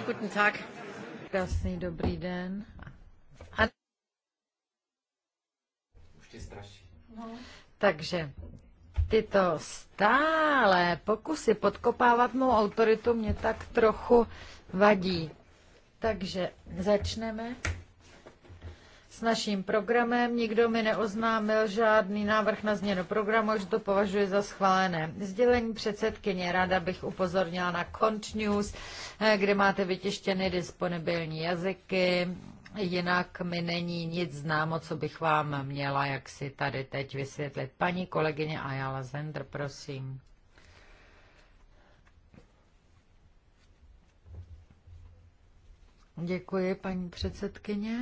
guten Tag. Krásný dobrý den. A... Už tě straší. No. Takže tyto stále pokusy podkopávat mou autoritu mě tak trochu vadí. Takže začneme s naším programem. Nikdo mi neoznámil žádný návrh na změnu programu, že to považuji za schválené. Sdělení předsedkyně ráda bych upozornila na Cont News, eh, kde máte vytištěny disponibilní jazyky. Jinak mi není nic známo, co bych vám měla, jak si tady teď vysvětlit. Paní kolegyně Ayala Zender, prosím. Děkuji, paní předsedkyně.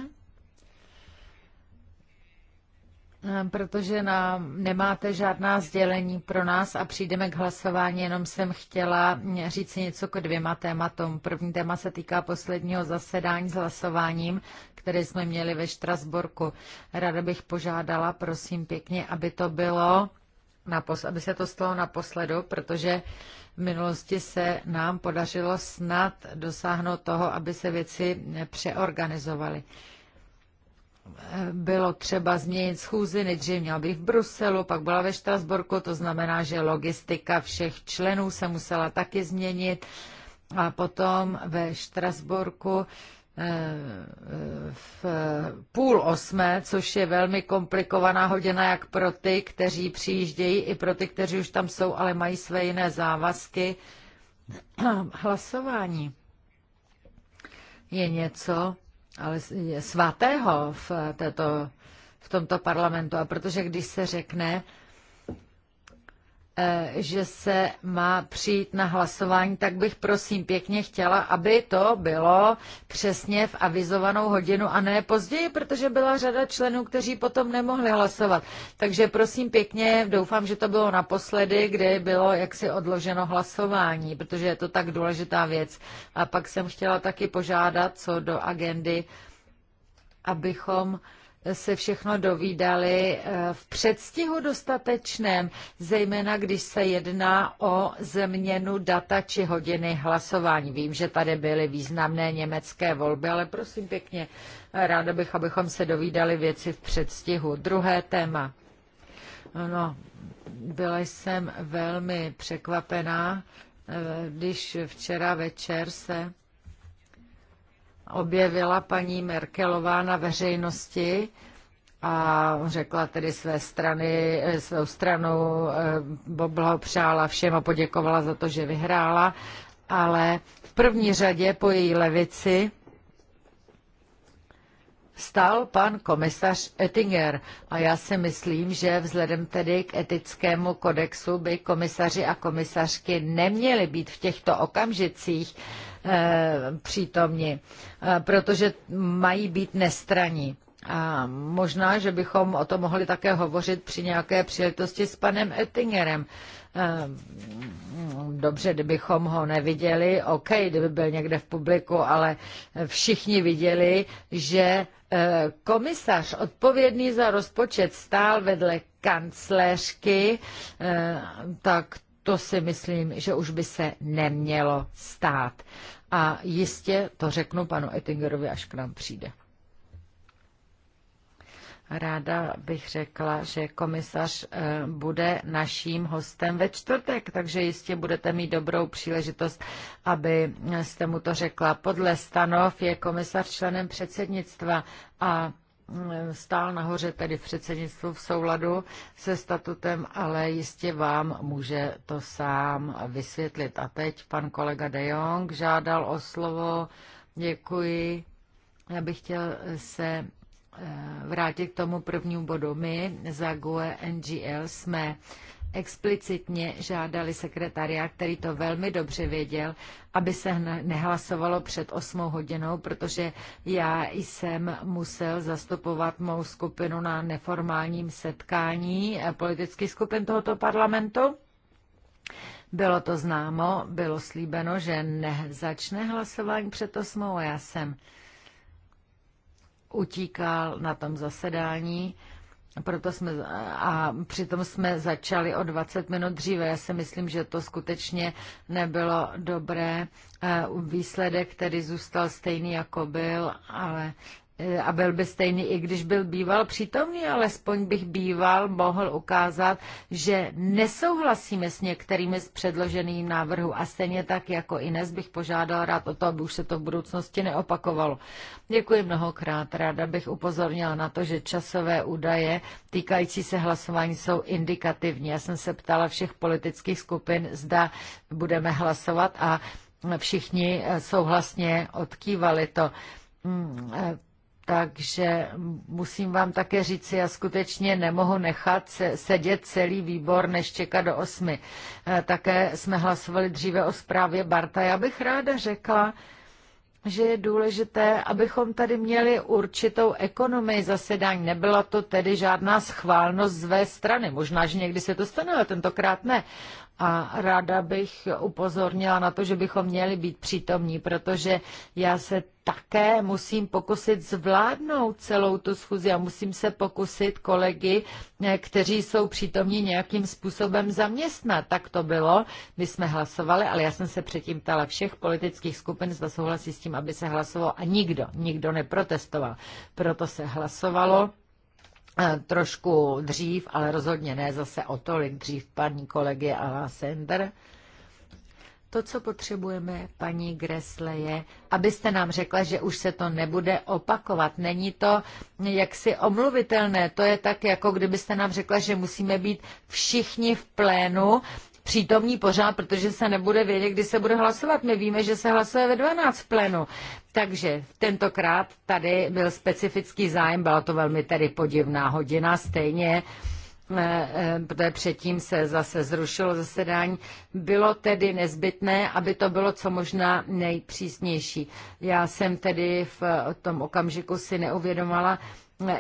Ehm, protože na, nemáte žádná sdělení pro nás a přijdeme k hlasování, jenom jsem chtěla mm, říct něco k dvěma tématům. První téma se týká posledního zasedání s hlasováním, které jsme měli ve Štrasborku. Rada bych požádala, prosím pěkně, aby to bylo, aby se to stalo naposledu, protože v minulosti se nám podařilo snad dosáhnout toho, aby se věci přeorganizovaly bylo třeba změnit schůzi, nejdřív měla být v Bruselu, pak byla ve Štrasborku, to znamená, že logistika všech členů se musela taky změnit. A potom ve Štrasborku eh, v půl osmé, což je velmi komplikovaná hodina jak pro ty, kteří přijíždějí, i pro ty, kteří už tam jsou, ale mají své jiné závazky. Hlasování je něco, ale svatého v, této, v tomto parlamentu. A protože když se řekne, Eh, že se má přijít na hlasování, tak bych prosím pěkně chtěla, aby to bylo přesně v avizovanou hodinu a ne později, protože byla řada členů, kteří potom nemohli hlasovat. Takže prosím pěkně, doufám, že to bylo naposledy, kdy bylo jaksi odloženo hlasování, protože je to tak důležitá věc. A pak jsem chtěla taky požádat co do agendy, abychom se všechno dovídali eh, v předstihu dostatečném, zejména když se jedná o změnu data či hodiny hlasování. Vím, že tady byly významné německé volby, ale prosím pěkně, ráda bych, abychom se dovídali věci v předstihu. Druhé téma. No, byla jsem velmi překvapená, eh, když včera večer se objevila paní Merkelová na veřejnosti a řekla tedy své strany, eh, svou stranu, eh, blahopřála všem a poděkovala za to, že vyhrála, ale v první řadě po její levici stál pan komisař Ettinger a já si myslím, že vzhledem tedy k etickému kodexu by komisaři a komisařky neměli být v těchto okamžicích Eh, přítomni, eh, protože mají být nestraní. A možná, že bychom o tom mohli také hovořit při nějaké příležitosti s panem Ettingerem. Eh, dobře, kdybychom ho neviděli, OK, kdyby byl někde v publiku, ale všichni viděli, že komisař odpovědný za rozpočet stál vedle kancléřky, tak to si myslím, že už by se nemělo stát. A jistě to řeknu panu Ettingerovi, až k nám přijde. Ráda bych řekla, že komisař eh, bude naším hostem ve čtvrtek, takže jistě budete mít dobrou příležitost, aby jste mu to řekla. Podle stanov je komisař členem předsednictva a stál nahoře tedy v předsednictvu v souladu se statutem, ale jistě vám může to sám vysvětlit. A teď pan kolega De Jong žádal o slovo. Děkuji. Já bych chtěl se eh, vrátit k tomu prvnímu bodu. My za GUE NGL jsme explicitně žádali sekretariát, který to velmi dobře věděl, aby se nehlasovalo před 8 hodinou, protože já jsem musel zastupovat mou skupinu na neformálním setkání eh, politických skupin tohoto parlamentu. Bylo to známo, bylo slíbeno, že nezačne hlasování před osmou a já jsem utíkal na tom zasedání proto jsme, a přitom jsme začali o 20 minut dříve. Já si myslím, že to skutečně nebylo dobré. Eh, výsledek tedy zůstal stejný, jako byl, ale Eh, a byl by stejný, i když byl býval přítomný, alespoň bych býval mohl ukázat, že nesouhlasíme s některými z předloženým návrhů a stejně tak jako Ines bych požádal rád o to, aby už se to v budoucnosti neopakovalo. Děkuji mnohokrát, ráda bych upozornila na to, že časové údaje týkající se hlasování jsou indikativní. Já jsem se ptala všech politických skupin, zda budeme hlasovat a všichni eh, souhlasně odkývali to hmm, eh, takže musím vám také říct, já skutečně nemohu nechat sedět celý výbor, než čekat do osmi. E, také jsme hlasovali dříve o zprávě Barta. Já bych ráda řekla, že je důležité, abychom tady měli určitou ekonomii zasedání. Nebyla to tedy žádná schválnost z své strany. Možná, že někdy se to stane, ale tentokrát ne a ráda bych upozornila na to, že bychom měli být přítomní, protože já se také musím pokusit zvládnout celou tu schůzi a musím se pokusit kolegy, eh, kteří jsou přítomní nějakým způsobem zaměstnat. Tak to bylo, my jsme hlasovali, ale já jsem se předtím ptala všech politických skupin, zda souhlasí s tím, aby se hlasovalo a nikdo, nikdo neprotestoval. Proto se hlasovalo Eh, trošku dřív, ale rozhodně ne zase o tolik dřív paní kolegy Ala Sender. To, co potřebujeme, paní Gresle, je, abyste nám řekla, že už se to nebude opakovat. Není to jaksi omluvitelné. To je tak, jako kdybyste nám řekla, že musíme být všichni v plénu přítomní pořád, protože se nebude vědět, kdy se bude hlasovat. My víme, že se hlasuje ve 12 v plenu. Takže tentokrát tady byl specifický zájem, byla to velmi tedy podivná hodina, stejně eh, eh, protože předtím se zase zrušilo zasedání, bylo tedy nezbytné, aby to bylo co možná nejpřísnější. Já jsem tedy v tom okamžiku si neuvědomala,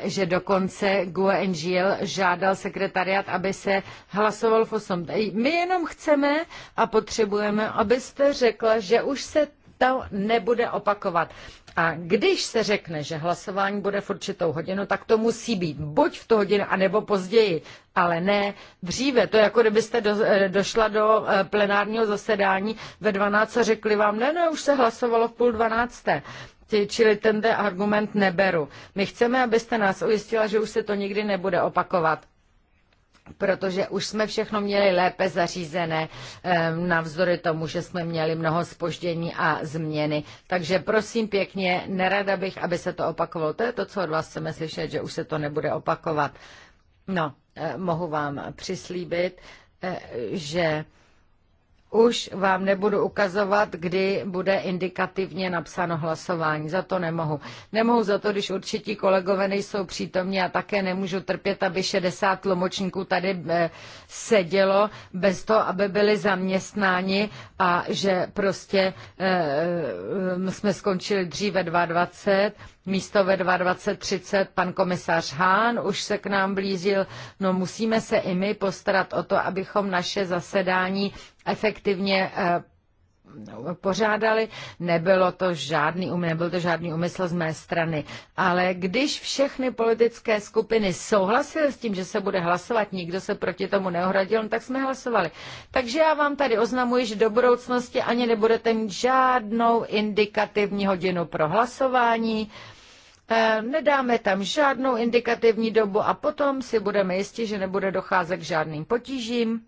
že dokonce Gue Engil žádal sekretariat, aby se hlasoval v 8. My jenom chceme a potřebujeme, abyste řekla, že už se to nebude opakovat. A když se řekne, že hlasování bude v určitou hodinu, tak to musí být buď v tu hodinu, anebo později, ale ne dříve. To je jako kdybyste do, eh, došla do eh, plenárního zasedání ve 12 a řekli vám, ne, ne, už se hlasovalo v půl 12 čili tento argument neberu. My chceme, abyste nás ujistila, že už se to nikdy nebude opakovat protože už jsme všechno měli lépe zařízené, ehm, navzdory tomu, že jsme měli mnoho spoždění a změny. Takže prosím pěkně, nerada bych, aby se to opakovalo. To je to, co od vás chceme slyšet, že už se to nebude opakovat. No, eh, mohu vám přislíbit, eh, že už vám nebudu ukazovat, kdy bude indikativně napsáno hlasování. Za to nemohu. Nemohu za to, když určití kolegové nejsou přítomní a také nemůžu trpět, aby 60 tlumočníků tady eh, sedělo bez toho, aby byli zaměstnáni a že prostě eh, eh, jsme skončili dříve 22 místo ve 22.30 pan komisař Hán už se k nám blížil. No musíme se i my postarat o to, abychom naše zasedání efektivně eh, pořádali. Nebylo to žádný, um-, nebyl to žádný úmysl z mé strany. Ale když všechny politické skupiny souhlasily s tím, že se bude hlasovat, nikdo se proti tomu neohradil, no tak jsme hlasovali. Takže já vám tady oznamuji, že do budoucnosti ani nebudete mít žádnou indikativní hodinu pro hlasování eh, nedáme tam žádnou indikativní dobu a potom si budeme jistit, že nebude docházet k žádným potížím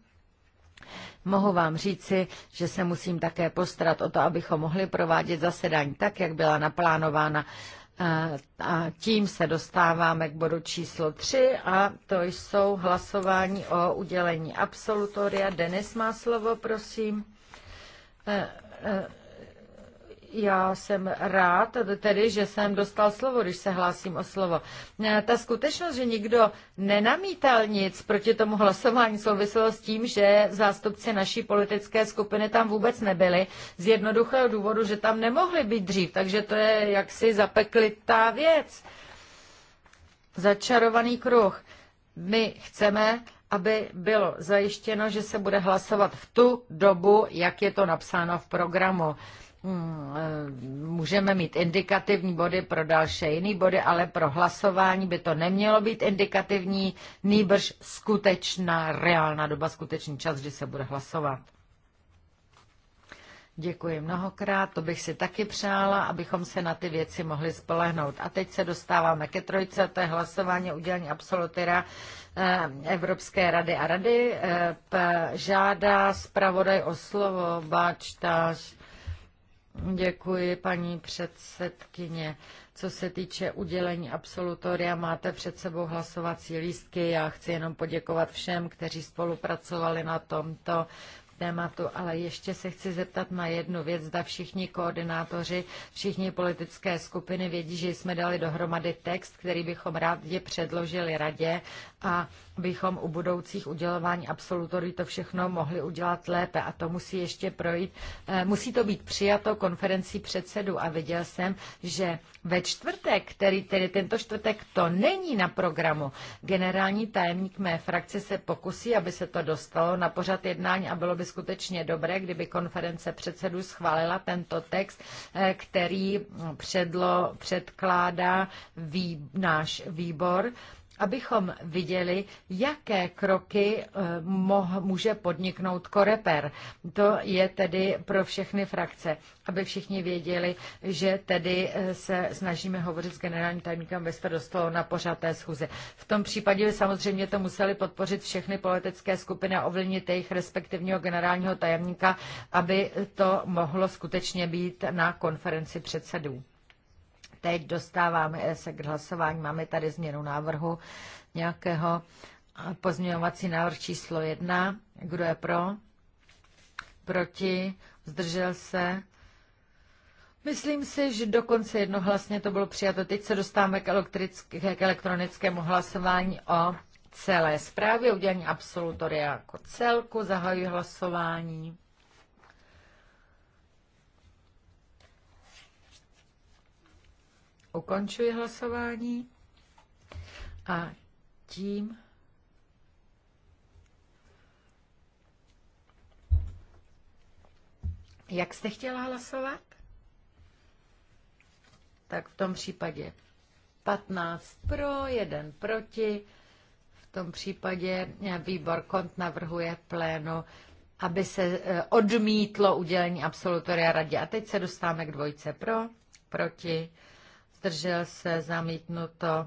Mohu vám říci, že se musím také postarat o to, abychom mohli provádět zasedání tak, jak byla naplánována. A tím se dostáváme k bodu číslo 3 a to jsou hlasování o udělení absolutoria. Denis má slovo, prosím. E, e, já jsem rád, tedy, že jsem dostal slovo, když se hlásím o slovo. E, ta skutečnost, že nikdo nenamítal nic proti tomu hlasování, souviselo s tím, že zástupci naší politické skupiny tam vůbec nebyli, z jednoduchého důvodu, že tam nemohli být dřív, takže to je jaksi zapeklitá věc. Začarovaný kruh. My chceme, aby bylo zajištěno, že se bude hlasovat v tu dobu, jak je to napsáno v programu. Hmm, eh, můžeme mít indikativní body pro další jiný body, ale pro hlasování by to nemělo být indikativní, nýbrž skutečná, reálná doba, skutečný čas, kdy se bude hlasovat. Děkuji mnohokrát, to bych si taky přála, abychom se na ty věci mohli spolehnout. A teď se dostáváme ke trojce, to je hlasování udělení absolutera eh, Evropské rady a rady. Eh, žádá zpravodaj o slovo, báčtaž. Děkuji, paní předsedkyně. Co se týče udělení absolutoria, máte před sebou hlasovací lístky. Já chci jenom poděkovat všem, kteří spolupracovali na tomto tématu, ale ještě se chci zeptat na jednu věc, zda všichni koordinátoři, všichni politické skupiny vědí, že jsme dali dohromady text, který bychom rádi předložili radě a bychom u budoucích udělování absolutory to všechno mohli udělat lépe a to musí ještě projít. Eh, musí to být přijato konferencí předsedu a viděl jsem, že ve čtvrtek, který tedy tento čtvrtek to není na programu, generální tajemník mé frakce se pokusí, aby se to dostalo na pořad jednání a bylo by skutečně dobré, kdyby konference předsedu schválila tento text, eh, který předlo, předkládá vý, náš výbor abychom viděli, jaké kroky eh, moh, může podniknout koreper. To je tedy pro všechny frakce, aby všichni věděli, že tedy eh, se snažíme hovořit s generálním tajemníkem ve dostalo na pořád té schůze. V tom případě by samozřejmě to museli podpořit všechny politické skupiny a ovlivnit jejich respektivního generálního tajemníka, aby to mohlo skutečně být na konferenci předsedů teď dostáváme se k hlasování. Máme tady změnu návrhu nějakého. Pozměňovací návrh číslo jedna. Kdo je pro? Proti? Zdržel se? Myslím si, že dokonce jednohlasně to bylo přijato. Teď se dostáváme k, k elektronickému hlasování o celé zprávě, udělení absolutoria jako celku, zahajuji hlasování. Ukončuji hlasování a tím Jak jste chtěla hlasovat? Tak v tom případě 15 pro, 1 proti. V tom případě eh, výbor kont navrhuje plénu, aby se eh, odmítlo udělení absolutoria radě. A teď se dostáváme k dvojce pro, proti zdržel se, zamítnuto,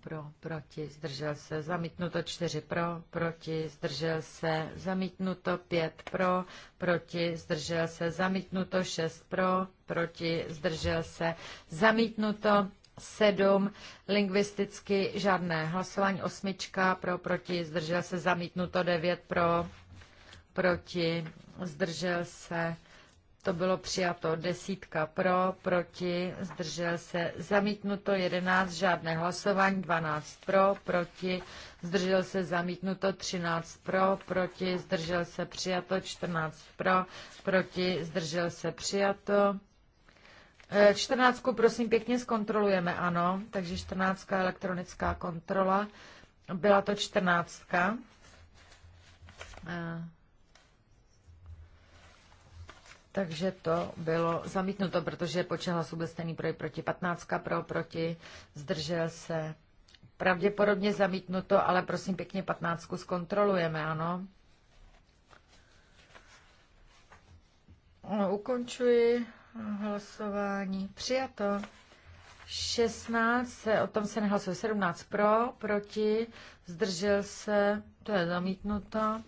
pro, proti, zdržel se, zamítnuto 4 pro, proti, zdržel se, zamítnuto 5 pro, proti, zdržel se, zamítnuto 6 pro, proti, zdržel se, zamítnuto 7, lingvisticky žádné hlasování, osmička pro, proti, zdržel se, zamítnuto 9 pro, proti, zdržel se, to bylo přijato desítka pro, proti, zdržel se, zamítnuto 11, žádné hlasování, 12 pro, proti, zdržel se, zamítnuto 13 pro, proti, zdržel se, přijato 14 pro, proti, zdržel se, přijato. 14 e, prosím pěkně zkontrolujeme, ano, takže 14 elektronická kontrola, byla to 14. Takže to bylo zamítnuto, protože počet hlasů byl stejný pro proti 15, pro proti, zdržel se. Pravděpodobně zamítnuto, ale prosím pěkně 15 zkontrolujeme, ano. No, ukončuji hlasování. Přijato. 16, o tom se nehlasuje, 17 pro, proti, zdržel se, to je zamítnuto.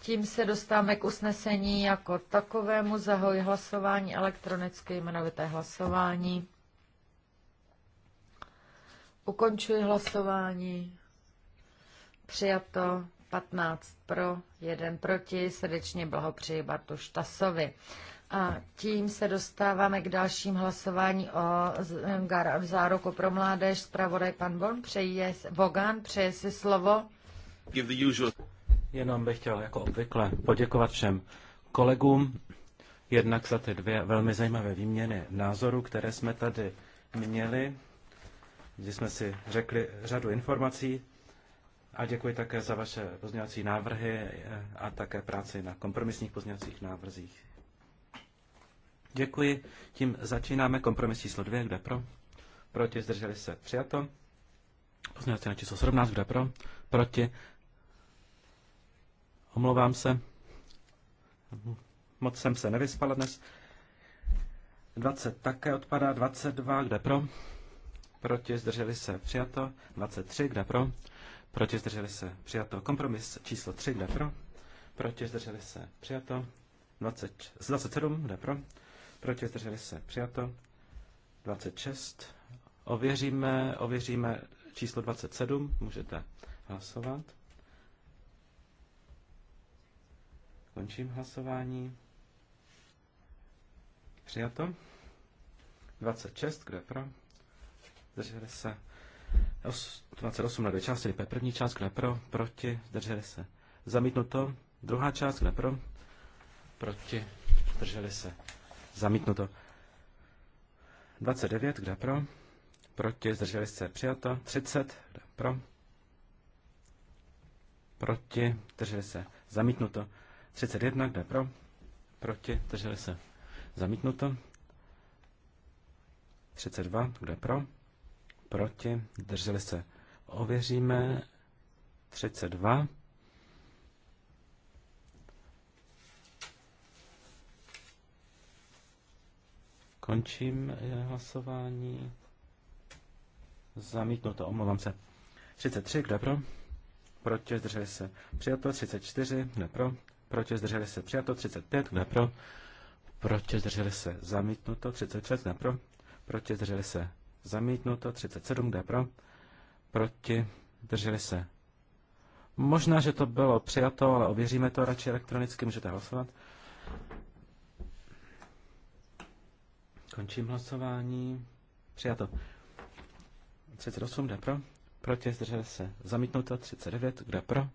Tím se dostáváme k usnesení jako takovému. Zahoj hlasování elektronické jmenovité hlasování. Ukončuji hlasování. Přijato 15 pro, 1 proti. Srdečně blahopřeji Bartu Štasovi. A tím se dostáváme k dalším hlasování o záruku pro mládež. Zpravodaj pan Bon přeje, Vogan přeje si slovo. Jenom bych chtěl jako obvykle poděkovat všem kolegům, jednak za ty dvě velmi zajímavé výměny názorů, které jsme tady měli, kdy jsme si řekli řadu informací a děkuji také za vaše pozměňovací návrhy eh, a také práci na kompromisních pozměňovacích návrzích. Děkuji. Tím začínáme kompromis číslo 2, kde pro? Proti zdrželi se přijato. Pozměňovací na číslo 17, kde pro? Proti Omlouvám se. Moc jsem se nevyspala dnes. 20 také odpadá. 22, kde pro? Proti zdrželi se přijato. 23, kde pro? Proti zdrželi se přijato. Kompromis číslo 3, kde pro? Proti zdrželi se přijato. 20, 27, kde pro? Proti zdrželi se přijato. 26. Ověříme, ověříme číslo 27. Můžete hlasovat. Končím hlasování. Přijato. 26, kdo je pro? Zdrželi se. 28 na dvě části, tedy první část, kdo je pro, proti, zdrželi se. Zamítnuto. Druhá část, kdo je pro, proti, zdrželi se. Zamítnuto. 29, kdo je pro, proti, zdrželi se. Přijato. 30, kdo je pro, proti, zdrželi se. Zamítnuto. 31, kde pro? Proti, drželi se. Zamítnuto. 32, kde pro? Proti, drželi se. Ověříme. 32. Končím eh, hlasování. Zamítnuto, omlouvám se. 33, kde pro? Proti, zdrželi se. Přijato, 34, kde pro? proti zdrželi se přijato, 35, ne pro, proti zdrželi se zamítnuto, 36, ne pro, proti zdrželi se zamítnuto, 37, kdo pro, proti zdrželi se. Možná, že to bylo přijato, ale ověříme to radši elektronicky, můžete hlasovat. Končím hlasování. Přijato. 38, kde pro? Proti zdrželi se. Zamítnuto 39, kde pro?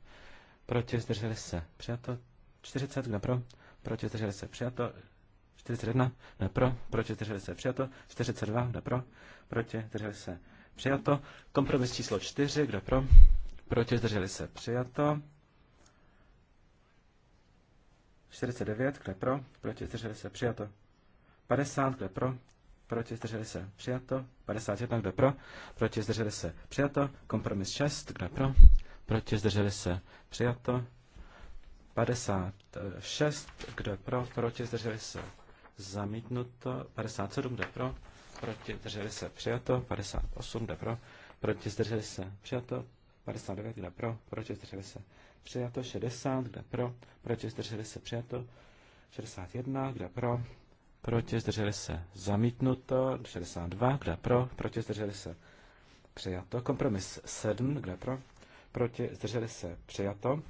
Proti zdrželi se. Přijato 40, kdo pro, Pro 40 přijato. 41, ne pro, proti, zdrželi se, přijato. 42, kdo pro, proti, zdrželi se, přijato. Kompromis číslo 4, kdo pro, proti, zdrželi se, přijato. 49, kdo pro, proti, zdrželi se, přijato. 50, kdo pro, proti, zdrželi se, přijato. 51, kdo pro, proti, zdrželi se, přijato. Kompromis 6, kdo pro, proti, zdrželi se, přijato. 50, 56, kdo je pro, proti, zdrželi se zamítnuto, 57, kdo je pro, proti, zdrželi se přijato, 58, kdo je pro, proti, zdrželi se přijato, 59, kdo je pro, proti, zdrželi se přijato, 60, kdo je pro, proti, zdrželi se přijato, 61, kdo je pro, proti, zdrželi se zamítnuto, 62, kdo je pro, proti, zdrželi se přijato, kompromis 7, kdo je pro, proti, zdrželi se přijato,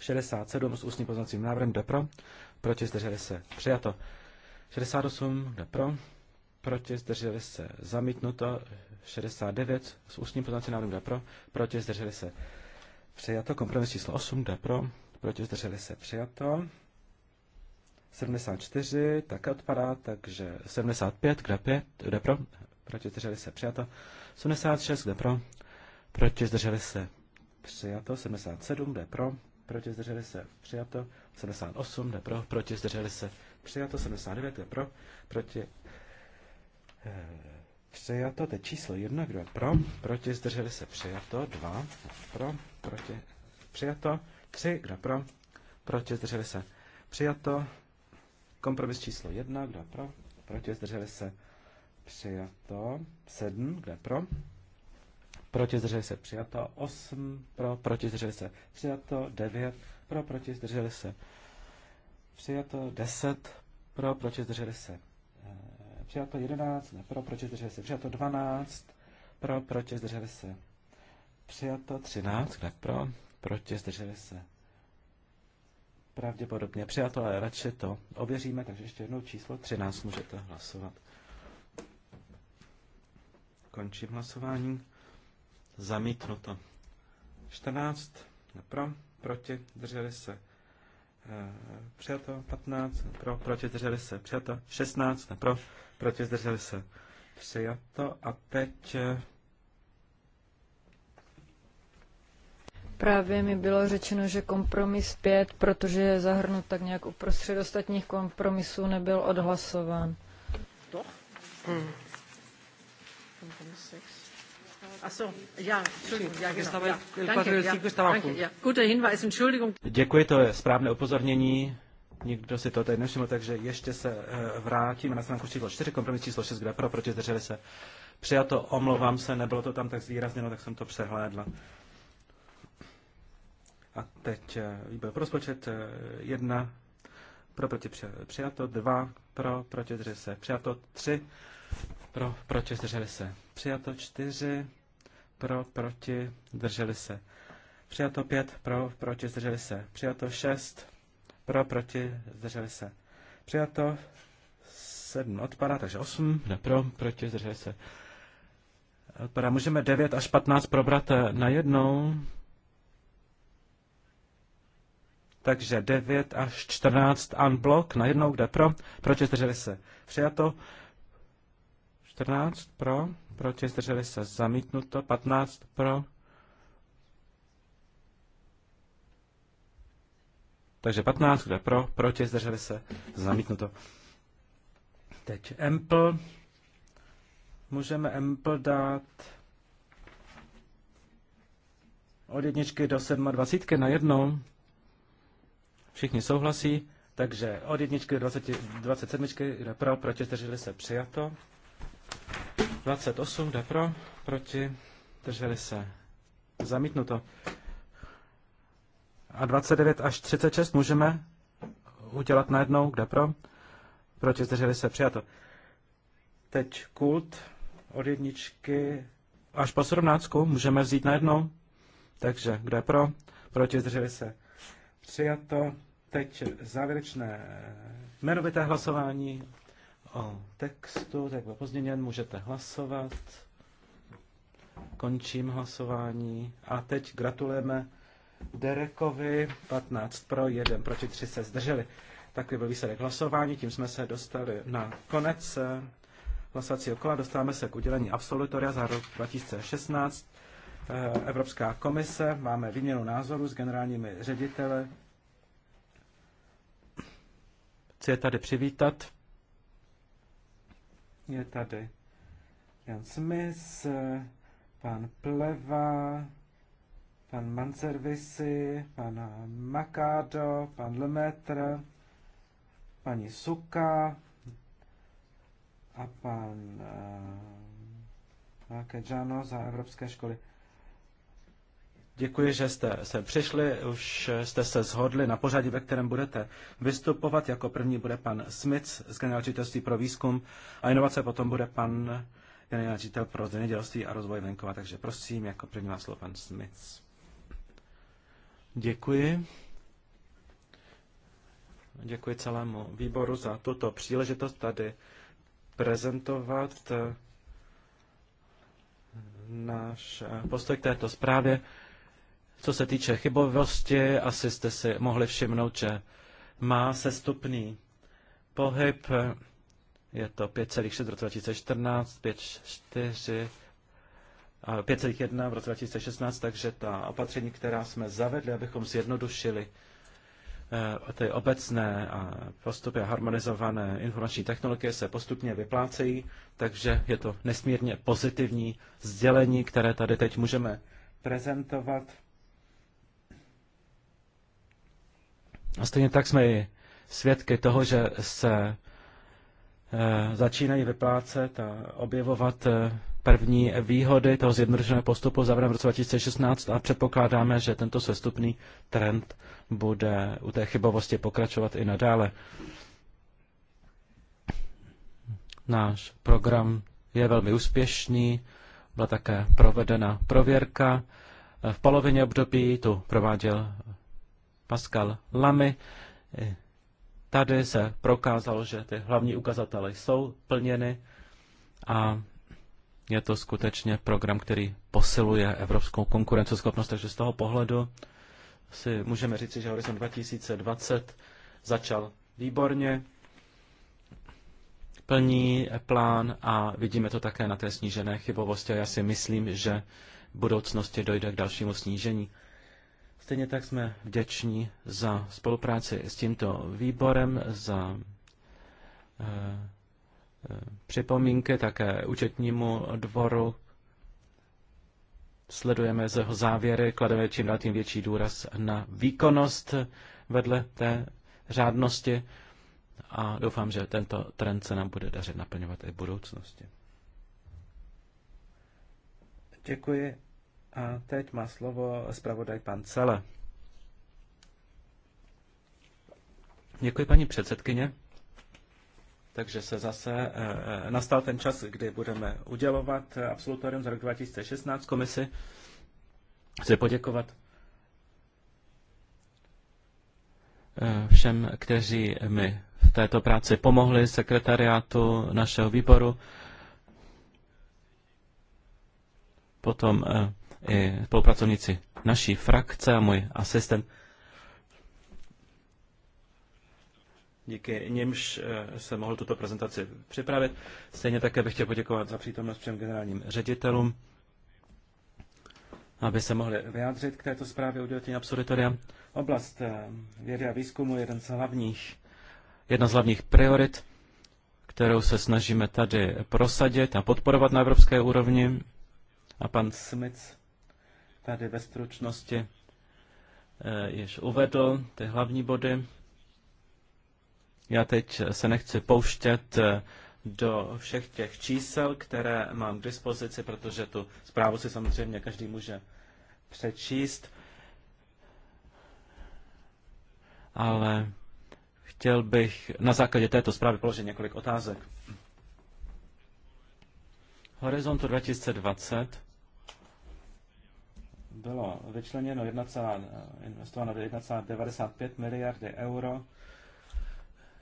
67 s ústním poznacím návrhem, jde pro, proti zdrželi se přijato. 68 jde pro, proti zdrželi se zamítnuto, 69 s ústním poznacím návrhem jde pro, proti zdrželi se přijato, kompromis číslo 8 jde pro, proti zdrželi se přijato, 74 také odpadá, takže 75 kde, 5 jde pro, proti zdrželi se přijato, 76 jde pro, proti zdrželi se přijato, 77 jde pro, proti, zdrželi se, přijato. 78, ne pro, proti, zdrželi se, přijato. 79, ne pro, proti, e, přijato. je číslo 1, kdo je pro, proti, zdrželi se, přijato. 2, pro, proti, přijato. 3, kdo je pro, proti, zdrželi se, přijato. Kompromis číslo 1, kdo je pro, proti, zdrželi se, přijato. 7, kdo je pro, proti zdrželi se přijato, 8 pro, proti zdrželi se přijato, 9 pro, proti zdrželi se přijato, 10 pro, proti zdrželi se eh, přijato, 11 ne, pro, proti zdrželi se přijato, 12 pro, proti zdrželi se přijato, 13 ne, pro, proti zdrželi se pravděpodobně přijato, ale radši to ověříme, takže ještě jednou číslo 13 můžete hlasovat. Končím hlasování. Zamítnuto. 14 eh, pro, proti, drželi se. Přijato 15, pro, proti, drželi se. Přijato 16, pro, proti, zdrželi se. Přijato a teď... Eh, Právě mi bylo řečeno, že kompromis 5, protože je zahrnut tak nějak uprostřed ostatních kompromisů, nebyl odhlasován. Doch. Hmm. Děkuji, to je správné upozornění. Nikdo si to tady nevšiml, takže ještě se eh, vrátíme na stránku číslo 4, kompromis číslo 6, kde pro, proti, zdrželi se. Přijato, omlouvám se, nebylo to tam tak zvýrazněno, tak jsem to přehlédla. A teď eh, byl rozpočet 1, eh, pro, proti, přijato, 2, pro, proti, zdrželi se. Přijato, 3, pro, proti, zdrželi se. Přijato, 4, pro, proti, zdrželi se. Přijato pět pro, proti, zdrželi se. Přijato šest pro, proti, zdrželi se. Přijato sedm odpadá, takže osm ne pro, proti, zdrželi se. Odpadá. Můžeme 9 až 15 probrat eh, na jednou. Takže 9 až 14 unblock, na jednou. kde pro, proti zdrželi se. Přijato. 14 pro, proti zdrželi se zamítnuto, 15 pro. Takže 15, kde pro, proti zdrželi se zamítnuto. Teď Ample. Můžeme Ample dát od jedničky do 27 na jednou. Všichni souhlasí, takže od jedničky do 20, 27 kde pro, proti zdrželi se přijato. 28 jde pro, proti, drželi se. Zamítnuto. A 29 až 36 můžeme udělat najednou, kde pro, proti, zdrželi se, přijato. Teď kult od jedničky až po 17 můžeme vzít najednou. Takže kde pro, proti, zdrželi se, přijato. Teď závěrečné jmenovité hlasování o textu, tak byl pozměněn, můžete hlasovat. Končím hlasování. A teď gratulujeme Derekovi, 15 pro, 1 proti, 3 se zdrželi. Takový byl výsledek hlasování, tím jsme se dostali na konec eh, hlasovacího kola. Dostáváme se k udělení absolutoria za rok 2016. Eh, Evropská komise, máme výměnu názoru s generálními řediteli. Chci je tady přivítat je tady Jan Smith, pan Pleva, pan Manservisi, pan Makado, pan Lemetr, paní Suka a pan uh, eh, Kežano za Evropské školy. Děkuji, že jste se přišli, už jste se shodli na pořadí, ve kterém budete vystupovat. Jako první bude pan Smic z Generální pro výzkum a inovace, potom bude pan generální pro zemědělství a rozvoj venkova. Takže prosím, jako první má slovo pan Smic. Děkuji. Děkuji celému výboru za tuto příležitost tady prezentovat eh, náš eh, postoj k této zprávě. Co se týče chybovosti, asi jste si mohli všimnout, že má sestupný pohyb. Je to 5,6 v roce 2014, 5,4 5,1 v roce 2016, takže ta opatření, která jsme zavedli, abychom zjednodušili eh, ty obecné a postupy a harmonizované informační technologie se postupně vyplácejí, takže je to nesmírně pozitivní sdělení, které tady teď můžeme prezentovat. A stejně tak jsme i svědky toho, že se e, začínají vyplácet a objevovat e, první výhody toho zjednodušeného postupu zaveden v roce 2016 a předpokládáme, že tento sestupný trend bude u té chybovosti pokračovat i nadále. Náš program je velmi úspěšný, byla také provedena prověrka. E, v polovině období tu prováděl Pascal Lamy. Eh, tady se prokázalo, že ty hlavní ukazatele jsou plněny a je to skutečně program, který posiluje evropskou konkurenceschopnost, takže z toho pohledu si můžeme říci, že Horizon 2020 začal výborně, plní plán a vidíme to také na té snížené chybovosti a já si myslím, že v budoucnosti dojde k dalšímu snížení. Stejně tak jsme vděční za spolupráci s tímto výborem, za e, připomínky také účetnímu dvoru. Sledujeme z jeho závěry, klademe čím dál tím větší důraz na výkonnost vedle té řádnosti a doufám, že tento trend se nám bude dařit naplňovat i v budoucnosti. Děkuji. A teď má slovo zpravodaj pan Cele. Děkuji, paní předsedkyně. Takže se zase e, nastal ten čas, kdy budeme udělovat eh, absolutorium za rok 2016 komisi. Chci poděkovat všem, kteří mi v této práci pomohli, sekretariátu našeho výboru, potom i spolupracovníci naší frakce a můj asistent. díky němž eh, jsem mohl tuto prezentaci připravit. Stejně také bych chtěl poděkovat za přítomnost všem generálním ředitelům, aby se mohli vyjádřit k této zprávě udělení absolutoria. Oblast eh, vědy a výzkumu je jeden z hlavních, jedna z hlavních priorit, kterou se snažíme tady prosadit a podporovat na evropské úrovni. A pan Smith tady ve stručnosti eh, již uvedl ty hlavní body. Já teď se nechci pouštět eh, do všech těch čísel, které mám k dispozici, protože tu zprávu si samozřejmě každý může přečíst. Ale chtěl bych na základě této zprávy položit několik otázek. Horizontu 2020 bylo vyčleněno 1, investováno 1,95 miliardy euro.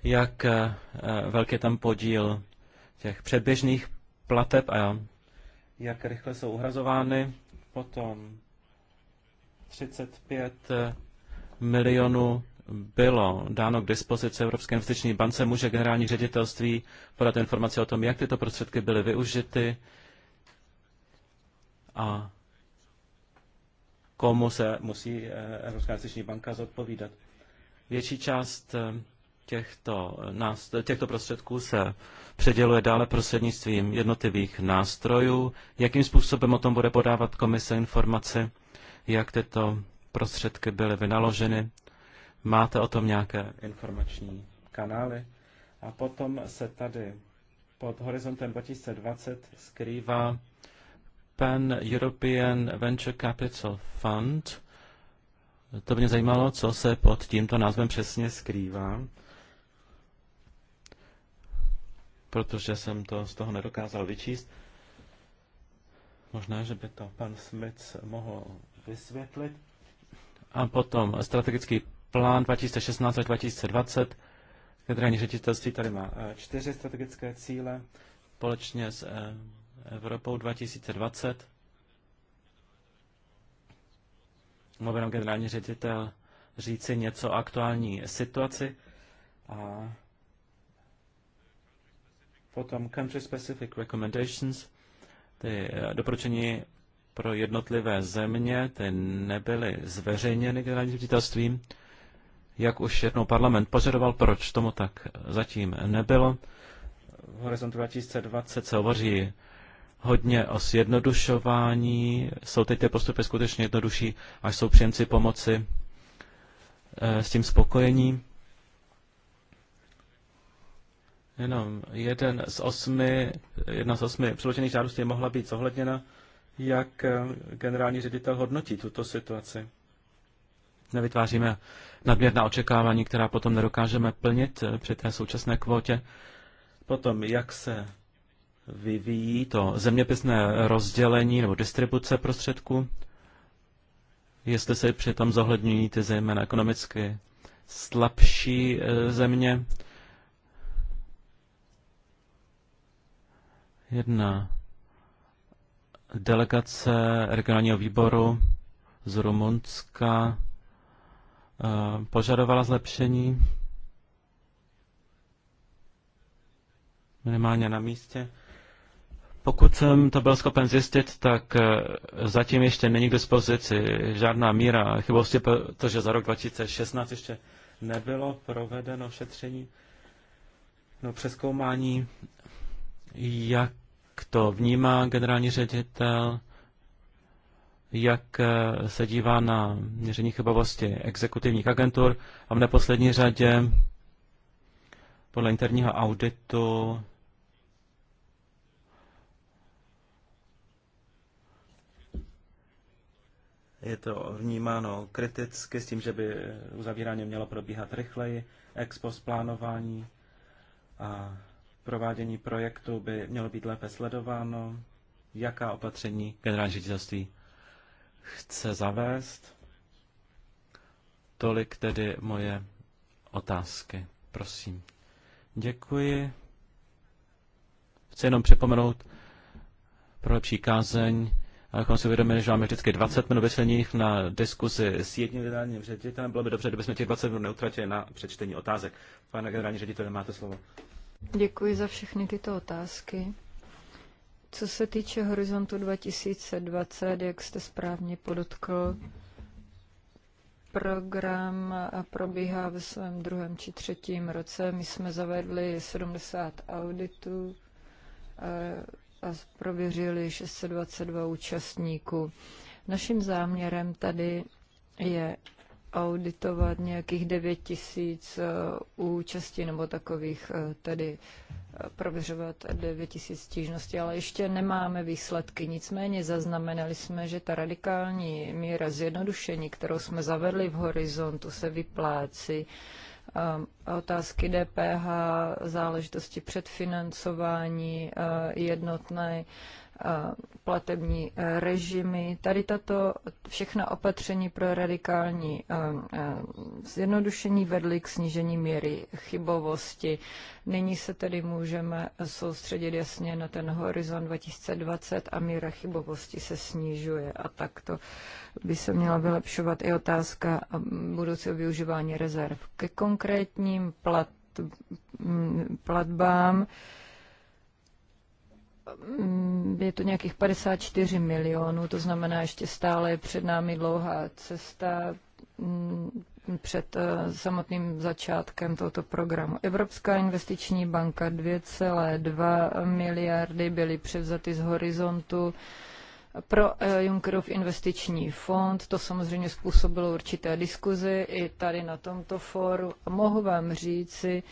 Jak eh, eh, velký tam podíl těch předběžných plateb a jak rychle jsou uhrazovány. Potom 35 eh, milionů bylo dáno k dispozici Evropské investiční bance, může generální ředitelství podat informace o tom, jak tyto prostředky byly využity a komu se musí eh, Evropská investiční banka zodpovídat. Větší část eh, těchto, nást, těchto prostředků se předěluje dále prostřednictvím jednotlivých nástrojů. Jakým způsobem o tom bude podávat komise informaci, jak tyto prostředky byly vynaloženy? Máte o tom nějaké informační kanály? A potom se tady pod horizontem 2020 skrývá Pan European Venture Capital Fund. To mě zajímalo, co se pod tímto názvem přesně skrývá, protože jsem to z toho nedokázal vyčíst. Možná, že by to pan Smith mohl vysvětlit. A potom strategický plán 2016 až 2020. Generální ředitelství tady má eh, čtyři strategické cíle společně s eh, Evropou 2020. Mluvil nám generální ředitel říci něco o aktuální situaci a potom country specific recommendations, ty eh, doporučení pro jednotlivé země, ty nebyly zveřejněny generálním ředitelstvím, jak už jednou parlament požadoval, proč tomu tak zatím nebylo. V horizontu 2020 se hovoří hodně o zjednodušování. Jsou teď ty postupy skutečně jednodušší až jsou příjemci pomoci eh, s tím spokojením. Jenom jeden z osmi, jedna z osmi přiložených žádostí mohla být zohledněna. Jak eh, generální ředitel hodnotí tuto situaci? Nevytváříme nadměrná očekávání, která potom nedokážeme plnit eh, při té současné kvótě. Potom, jak se vyvíjí to zeměpisné rozdělení nebo distribuce prostředků, jestli se přitom zohledňují ty zejména ekonomicky slabší e, země. Jedna delegace regionálního výboru z Rumunska e, požadovala zlepšení minimálně na místě. Pokud jsem to byl schopen zjistit, tak eh, zatím ještě není k dispozici žádná míra chybosti, protože za rok 2016 ještě nebylo provedeno šetření, no přeskoumání, jak to vnímá generální ředitel, jak eh, se dívá na měření chybovosti exekutivních agentur a v neposlední řadě podle interního auditu Je to vnímáno kriticky s tím, že by uzavírání mělo probíhat rychleji, ex post plánování a provádění projektu by mělo být lépe sledováno, jaká opatření generální ředitelství chce zavést. Tolik tedy moje otázky. Prosím. Děkuji. Chci jenom připomenout pro lepší kázeň, abychom si uvědomili, že máme vždycky 20 minut vysvětlených na diskusi s jedním generálním ředitelem. Bylo by dobře, kdybychom těch 20 minut neutratili na přečtení otázek. Pane generální ředitele, máte slovo. Děkuji za všechny tyto otázky. Co se týče horizontu 2020, jak jste správně podotkl, program probíhá ve svém druhém či třetím roce. My jsme zavedli 70 auditů a prověřili 622 účastníků. Naším záměrem tady je auditovat nějakých 9 tisíc eh, účastí nebo takových eh, tedy eh, prověřovat 9 tisíc stížností, ale ještě nemáme výsledky. Nicméně zaznamenali jsme, že ta radikální míra zjednodušení, kterou jsme zavedli v horizontu, se vyplácí otázky DPH, záležitosti předfinancování, jednotné platební e, režimy. Tady tato všechna opatření pro radikální e, e, zjednodušení vedly k snížení míry chybovosti. Nyní se tedy můžeme soustředit jasně na ten horizont 2020 a míra chybovosti se snižuje a takto by se měla vylepšovat i otázka budoucího využívání rezerv. Ke konkrétním plat, platbám Mm, je to nějakých 54 milionů, to znamená, ještě stále je před námi dlouhá cesta mm, před eh, samotným začátkem tohoto programu. Evropská investiční banka 2,2 miliardy byly převzaty z horizontu pro eh, Junckerův investiční fond. To samozřejmě způsobilo určité diskuzi i tady na tomto fóru. mohu vám říci,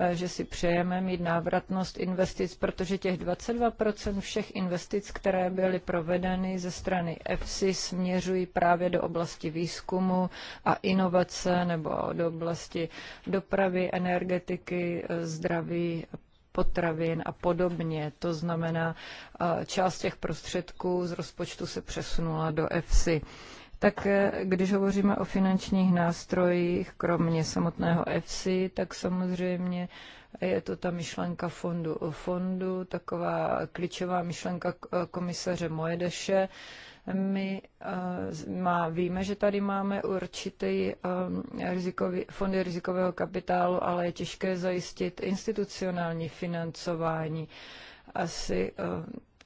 Eh, že si přejeme mít návratnost investic, protože těch 22% všech investic, které byly provedeny ze strany EFSI, směřují právě do oblasti výzkumu a inovace nebo do oblasti dopravy, energetiky, eh, zdraví, potravin a podobně. To znamená, eh, část těch prostředků z rozpočtu se přesunula do EFSI. Tak eh, když hovoříme o finančních nástrojích, kromě samotného EFSI, tak samozřejmě je to ta myšlenka fondu o fondu, taková klíčová myšlenka eh, komisaře Moedeše. My eh, má, víme, že tady máme určitý rizikový, fondy rizikového kapitálu, ale je těžké zajistit institucionální financování asi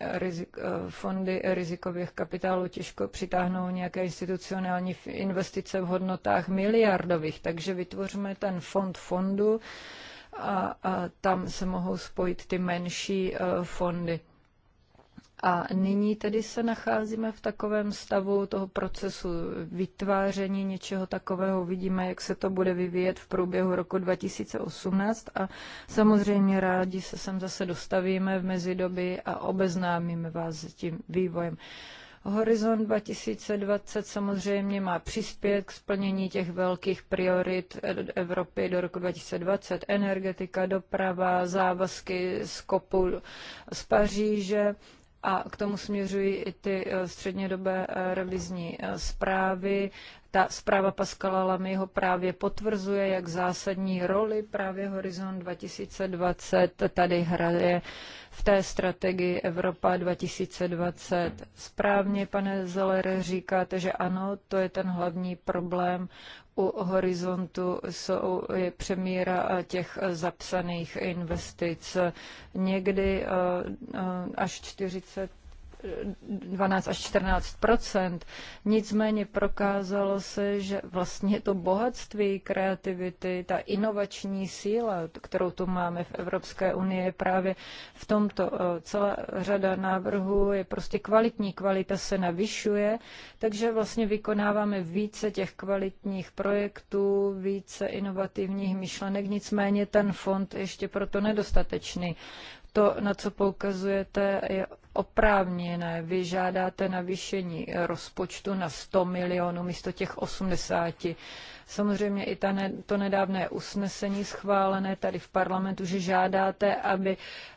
rizik, eh, fondy rizikových kapitálů těžko přitáhnou nějaké institucionální investice v hodnotách miliardových, takže vytvoříme ten fond fondu a, a tam se mohou spojit ty menší eh, fondy. A nyní tedy se nacházíme v takovém stavu toho procesu vytváření něčeho takového. Vidíme, jak se to bude vyvíjet v průběhu roku 2018 a samozřejmě rádi se sem zase dostavíme v mezidobí a obeznámíme vás s tím vývojem. Horizont 2020 samozřejmě má přispět k splnění těch velkých priorit Evropy do roku 2020. Energetika, doprava, závazky z kopu z Paříže a k tomu směřují i ty eh, střednědobé eh, revizní eh, zprávy. Ta zpráva Pascala Lamyho právě potvrzuje, jak zásadní roli právě Horizon 2020 tady hraje v té strategii Evropa 2020. Správně, pane Zelere, říkáte, že ano, to je ten hlavní problém u horizontu jsou, je přemíra eh, těch eh, zapsaných investic. Někdy eh, až 40 12 až 14 Nicméně prokázalo se, že vlastně to bohatství kreativity, ta inovační síla, kterou tu máme v Evropské unii, je právě v tomto eh, celá řada návrhů je prostě kvalitní, kvalita se navyšuje, takže vlastně vykonáváme více těch kvalitních projektů, více inovativních myšlenek, nicméně ten fond ještě proto nedostatečný to, na co poukazujete, je oprávněné. Vy žádáte navýšení rozpočtu na 100 milionů místo těch 80. Samozřejmě i ta ne, to nedávné usnesení schválené tady v parlamentu, že žádáte, aby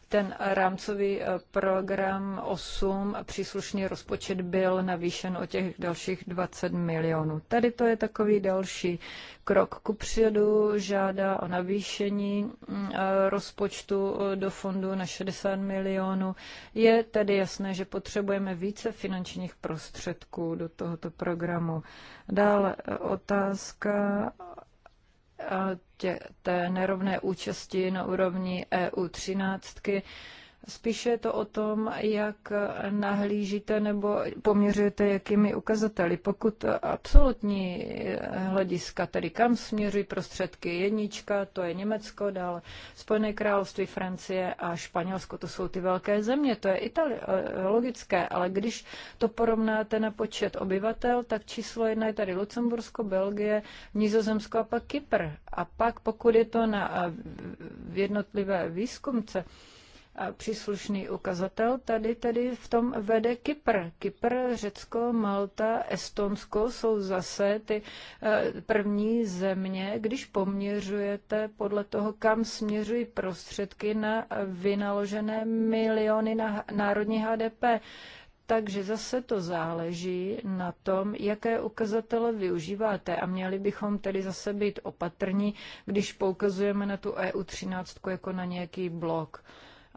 ten rámcový eh, program 8 a příslušný rozpočet byl navýšen o těch dalších 20 milionů. Tady to je takový další krok kupředu, žádá o navýšení mm, eh, rozpočtu eh, do fondu na 60 milionů. Je tedy jasné, že potřebujeme více finančních prostředků do tohoto programu. Dále otázka tě, té nerovné účasti na úrovni EU 13 Spíše je to o tom, jak nahlížíte nebo poměřujete, jakými ukazateli. Pokud absolutní hlediska, tedy kam směřují prostředky jednička, to je Německo, dál Spojené království, Francie a Španělsko, to jsou ty velké země, to je Itali- logické, ale když to porovnáte na počet obyvatel, tak číslo jedna je tady Lucembursko, Belgie, Nizozemsko a pak Kypr. A pak pokud je to na jednotlivé výzkumce, příslušný ukazatel. Tady tedy v tom vede Kypr. Kypr, Řecko, Malta, Estonsko jsou zase ty eh, první země, když poměřujete podle toho, kam směřují prostředky na vynaložené miliony na národní HDP. Takže zase to záleží na tom, jaké ukazatele využíváte a měli bychom tedy zase být opatrní, když poukazujeme na tu EU13 jako na nějaký blok.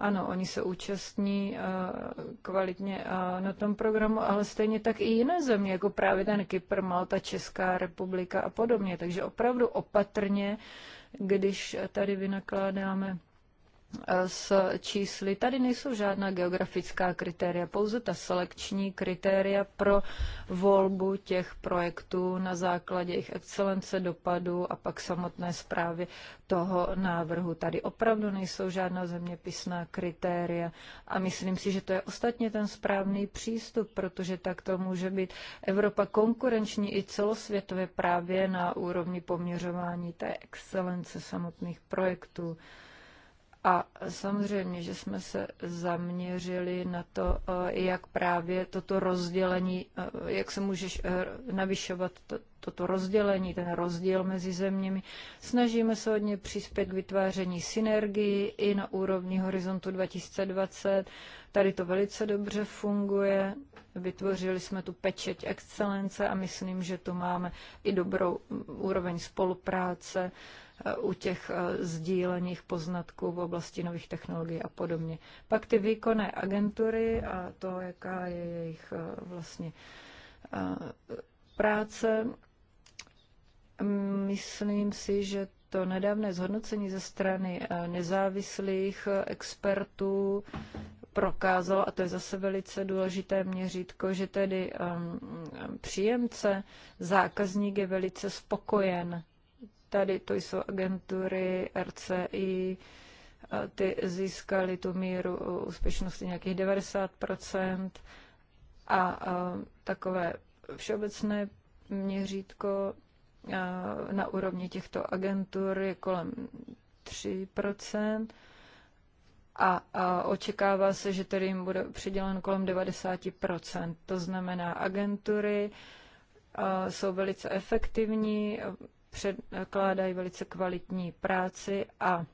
Ano, oni se účastní eh, kvalitně eh, na tom programu, ale stejně tak i jiné země, jako právě ten Kypr, Malta, Česká republika a podobně. Takže opravdu opatrně, když tady vynakládáme s čísly. Tady nejsou žádná geografická kritéria, pouze ta selekční kritéria pro volbu těch projektů na základě jejich excelence dopadu a pak samotné zprávy toho návrhu. Tady opravdu nejsou žádná zeměpisná kritéria a myslím si, že to je ostatně ten správný přístup, protože tak to může být Evropa konkurenční i celosvětově právě na úrovni poměřování té excelence samotných projektů. A samozřejmě, že jsme se zaměřili na to, eh, jak právě toto rozdělení, eh, jak se můžeš eh, navyšovat to, toto rozdělení, ten rozdíl mezi zeměmi. Snažíme se hodně přispět k vytváření synergii i na úrovni horizontu 2020. Tady to velice dobře funguje. Vytvořili jsme tu pečeť excelence a myslím, že tu máme i dobrou mm, úroveň spolupráce. Eh, u těch eh, sdílených poznatků v oblasti nových technologií a podobně. Pak ty výkonné agentury a to, jaká je jejich eh, vlastně práce. Mm, myslím si, že to nedávné zhodnocení ze strany nezávislých expertů prokázalo, a to je zase velice důležité měřítko, že tedy um, příjemce, zákazník je velice spokojen Tady to jsou agentury RCI, ty získaly tu míru úspěšnosti nějakých 90% a, a takové všeobecné měřítko na úrovni těchto agentur je kolem 3% a očekává se, že tedy jim bude přidělen kolem 90%. To znamená, agentury jsou velice efektivní, předkládají velice kvalitní práci a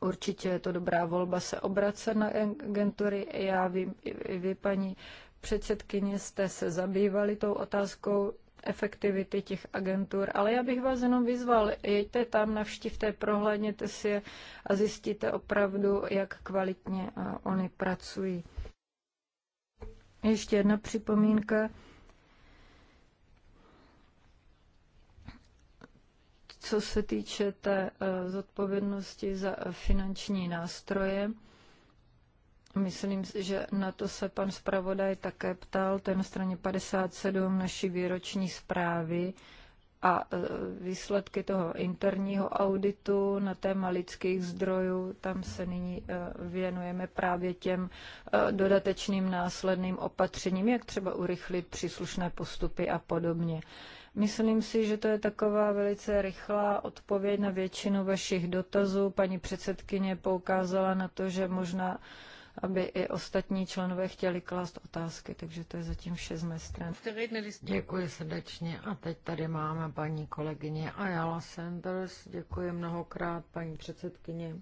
určitě je to dobrá volba se obracet na agentury. Já vím, i vy, paní předsedkyně, jste se zabývali tou otázkou efektivity těch agentur, ale já bych vás jenom vyzval, jeďte tam, navštivte, prohlédněte si je a zjistíte opravdu, jak kvalitně oni pracují. Ještě jedna připomínka. co se týče té eh, zodpovědnosti za eh, finanční nástroje, Myslím, že na to se pan zpravodaj také ptal, to je na straně 57 naší výroční zprávy a eh, výsledky toho interního auditu na téma lidských zdrojů. Tam se nyní věnujeme právě těm dodatečným následným opatřením, jak třeba urychlit příslušné postupy a podobně. Myslím si, že to je taková velice rychlá odpověď na většinu vašich dotazů. Paní předsedkyně poukázala na to, že možná aby i ostatní členové chtěli klást otázky, takže to je zatím vše z mé strany. Děkuji srdečně a teď tady máme paní kolegyně Ayala Sanders. Děkuji mnohokrát, paní předsedkyně.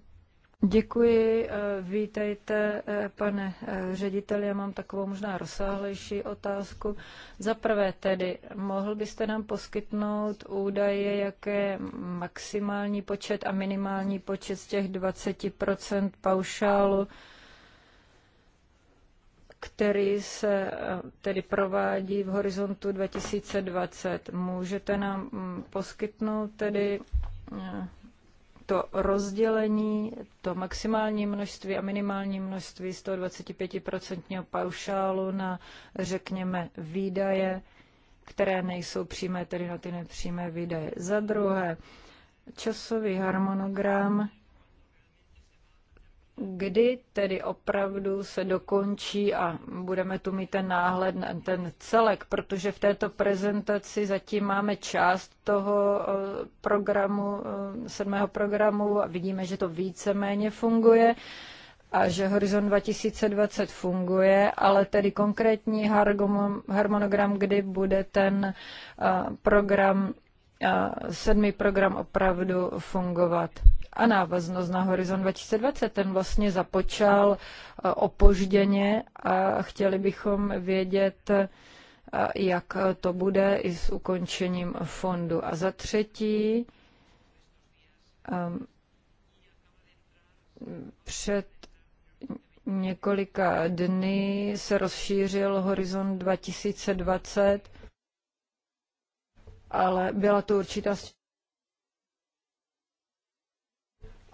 Děkuji, eh, vítejte, eh, pane eh, řediteli. Já mám takovou možná rozsáhlejší otázku. Za prvé tedy, mohl byste nám poskytnout údaje, jaké maximální počet a minimální počet z těch 20 paušálu, který se tedy provádí v horizontu 2020. Můžete nám mm, poskytnout tedy to rozdělení, to maximální množství a minimální množství 125% paušálu na, řekněme, výdaje, které nejsou přímé, tedy na ty nepřímé výdaje. Za druhé, časový harmonogram kdy tedy opravdu se dokončí a budeme tu mít ten náhled na ten celek, protože v této prezentaci zatím máme část toho eh, programu, eh, sedmého programu a vidíme, že to víceméně funguje a že Horizon 2020 funguje, ale tedy konkrétní harmonogram, kdy bude ten eh, program, sedmý program opravdu fungovat a návaznost na Horizon 2020. Ten vlastně započal e, opožděně a chtěli bychom vědět, e, jak to bude i s ukončením fondu. A za třetí, před několika dny se rozšířil horizont 2020, ale byla to určitá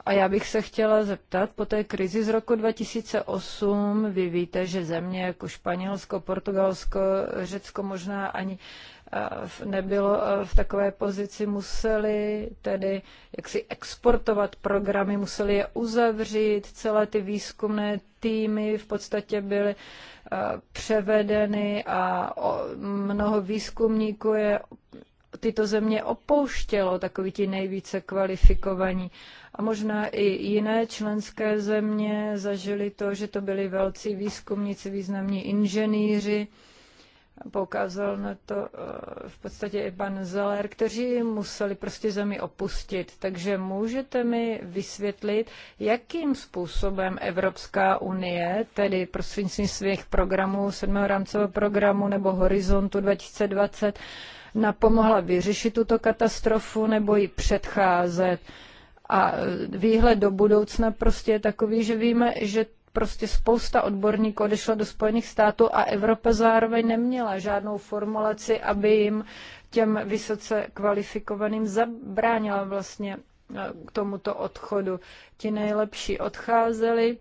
A já bych se chtěla zeptat, po té krizi z roku 2008, vy víte, že země jako Španělsko, Portugalsko, Řecko možná ani eh, nebylo eh, v takové pozici, museli tedy jaksi exportovat programy, museli je uzavřít, celé ty výzkumné týmy v podstatě byly eh, převedeny a mnoho výzkumníků je tyto země opouštělo, takový ti nejvíce kvalifikovaní. A možná i jiné členské země zažili to, že to byli velcí výzkumníci, významní inženýři, poukázal na to eh, v podstatě i pan Zeller, kteří museli prostě zemi opustit. Takže můžete mi vysvětlit, jakým způsobem Evropská unie, tedy prostřednictvím svých programů, sedmého rámcového programu nebo Horizontu 2020, napomohla vyřešit tuto katastrofu nebo ji předcházet. A výhled do budoucna prostě je takový, že víme, že prostě spousta odborníků odešla do Spojených států a Evropa zároveň neměla žádnou formulaci, aby jim těm vysoce kvalifikovaným zabránila vlastně eh, k tomuto odchodu. Ti nejlepší odcházeli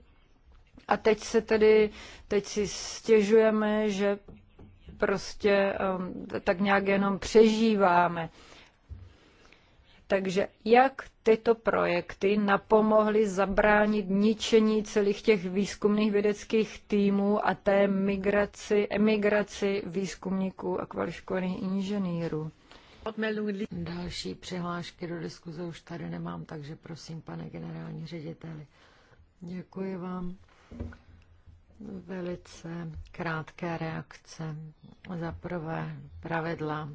a teď se tedy, teď si stěžujeme, že prostě um, tak nějak jenom přežíváme. Takže jak tyto projekty napomohly zabránit ničení celých těch výzkumných vědeckých týmů a té migraci, emigraci výzkumníků a kvalifikovaných inženýrů? Další přihlášky do diskuze už tady nemám, takže prosím, pane generální řediteli. Děkuji vám. Velice krátké reakce. Za prvé pravidla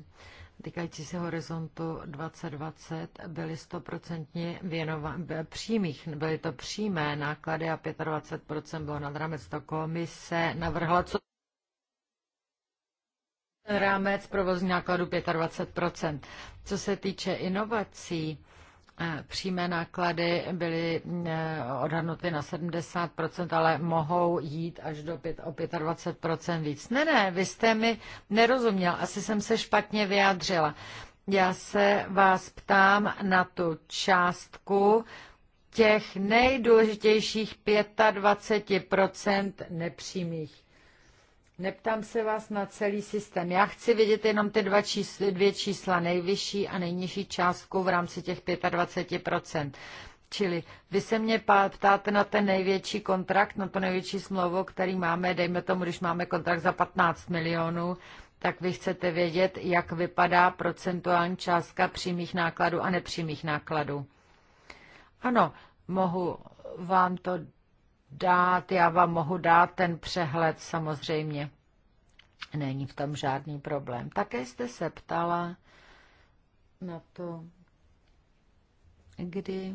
týkající se horizontu 2020 byly 100% věnova, přímých, byly to přímé náklady a 25% bylo nad rámec to komise navrhla, co rámec provozní nákladu 25%. Co se týče inovací, Eh, přímé náklady byly eh, odhadnuty na 70%, ale mohou jít až do 5, o 25% víc. Ne, ne, vy jste mi nerozuměl, asi jsem se špatně vyjádřila. Já se vás ptám na tu částku těch nejdůležitějších 25% nepřímých Neptám se vás na celý systém. Já chci vidět jenom ty dva čísly, dvě čísla, nejvyšší a nejnižší částku v rámci těch 25%. Čili vy se mě ptáte na ten největší kontrakt, na to největší smlouvu, který máme, dejme tomu, když máme kontrakt za 15 milionů, tak vy chcete vědět, jak vypadá procentuální částka přímých nákladů a nepřímých nákladů. Ano, mohu vám to dát, já vám mohu dát ten přehled samozřejmě. Není v tom žádný problém. Také jste se ptala na to, kdy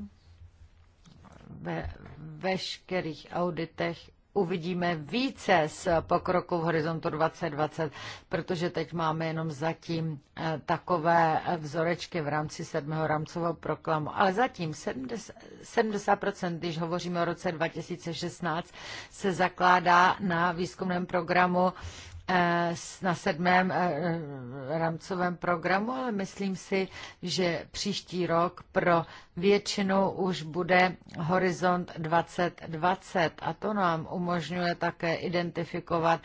ve veškerých auditech uvidíme více z pokroku v horizontu 2020, protože teď máme jenom zatím eh, takové vzorečky v rámci sedmého rámcového proklamu. Ale zatím 70%, 70%, když hovoříme o roce 2016, se zakládá na výzkumném programu Eh, na sedmém eh, eh, rámcovém programu, ale myslím si, že příští rok pro většinu už bude horizont 2020 a to nám umožňuje také identifikovat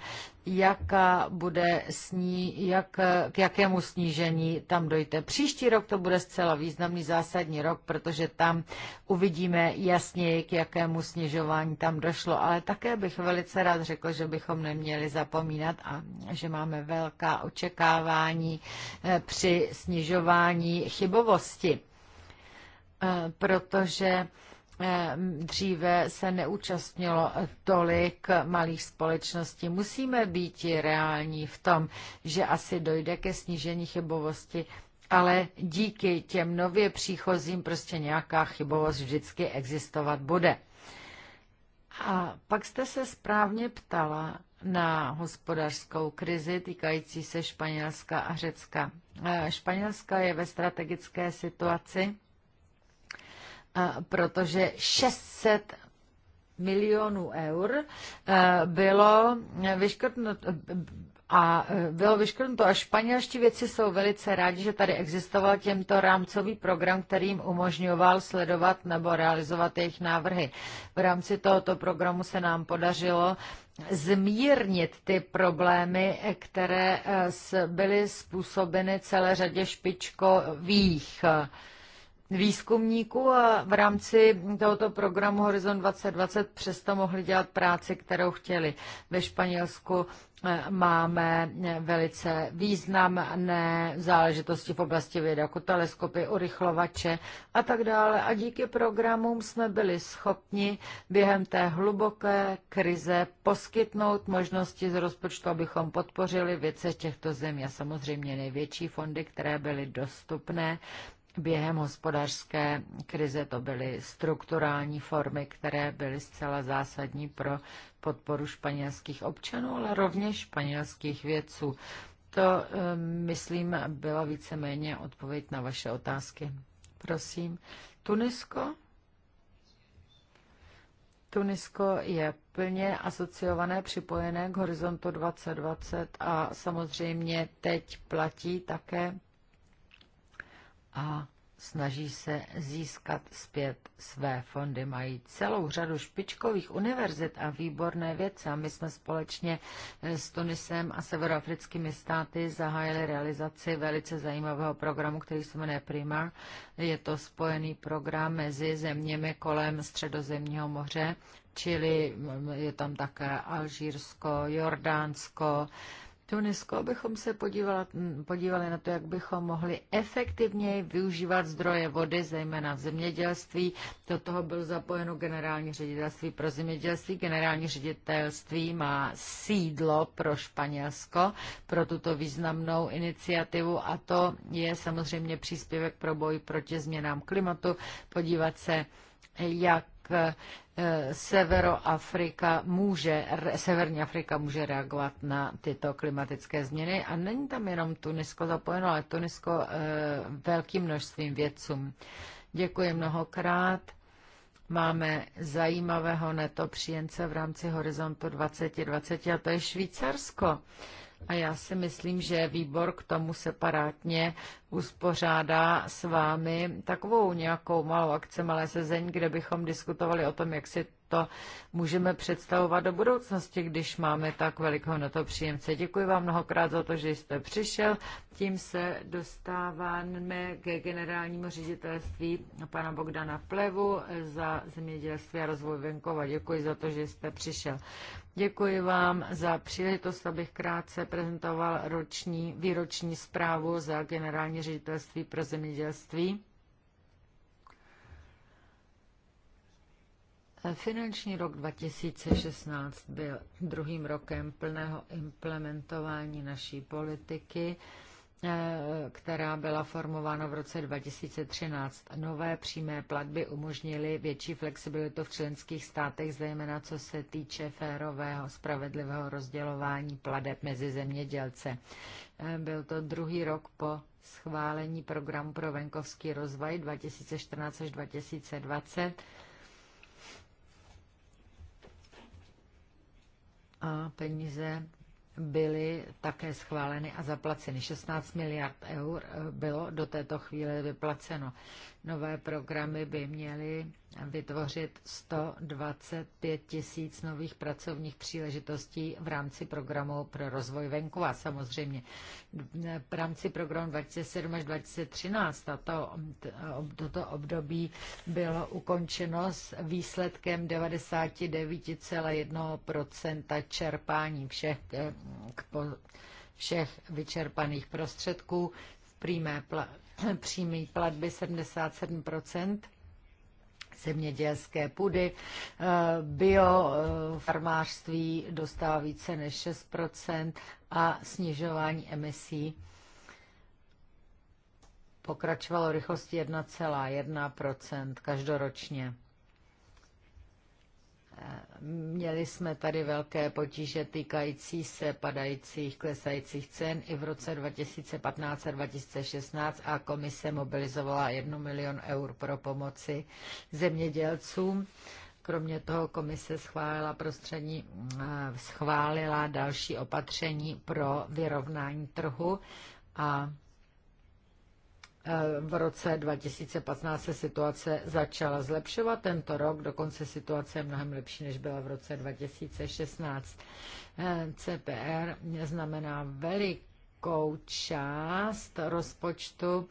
jaká bude sní, jak, k jakému snížení tam dojde. Příští rok to bude zcela významný zásadní rok, protože tam uvidíme jasněji, k jakému snižování tam došlo. Ale také bych velice rád řekl, že bychom neměli zapomínat a že máme velká očekávání eh, při snižování chybovosti eh, protože Eh, dříve se neúčastnilo tolik malých společností. Musíme být reální v tom, že asi dojde ke snížení chybovosti, ale díky těm nově příchozím prostě nějaká chybovost vždycky existovat bude. A pak jste se správně ptala na hospodářskou krizi týkající se Španělska a Řecka. Eh, Španělska je ve strategické situaci, protože 600 milionů eur eh, bylo vyškrtnuto a eh, bylo vyškrtnuto. A španělští věci jsou velice rádi, že tady existoval těmto rámcový program, který jim umožňoval sledovat nebo realizovat jejich návrhy. V rámci tohoto programu se nám podařilo zmírnit ty problémy, které eh, byly způsobeny celé řadě špičkových výzkumníků a v rámci tohoto programu Horizon 2020 přesto mohli dělat práci, kterou chtěli. Ve Španělsku eh, máme eh, velice významné záležitosti v oblasti vědy, jako teleskopy, urychlovače a tak dále. A díky programům jsme byli schopni během té hluboké krize poskytnout možnosti z rozpočtu, abychom podpořili věce těchto zemí a samozřejmě největší fondy, které byly dostupné, Během hospodářské krize to byly strukturální formy, které byly zcela zásadní pro podporu španělských občanů, ale rovněž španělských vědců. To, eh, myslím, byla víceméně odpověď na vaše otázky. Prosím. Tunisko? Tunisko je plně asociované, připojené k Horizontu 2020 a samozřejmě teď platí také a snaží se získat zpět své fondy. Mají celou řadu špičkových univerzit a výborné věci a my jsme společně eh, s Tunisem a severoafrickými státy zahájili realizaci velice zajímavého programu, který se jmenuje Primar. Je to spojený program mezi zeměmi kolem Středozemního moře, čili mm, je tam také Alžírsko, Jordánsko, Tunisko, abychom se podívali, podívali na to, jak bychom mohli efektivněji využívat zdroje vody, zejména v zemědělství. Do toho byl zapojeno generální ředitelství pro zemědělství. Generální ředitelství má sídlo pro Španělsko, pro tuto významnou iniciativu a to je samozřejmě příspěvek pro boj proti změnám klimatu. Podívat se, jak Severoafrika může, Severní Afrika může reagovat na tyto klimatické změny a není tam jenom Tunisko zapojeno, ale Tunisko eh, velkým množstvím vědcům. Děkuji mnohokrát. Máme zajímavého netopříjemce v rámci Horizontu 2020 a to je Švýcarsko. A já si myslím, že výbor k tomu separátně uspořádá s vámi takovou nějakou malou akci, malé sezení, kde bychom diskutovali o tom, jak si to můžeme představovat do budoucnosti, když máme tak velikého na to příjemce. Děkuji vám mnohokrát za to, že jste přišel. Tím se dostáváme ke generálnímu ředitelství pana Bogdana Plevu za zemědělství a rozvoj venkova. Děkuji za to, že jste přišel. Děkuji vám za příležitost, abych krátce prezentoval roční, výroční zprávu za generální ředitelství pro zemědělství. Finanční rok 2016 byl druhým rokem plného implementování naší politiky, eh, která byla formována v roce 2013. Nové přímé platby umožnily větší flexibilitu v členských státech, zejména co se týče férového, spravedlivého rozdělování plateb mezi zemědělce. Eh, byl to druhý rok po schválení programu pro venkovský rozvoj 2014 až 2020 a peníze byly také schváleny a zaplaceny. 16 miliard eur eh, bylo do této chvíle vyplaceno. Nové programy by měly vytvořit 125 tisíc nových pracovních příležitostí v rámci programu pro rozvoj venkova samozřejmě. V rámci programu 2007 až 2013 tato, toto období bylo ukončeno s výsledkem 99,1% čerpání všech, všech vyčerpaných prostředků v přímé přímé platby 77%, zemědělské půdy, eh, biofarmářství eh, dostává více než 6% a snižování emisí pokračovalo rychlostí 1,1% každoročně. Měli jsme tady velké potíže týkající se padajících, klesajících cen i v roce 2015 a 2016 a komise mobilizovala 1 milion eur pro pomoci zemědělcům. Kromě toho komise schválila prostřední, eh, schválila další opatření pro vyrovnání trhu a Eh, v roce 2015 se situace začala zlepšovat. Tento rok dokonce situace je mnohem lepší, než byla v roce 2016. Eh, CPR znamená velikou část rozpočtu.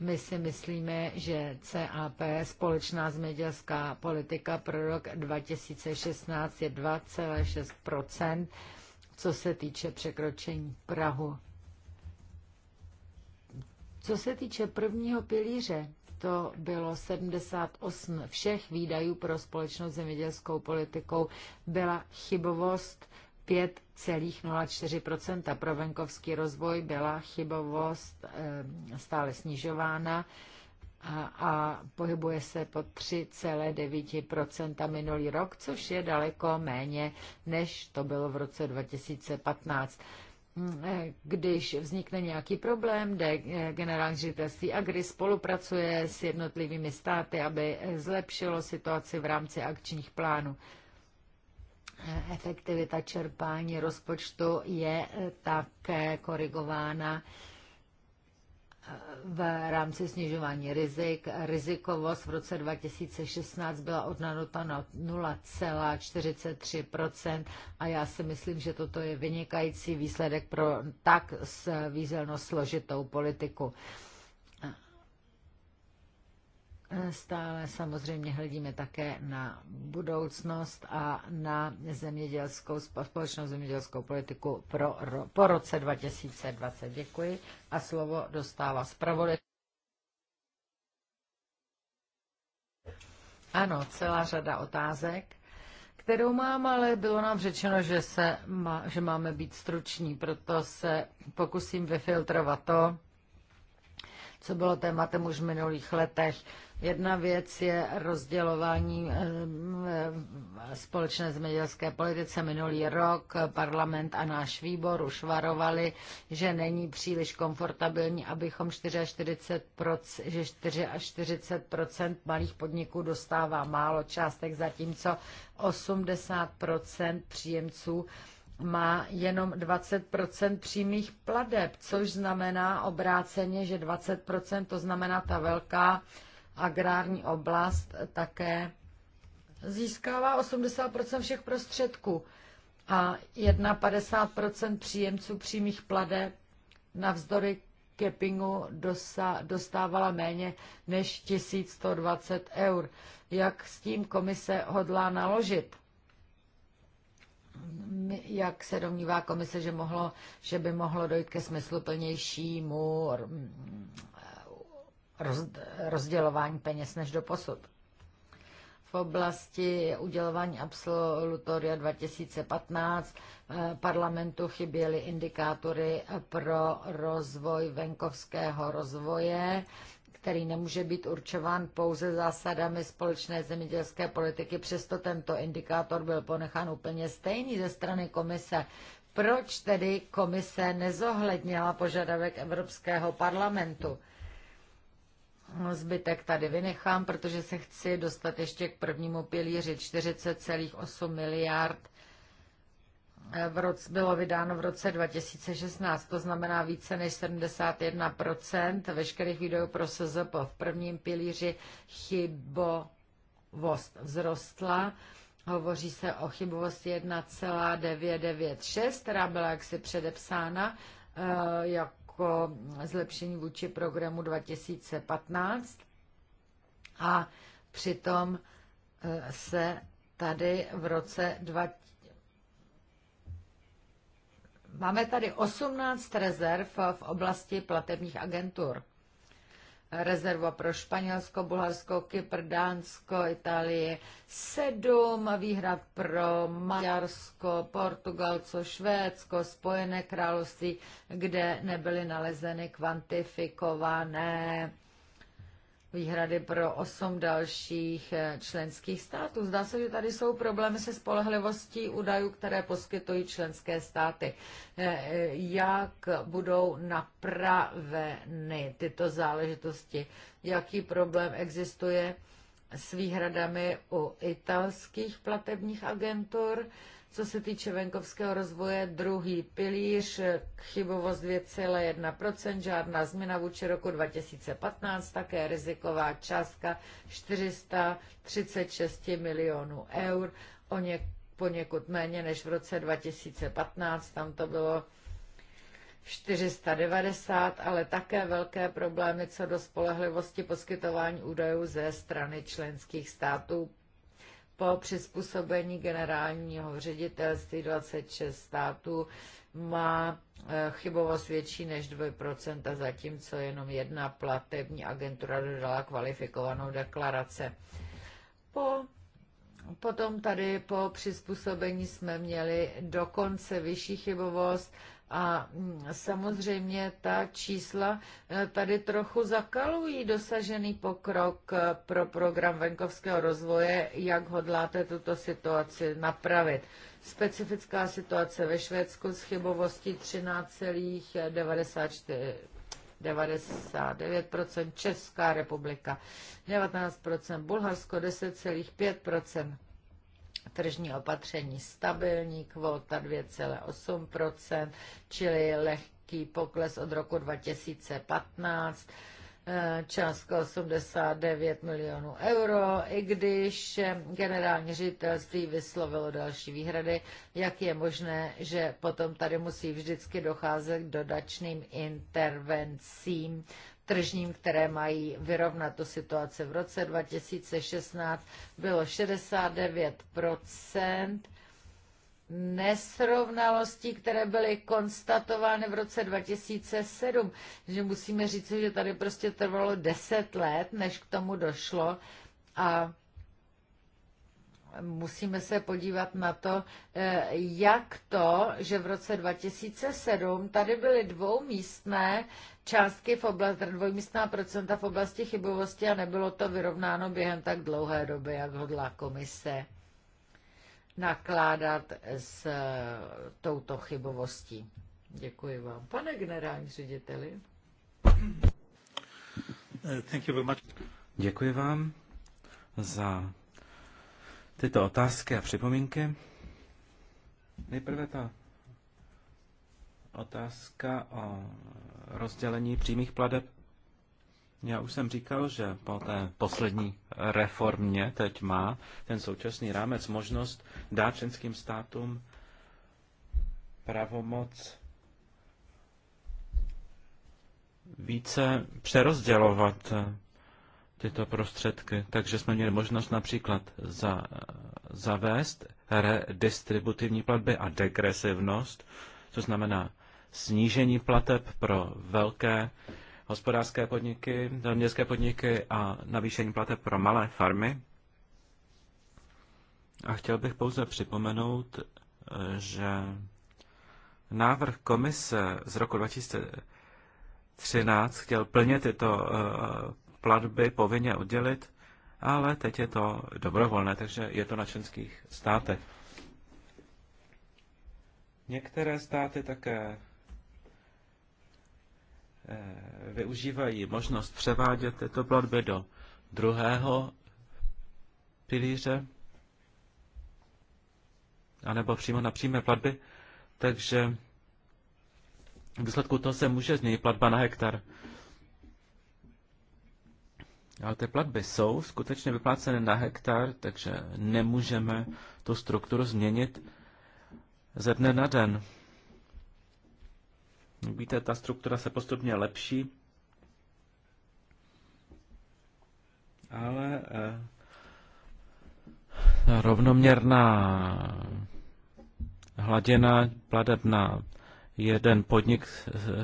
My si myslíme, že CAP, společná zemědělská politika pro rok 2016 je 2,6 co se týče překročení Prahu co se týče prvního pilíře, to bylo 78 všech výdajů pro společnou zemědělskou politikou. Byla chybovost 5,04 Pro venkovský rozvoj byla chybovost eh, stále snižována a, a pohybuje se pod 3,9 minulý rok, což je daleko méně, než to bylo v roce 2015 když vznikne nějaký problém, kde eh, generální ředitelství Agri spolupracuje s jednotlivými státy, aby eh, zlepšilo situaci v rámci akčních plánů. Eh, efektivita čerpání rozpočtu je také korigována v rámci snižování rizik. Rizikovost v roce 2016 byla odnanuta na 0,43 a já si myslím, že toto je vynikající výsledek pro tak svízelnost složitou politiku. Stále samozřejmě hledíme také na budoucnost a na zemědělskou, společnou zemědělskou politiku pro, ro, po roce 2020. Děkuji a slovo dostává zpravodaj. Ano, celá řada otázek, kterou mám, ale bylo nám řečeno, že, se má, že máme být struční, proto se pokusím vyfiltrovat to, co bylo tématem už v minulých letech. Jedna věc je rozdělování eh, společné zemědělské politice. Minulý rok parlament a náš výbor už varovali, že není příliš komfortabilní, abychom 44%, že 44% malých podniků dostává málo částek, zatímco 80% příjemců má jenom 20 přímých pladeb, což znamená obráceně, že 20 to znamená ta velká agrární oblast také získává 80 všech prostředků a 51 příjemců přímých pladeb navzdory Kepingu dostávala méně než 1120 eur. Jak s tím komise hodlá naložit? Jak se domnívá komise, že, mohlo, že by mohlo dojít ke smysluplnějšímu rozdělování peněz než do posud? v oblasti udělování absolutoria 2015 eh, parlamentu chyběly indikátory pro rozvoj venkovského rozvoje který nemůže být určován pouze zásadami společné zemědělské politiky. Přesto tento indikátor byl ponechán úplně stejný ze strany komise. Proč tedy komise nezohlednila požadavek Evropského parlamentu? No, zbytek tady vynechám, protože se chci dostat ještě k prvnímu pilíři 40,8 miliard Eh, v roce, bylo vydáno v roce 2016, to znamená více než 71 veškerých videů pro SZP v prvním pilíři chybovost vzrostla. Hovoří se o chybovosti 1,996, která byla jaksi předepsána eh, jako zlepšení vůči programu 2015. A přitom eh, se tady v roce 2015 Máme tady 18 rezerv v oblasti platebních agentur. Rezerva pro Španělsko, Bulharsko, Kypr, Dánsko, Itálii, sedm výhrad pro Maďarsko, Portugalsko, Švédsko, Spojené království, kde nebyly nalezeny kvantifikované výhrady pro osm dalších eh, členských států. Zdá se, že tady jsou problémy se spolehlivostí údajů, které poskytují členské státy. Eh, eh, jak budou napraveny tyto záležitosti? Jaký problém existuje s výhradami u italských platebních agentur? Co se týče venkovského rozvoje, druhý pilíř, chybovost 2,1%, žádná změna vůči roku 2015, také riziková částka 436 milionů eur, o ně, poněkud méně než v roce 2015, tam to bylo 490, ale také velké problémy co do spolehlivosti poskytování údajů ze strany členských států po přizpůsobení generálního ředitelství 26 států má eh, chybovost větší než 2%, zatímco jenom jedna platební agentura dodala kvalifikovanou deklarace. Po Potom tady po přizpůsobení jsme měli dokonce vyšší chybovost a mm, samozřejmě ta čísla e, tady trochu zakalují dosažený pokrok e, pro program venkovského rozvoje. Jak hodláte tuto situaci napravit? Specifická situace ve Švédsku s chybovostí 13,99 Česká republika 19%, Bulharsko 10,5% tržní opatření stabilní, kvota 2,8%, čili lehký pokles od roku 2015 eh, částka 89 milionů euro, i když eh, generální ředitelství vyslovilo další výhrady, jak je možné, že potom tady musí vždycky docházet k dodačným intervencím tržním, které mají vyrovnat tu situaci. V roce 2016 bylo 69 nesrovnalostí, které byly konstatovány v roce 2007. Takže musíme říct, že tady prostě trvalo 10 let, než k tomu došlo a musíme se podívat na to, eh, jak to, že v roce 2007 tady byly dvoumístné částky v oblasti, dvojmístná procenta v oblasti chybovosti a nebylo to vyrovnáno během tak dlouhé doby, jak hodlá komise nakládat s eh, touto chybovostí. Děkuji vám. Pane generální řediteli. Eh, thank you very much. Děkuji vám za tyto otázky a připomínky. Nejprve ta Otázka o rozdělení přímých pladeb. Já už jsem říkal, že po té poslední reformě teď má ten současný rámec možnost dát členským státům pravomoc více přerozdělovat tyto prostředky. Takže jsme měli možnost například za, zavést redistributivní platby a degresivnost, co znamená snížení plateb pro velké hospodářské podniky, zemědělské podniky a navýšení plateb pro malé farmy. A chtěl bych pouze připomenout, eh, že návrh komise z roku 2013 chtěl plně tyto eh, platby povinně oddělit, ale teď je to dobrovolné, takže je to na členských státech. Některé státy také Eh, využívají možnost převádět tyto platby do druhého pilíře, anebo přímo na přímé platby, takže v výsledku toho se může změnit platba na hektar. Ale ty platby jsou skutečně vypláceny na hektar, takže nemůžeme tu strukturu změnit ze dne na den. Víte, ta struktura se postupně lepší, ale eh, rovnoměrná hladina pladeb na jeden podnik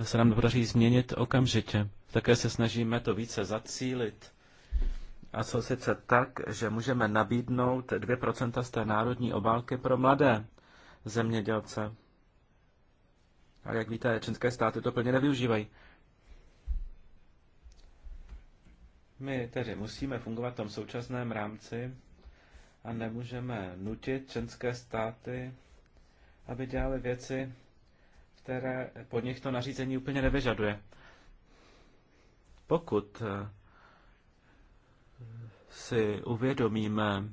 se nám podaří změnit okamžitě. Také se snažíme to více zacílit. A co sice tak, že můžeme nabídnout 2% z té národní obálky pro mladé zemědělce. A jak víte, členské státy to plně nevyužívají. My tedy musíme fungovat v tom současném rámci a nemůžeme nutit členské státy, aby dělali věci, které po nich to nařízení úplně nevyžaduje. Pokud eh, si uvědomíme,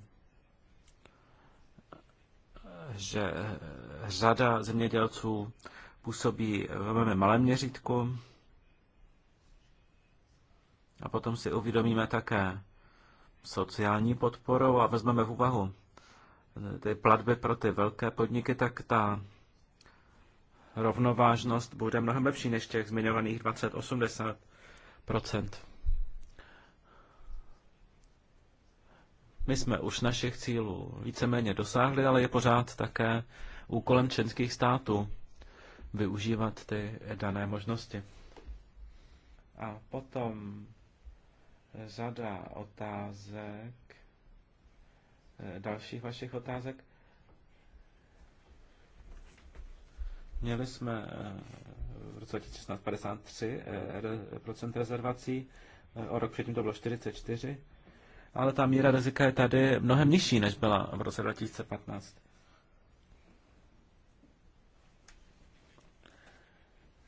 že eh, řada zemědělců působí ve malém měřítku. A potom si uvědomíme také sociální podporou a vezmeme v úvahu ty platby pro ty velké podniky, tak ta rovnovážnost bude mnohem lepší než těch zmiňovaných 20-80 My jsme už našich cílů víceméně dosáhli, ale je pořád také úkolem členských států využívat ty dané možnosti. A potom řada otázek, eh, dalších vašich otázek. Měli jsme eh, v roce 2016 53 eh, rezervací, o rok předtím to bylo 44, ale ta míra rizika je tady mnohem nižší, než byla v roce 2015.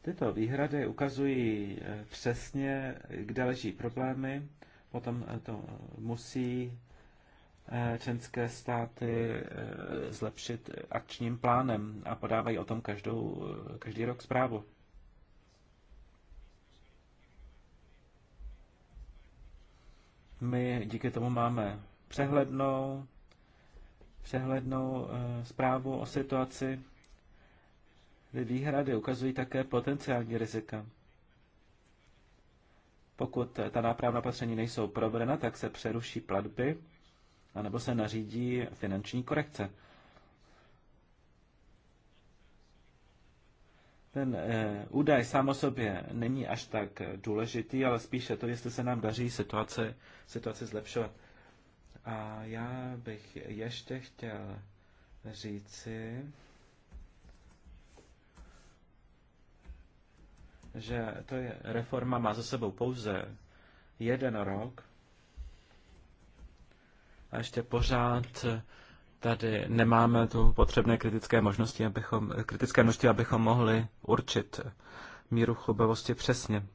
Tyto výhrady ukazují eh, přesně, kde leží problémy, potom eh, to musí eh, členské státy zlepšit akčním plánem a podávají o tom každou, každý rok zprávu. My díky tomu máme přehlednou, přehlednou zprávu o situaci výhrady ukazují také potenciální rizika. Pokud ta nápravná opatření nejsou provedena, tak se přeruší platby anebo se nařídí finanční korekce. Ten e, údaj sám o sobě není až tak důležitý, ale spíše to, jestli se nám daří situace, situace zlepšovat. A já bych ještě chtěl říci, že to je, reforma má za sebou pouze jeden rok a ještě pořád tady nemáme tu potřebné kritické možnosti, abychom, kritické množství, abychom mohli určit míru chlubivosti přesně.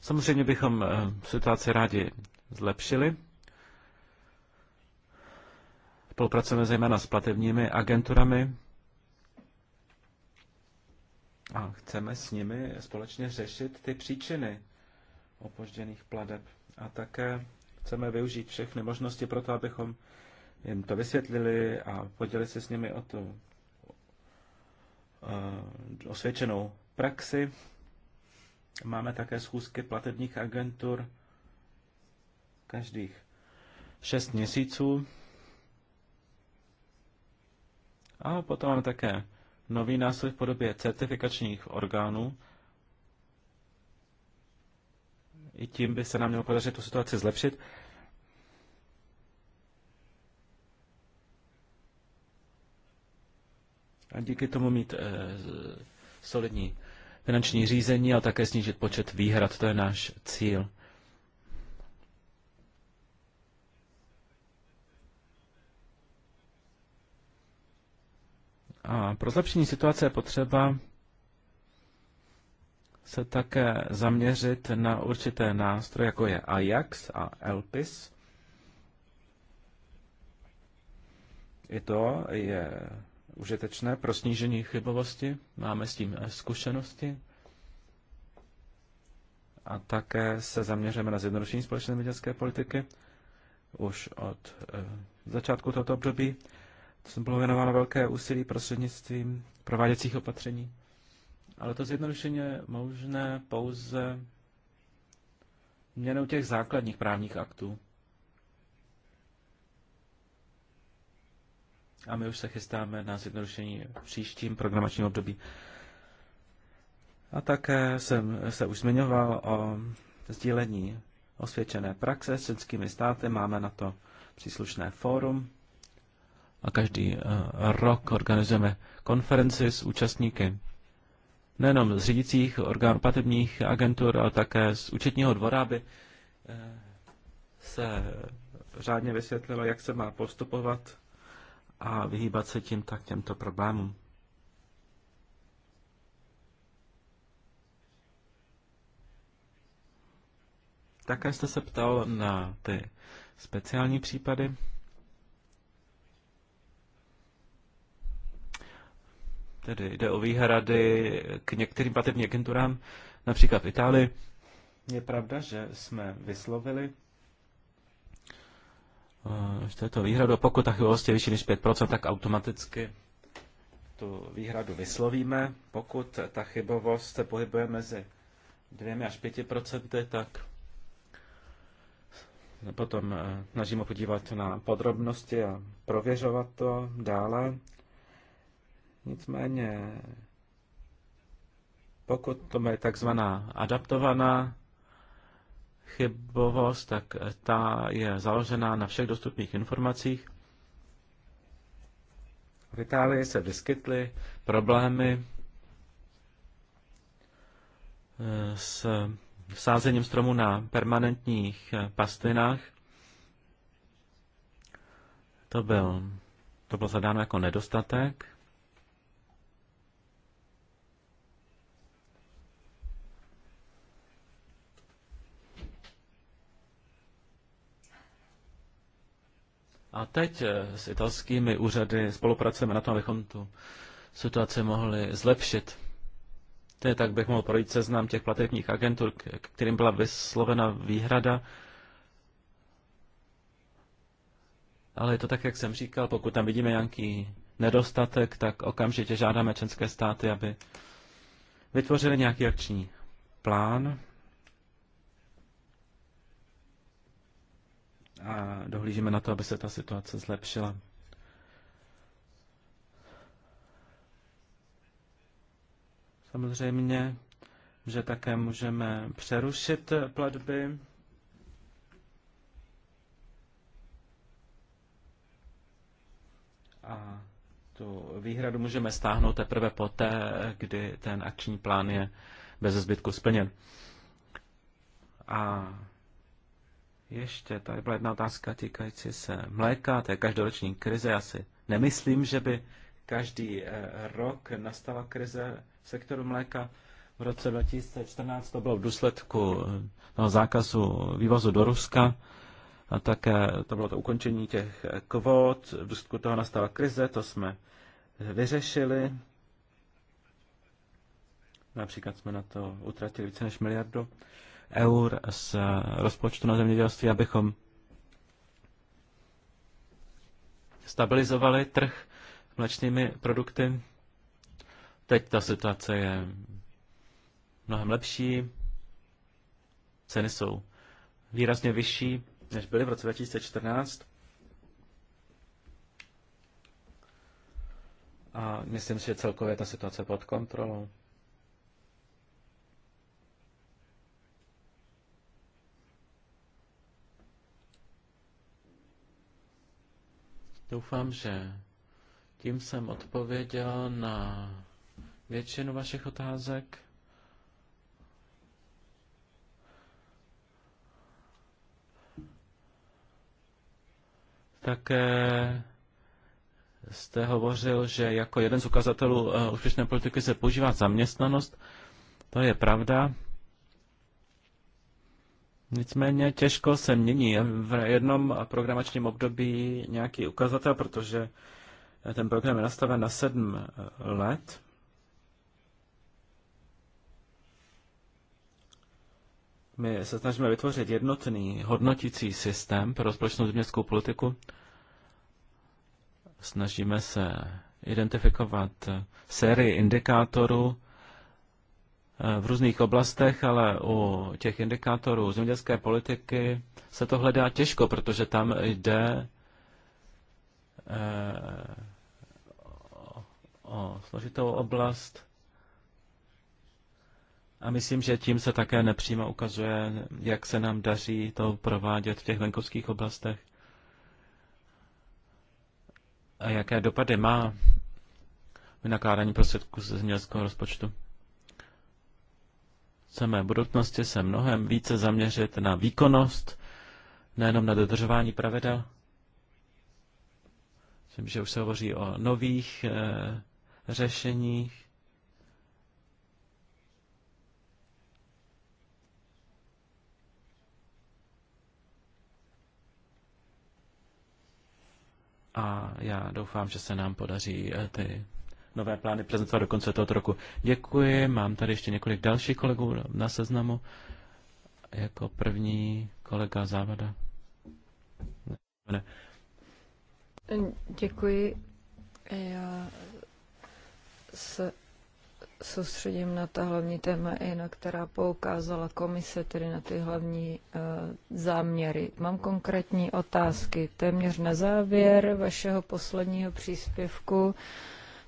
Samozřejmě bychom eh, situaci rádi zlepšili. Spolupracujeme zejména s platebními agenturami a chceme s nimi společně řešit ty příčiny opožděných pladeb. A také chceme využít všechny možnosti pro to, abychom jim to vysvětlili a podělili se s nimi o tu eh, osvědčenou praxi. Máme také schůzky platebních agentur každých šest měsíců a potom máme také nový nástroj v podobě certifikačních orgánů. I tím by se nám mělo podařit tu situaci zlepšit. A díky tomu mít eh, solidní finanční řízení a také snížit počet výhrad. To je náš cíl. A pro zlepšení situace je potřeba se také zaměřit na určité nástroje, jako je Ajax a Elpis. I to je užitečné pro snížení chybovosti. Máme s tím zkušenosti. A také se zaměřeme na zjednodušení společné zemědělské politiky už od eh, začátku tohoto období. To bylo věnováno velké úsilí prostřednictvím prováděcích opatření. Ale to zjednodušeně je možné pouze měnou těch základních právních aktů. A my už se chystáme na zjednodušení v příštím programačním období. A také jsem se už zmiňoval o sdílení osvědčené praxe s českými státy. Máme na to příslušné fórum a každý eh, rok organizujeme konferenci s účastníky nejenom z řídících orgánů platebních agentur, ale také z účetního dvora, aby eh, se řádně vysvětlilo, jak se má postupovat a vyhýbat se tím tak těmto problémům. Také jste se ptal na ty speciální případy. Tedy jde o výhrady k některým platebním agenturám, například v Itálii. Je pravda, že jsme vyslovili v eh, této výhradu, pokud ta chybovost je vlastně vyšší než 5%, tak automaticky tu výhradu vyslovíme. Pokud ta chybovost se pohybuje mezi 2 až 5%, tak potom eh, snažíme podívat na podrobnosti a prověřovat to dále. Nicméně, pokud to je takzvaná adaptovaná chybovost, tak ta je založená na všech dostupných informacích. V Itálii se vyskytly problémy eh, s sázením stromu na permanentních eh, pastvinách. To byl, to bylo zadáno jako nedostatek. A teď eh, s italskými úřady spolupracujeme na tom, abychom tu situaci mohli zlepšit. To je tak, bych mohl projít seznam těch platebních agentur, kterým byla vyslovena výhrada. Ale je to tak, jak jsem říkal, pokud tam vidíme nějaký nedostatek, tak okamžitě žádáme členské státy, aby vytvořili nějaký akční plán a dohlížíme na to, aby se ta situace zlepšila. Samozřejmě, že také můžeme přerušit platby. A tu výhradu můžeme stáhnout teprve poté, kdy ten akční plán je bez zbytku splněn. A ještě tady byla jedna otázka týkající se mléka, to je každoroční krize. Já si nemyslím, že by každý eh, rok nastala krize v sektoru mléka. V roce 2014 to bylo v důsledku eh, toho zákazu vývozu do Ruska a také to bylo to ukončení těch eh, kvót. V důsledku toho nastala krize, to jsme vyřešili. Například jsme na to utratili více než miliardu eur z rozpočtu na zemědělství, abychom stabilizovali trh mlečnými produkty. Teď ta situace je mnohem lepší, ceny jsou výrazně vyšší, než byly v roce 2014. A myslím si, že celkově ta situace pod kontrolou. Doufám, že tím jsem odpověděl na většinu vašich otázek. Také jste hovořil, že jako jeden z ukazatelů eh, úspěšné politiky se používá zaměstnanost. To je pravda. Nicméně těžko se mění v jednom programačním období nějaký ukazatel, protože ten program je nastaven na sedm eh, let. My se snažíme vytvořit jednotný hodnotící systém pro společnou zemědělskou politiku. Snažíme se identifikovat eh, sérii indikátorů, Eh, v různých oblastech, ale u těch indikátorů zemědělské politiky se to hledá těžko, protože tam jde eh, o složitou oblast a myslím, že tím se také nepřímo ukazuje, jak se nám daří to provádět v těch venkovských oblastech a jaké dopady má vynakládání prostředků ze zemědělského rozpočtu samé budoucnosti se mnohem více zaměřit na výkonnost, nejenom na dodržování pravidel. Myslím, že už se hovoří o nových e, řešeních. A já doufám, že se nám podaří eh, ty nové plány prezentovat do konce tohoto roku. Děkuji, mám tady ještě několik dalších kolegů na seznamu. Jako první kolega Závada. Ne. Děkuji. Já se soustředím na ta hlavní téma, i na která poukázala komise, tedy na ty hlavní uh, záměry. Mám konkrétní otázky. Téměř na závěr vašeho posledního příspěvku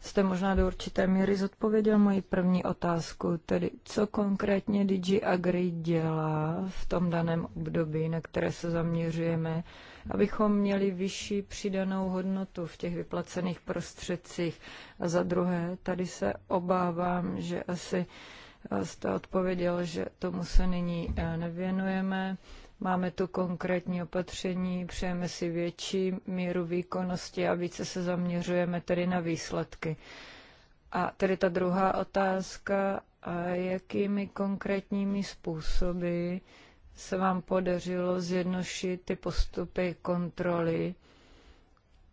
jste možná do určité míry zodpověděl moji první otázku, tedy co konkrétně DG Agri dělá v tom daném období, na které se zaměřujeme, abychom měli vyšší přidanou hodnotu v těch vyplacených prostředcích. A za druhé, tady se obávám, že asi jste odpověděl, že tomu se nyní eh, nevěnujeme. Máme tu konkrétní opatření, přejeme si větší míru výkonnosti a více se zaměřujeme tedy na výsledky. A tedy ta druhá otázka, a jakými konkrétními způsoby se vám podařilo zjednošit ty postupy kontroly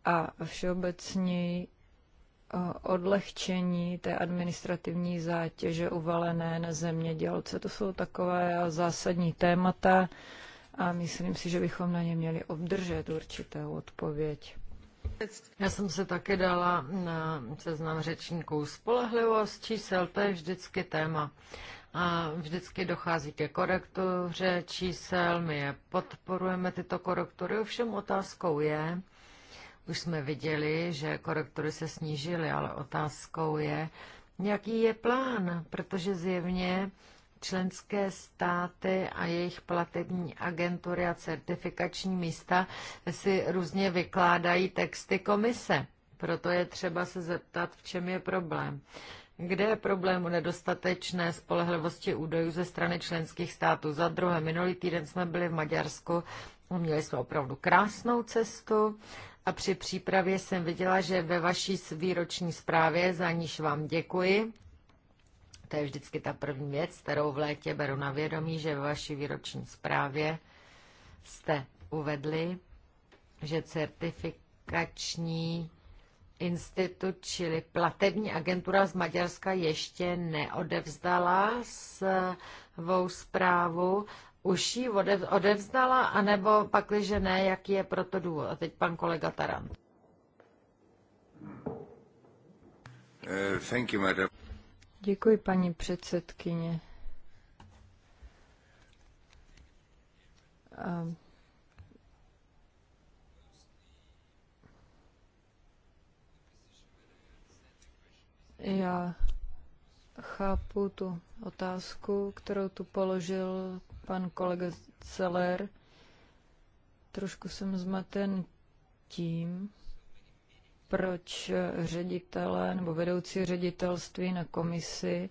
a všeobecněji odlehčení té administrativní zátěže uvalené na zemědělce. To jsou takové zásadní témata, a myslím si, že bychom na ně měli obdržet určitou odpověď. Já jsem se také dala na seznam řečníků spolehlivost čísel, to je vždycky téma. A vždycky dochází ke korektuře čísel, my je podporujeme tyto korektury, ovšem otázkou je, už jsme viděli, že korektury se snížily, ale otázkou je, jaký je plán, protože zjevně členské státy a jejich platební agentury a certifikační místa si různě vykládají texty komise. Proto je třeba se zeptat, v čem je problém. Kde je problém u nedostatečné spolehlivosti údajů ze strany členských států? Za druhé, minulý týden jsme byli v Maďarsku, měli jsme opravdu krásnou cestu a při přípravě jsem viděla, že ve vaší výroční zprávě, za níž vám děkuji, to je vždycky ta první věc, kterou v létě beru na vědomí, že ve vaší výroční zprávě jste uvedli, že certifikační institut, čili platební agentura z Maďarska ještě neodevzdala svou zprávu. Už ji odevzdala, anebo pakliže ne, jaký je proto důvod? A teď pan kolega Tarant. Uh, thank you, madam. Děkuji, paní předsedkyně. A... Já chápu tu otázku, kterou tu položil pan kolega Celer. Trošku jsem zmaten tím, proč ředitele nebo vedoucí ředitelství na komisi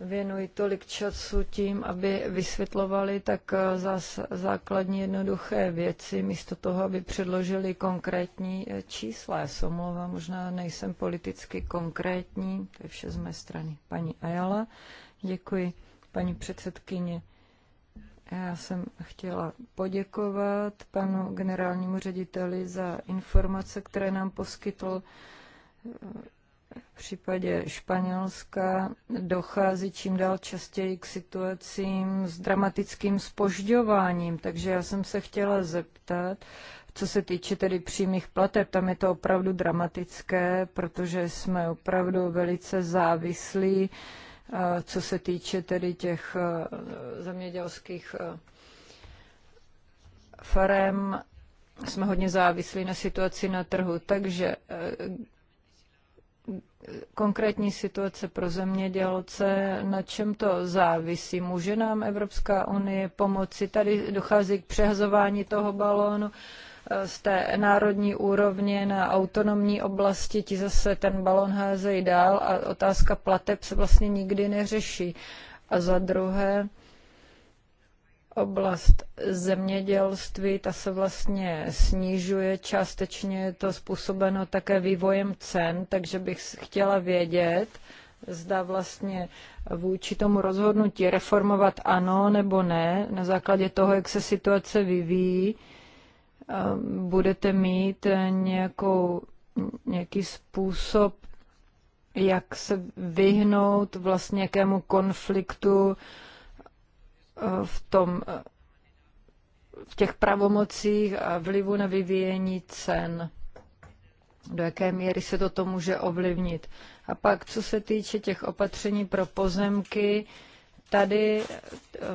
věnují tolik času tím, aby vysvětlovali tak zás, základní jednoduché věci, místo toho, aby předložili konkrétní eh, čísla. Já se omlouvám, možná nejsem politicky konkrétní, to je vše z mé strany. Paní Ajala, děkuji. Paní předsedkyně, já jsem chtěla poděkovat panu generálnímu řediteli za informace, které nám poskytl. V případě Španělska dochází čím dál častěji k situacím s dramatickým spožďováním, takže já jsem se chtěla zeptat, co se týče tedy přímých plateb, tam je to opravdu dramatické, protože jsme opravdu velice závislí co se týče tedy těch e, zemědělských e, farem, jsme hodně závislí na situaci na trhu, takže e, konkrétní situace pro zemědělce, na čem to závisí. Může nám Evropská unie pomoci? Tady dochází k přehazování toho balónu z té národní úrovně na autonomní oblasti, ti zase ten balon házejí dál a otázka plateb se vlastně nikdy neřeší. A za druhé, oblast zemědělství, ta se vlastně snižuje, částečně je to způsobeno také vývojem cen, takže bych chtěla vědět, zda vlastně vůči tomu rozhodnutí reformovat ano nebo ne, na základě toho, jak se situace vyvíjí, Ehm, budete mít eh, nějakou, nějaký způsob, jak se vyhnout vlastně nějakému konfliktu eh, v tom eh, v těch pravomocích a vlivu na vyvíjení cen. Do jaké míry se toto může ovlivnit. A pak, co se týče těch opatření pro pozemky, Tady eh,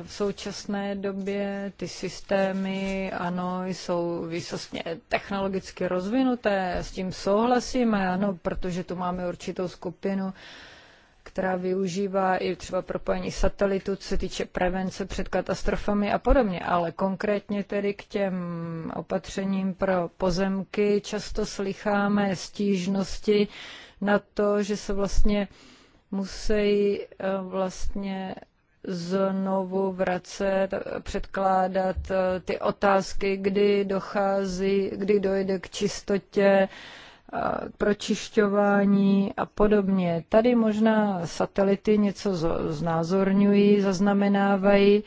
v současné době ty systémy, ano, jsou výsostně technologicky rozvinuté, s tím souhlasíme, ano, protože tu máme určitou skupinu, která využívá i třeba propojení satelitu, co se týče prevence před katastrofami a podobně. Ale konkrétně tedy k těm opatřením pro pozemky často slycháme stížnosti na to, že se vlastně musí eh, vlastně znovu vracet, předkládat eh, ty otázky, kdy dochází, kdy dojde k čistotě, k eh, pročišťování a podobně. Tady možná satelity něco znázorňují, zaznamenávají,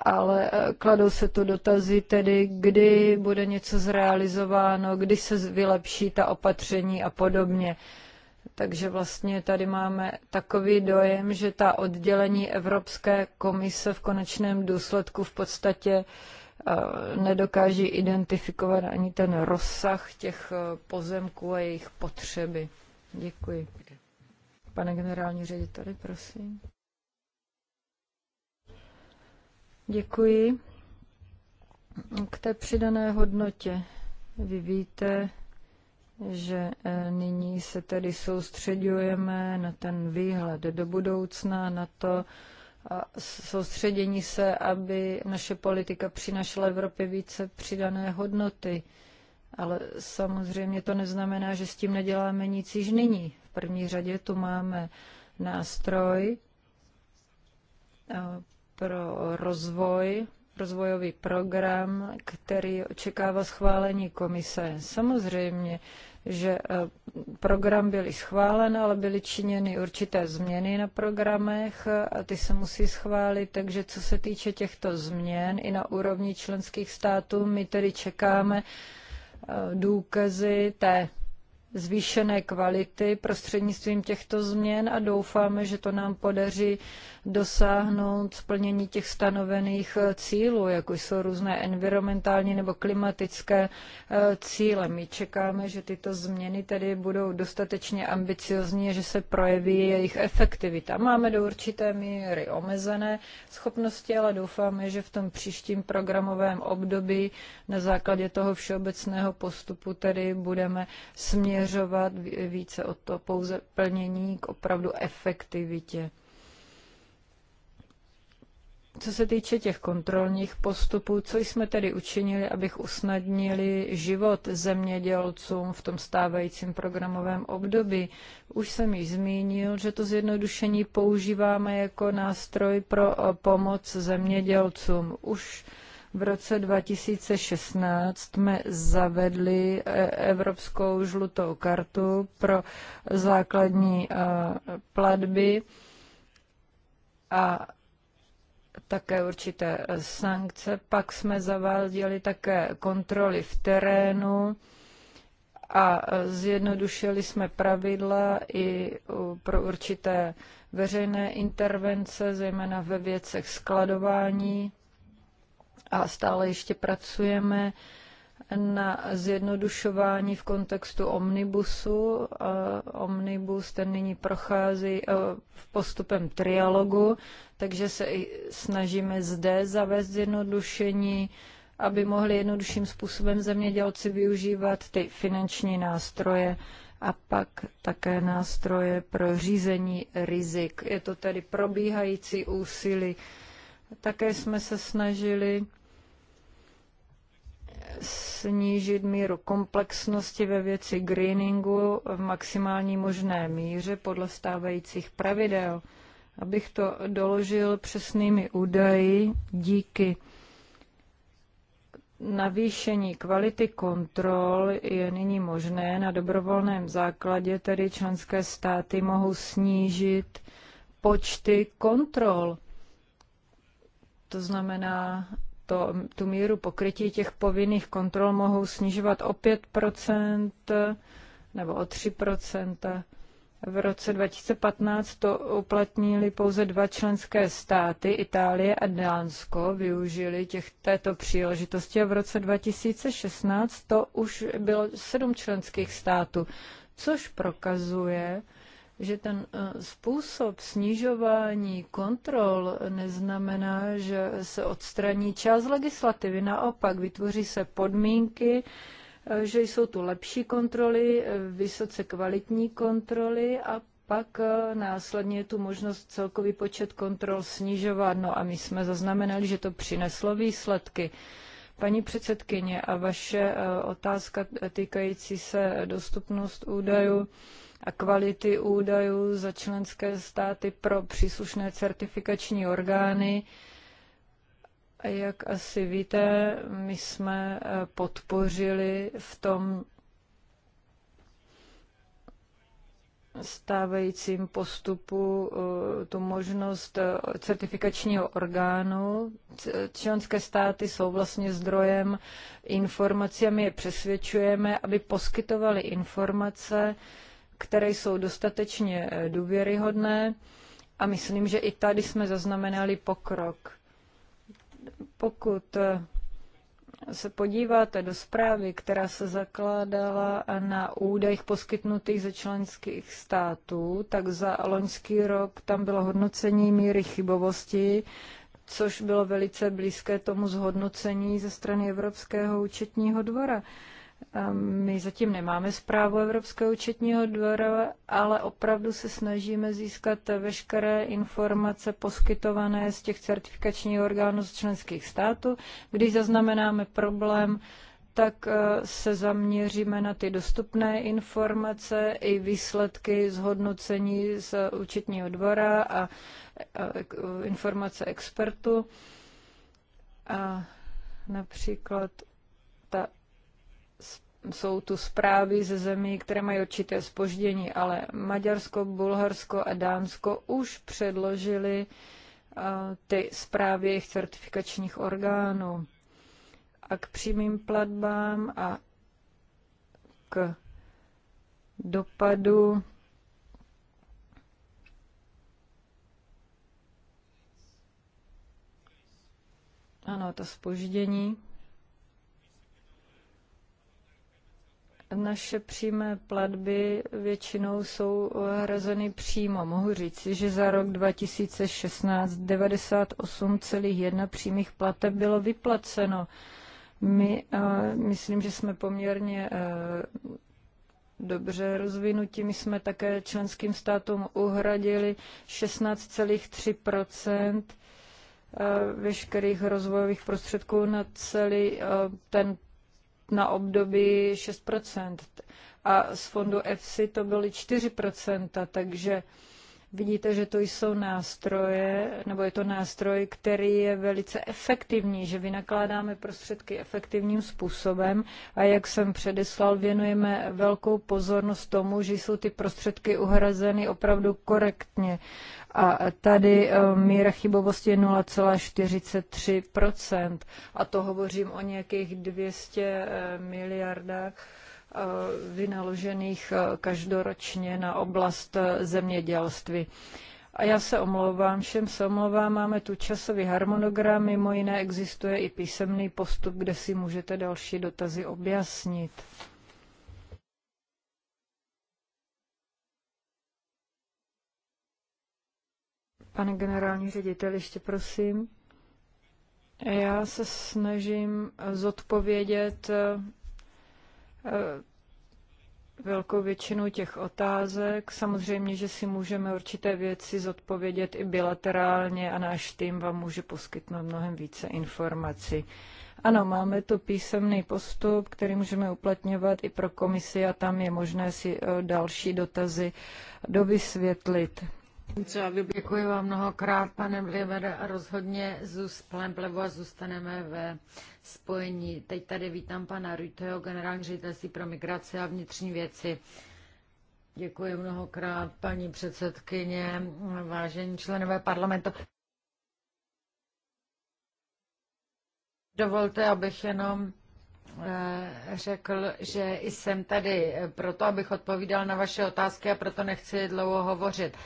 ale eh, kladou se tu dotazy tedy, kdy bude něco zrealizováno, kdy se vylepší ta opatření a podobně. Takže vlastně tady máme takový dojem, že ta oddělení Evropské komise v konečném důsledku v podstatě eh, nedokáží identifikovat ani ten rozsah těch eh, pozemků a jejich potřeby. Děkuji. Pane generální řediteli, prosím. Děkuji. K té přidané hodnotě. Vy víte, že e, nyní se tedy soustředujeme na ten výhled do budoucna, na to soustředění se, aby naše politika přinašla Evropě více přidané hodnoty. Ale samozřejmě to neznamená, že s tím neděláme nic již nyní. V první řadě tu máme nástroj e, pro rozvoj rozvojový program, který očekává schválení komise. Samozřejmě, že e, program byl schválen, ale byly činěny určité změny na programech a ty se musí schválit, takže co se týče těchto změn i na úrovni členských států, my tedy čekáme e, důkazy té zvýšené kvality prostřednictvím těchto změn a doufáme, že to nám podaří dosáhnout splnění těch stanovených eh, cílů, jako jsou různé environmentální nebo klimatické eh, cíle. My čekáme, že tyto změny tedy budou dostatečně ambiciozní a že se projeví jejich efektivita. Máme do určité míry omezené schopnosti, ale doufáme, že v tom příštím programovém období na základě toho všeobecného postupu tedy budeme směřovat směřovat více od to pouze plnění k opravdu efektivitě. Co se týče těch kontrolních postupů, co jsme tedy učinili, abych usnadnili život zemědělcům v tom stávajícím programovém období? Už jsem již zmínil, že to zjednodušení používáme jako nástroj pro eh, pomoc zemědělcům. Už v roce 2016 jsme zavedli e, evropskou žlutou kartu pro základní e, platby a také určité e, sankce. Pak jsme zaváděli také kontroly v terénu a zjednodušili jsme pravidla i pro určité veřejné intervence, zejména ve věcech skladování a stále ještě pracujeme na zjednodušování v kontextu omnibusu. Omnibus ten nyní prochází e, v postupem trialogu, takže se i snažíme zde zavést zjednodušení, aby mohli jednodušším způsobem zemědělci využívat ty finanční nástroje a pak také nástroje pro řízení rizik. Je to tedy probíhající úsilí. Také jsme se snažili snížit míru komplexnosti ve věci greeningu v maximální možné míře podle stávajících pravidel. Abych to doložil přesnými údaji, díky navýšení kvality kontrol je nyní možné. Na dobrovolném základě tedy členské státy mohou snížit počty kontrol. To znamená, to, tu míru pokrytí těch povinných kontrol mohou snižovat o 5% nebo o 3%. V roce 2015 to uplatnili pouze dva členské státy, Itálie a Dánsko, využili těch, této příležitosti a v roce 2016 to už bylo sedm členských států, což prokazuje, že ten eh, způsob snižování kontrol neznamená, že se odstraní část legislativy. Naopak vytvoří se podmínky, eh, že jsou tu lepší kontroly, eh, vysoce kvalitní kontroly a pak následně je tu možnost celkový počet kontrol snižovat. No a my jsme zaznamenali, že to přineslo výsledky. Paní předsedkyně, a vaše otázka týkající se dostupnost údajů. Hmm a kvality údajů za členské státy pro příslušné certifikační orgány. A jak asi víte, my jsme eh, podpořili v tom stávajícím postupu eh, tu možnost eh, certifikačního orgánu. Členské státy jsou vlastně zdrojem informací a my je přesvědčujeme, aby poskytovali informace, které jsou dostatečně eh, důvěryhodné a myslím, že i tady jsme zaznamenali pokrok. Pokud eh, se podíváte do zprávy, která se zakládala na údajích poskytnutých ze členských států, tak za loňský rok tam bylo hodnocení míry chybovosti, což bylo velice blízké tomu zhodnocení ze strany Evropského účetního dvora. My zatím nemáme zprávu Evropského účetního dvora, ale opravdu se snažíme získat veškeré informace poskytované z těch certifikačních orgánů z členských států. Když zaznamenáme problém, tak eh, se zaměříme na ty dostupné informace i výsledky zhodnocení z účetního dvora a eh, informace expertu. A například ta jsou tu zprávy ze zemí, které mají určité spoždění, ale Maďarsko, Bulharsko a Dánsko už předložili eh, ty zprávy jejich certifikačních orgánů. A k přímým platbám a k dopadu ano, to spoždění. Naše přímé platby většinou jsou eh, hrazeny přímo. Mohu říct, že za rok 2016 98,1 přímých plateb bylo vyplaceno. My, eh, myslím, že jsme poměrně eh, dobře rozvinutí. My jsme také členským státům uhradili 16,3 veškerých rozvojových prostředků na celý ten na období 6 a z fondu EFSI to byly 4 takže Vidíte, že to jsou nástroje, nebo je to nástroj, který je velice efektivní, že vynakládáme prostředky efektivním způsobem a jak jsem předeslal, věnujeme velkou pozornost tomu, že jsou ty prostředky uhrazeny opravdu korektně. A tady eh, míra chybovosti je 0,43%. A to hovořím o nějakých 200 eh, miliardách Eh, vynaložených eh, každoročně na oblast eh, zemědělství. A já se omlouvám, všem se omlouvám, máme tu časový harmonogram, mimo jiné existuje i písemný postup, kde si můžete další dotazy objasnit. Pane generální ředitel, ještě prosím. Já se snažím zodpovědět Eh, velkou většinu těch otázek. Samozřejmě, že si můžeme určité věci zodpovědět i bilaterálně a náš tým vám může poskytnout mnohem více informací. Ano, máme tu písemný postup, který můžeme uplatňovat i pro komisi a tam je možné si eh, další dotazy dovysvětlit. Děkuji vám mnohokrát, pane Blivere, a rozhodně zůstaneme plevu a zůstaneme ve spojení. Teď tady vítám pana Ruteho, generální ředitelství pro migraci a vnitřní věci. Děkuji mnohokrát, paní předsedkyně, vážení členové parlamentu. Dovolte, abych jenom Eh, řekl, že jsem tady eh, proto, abych odpovídal na vaše otázky a proto nechci dlouho hovořit.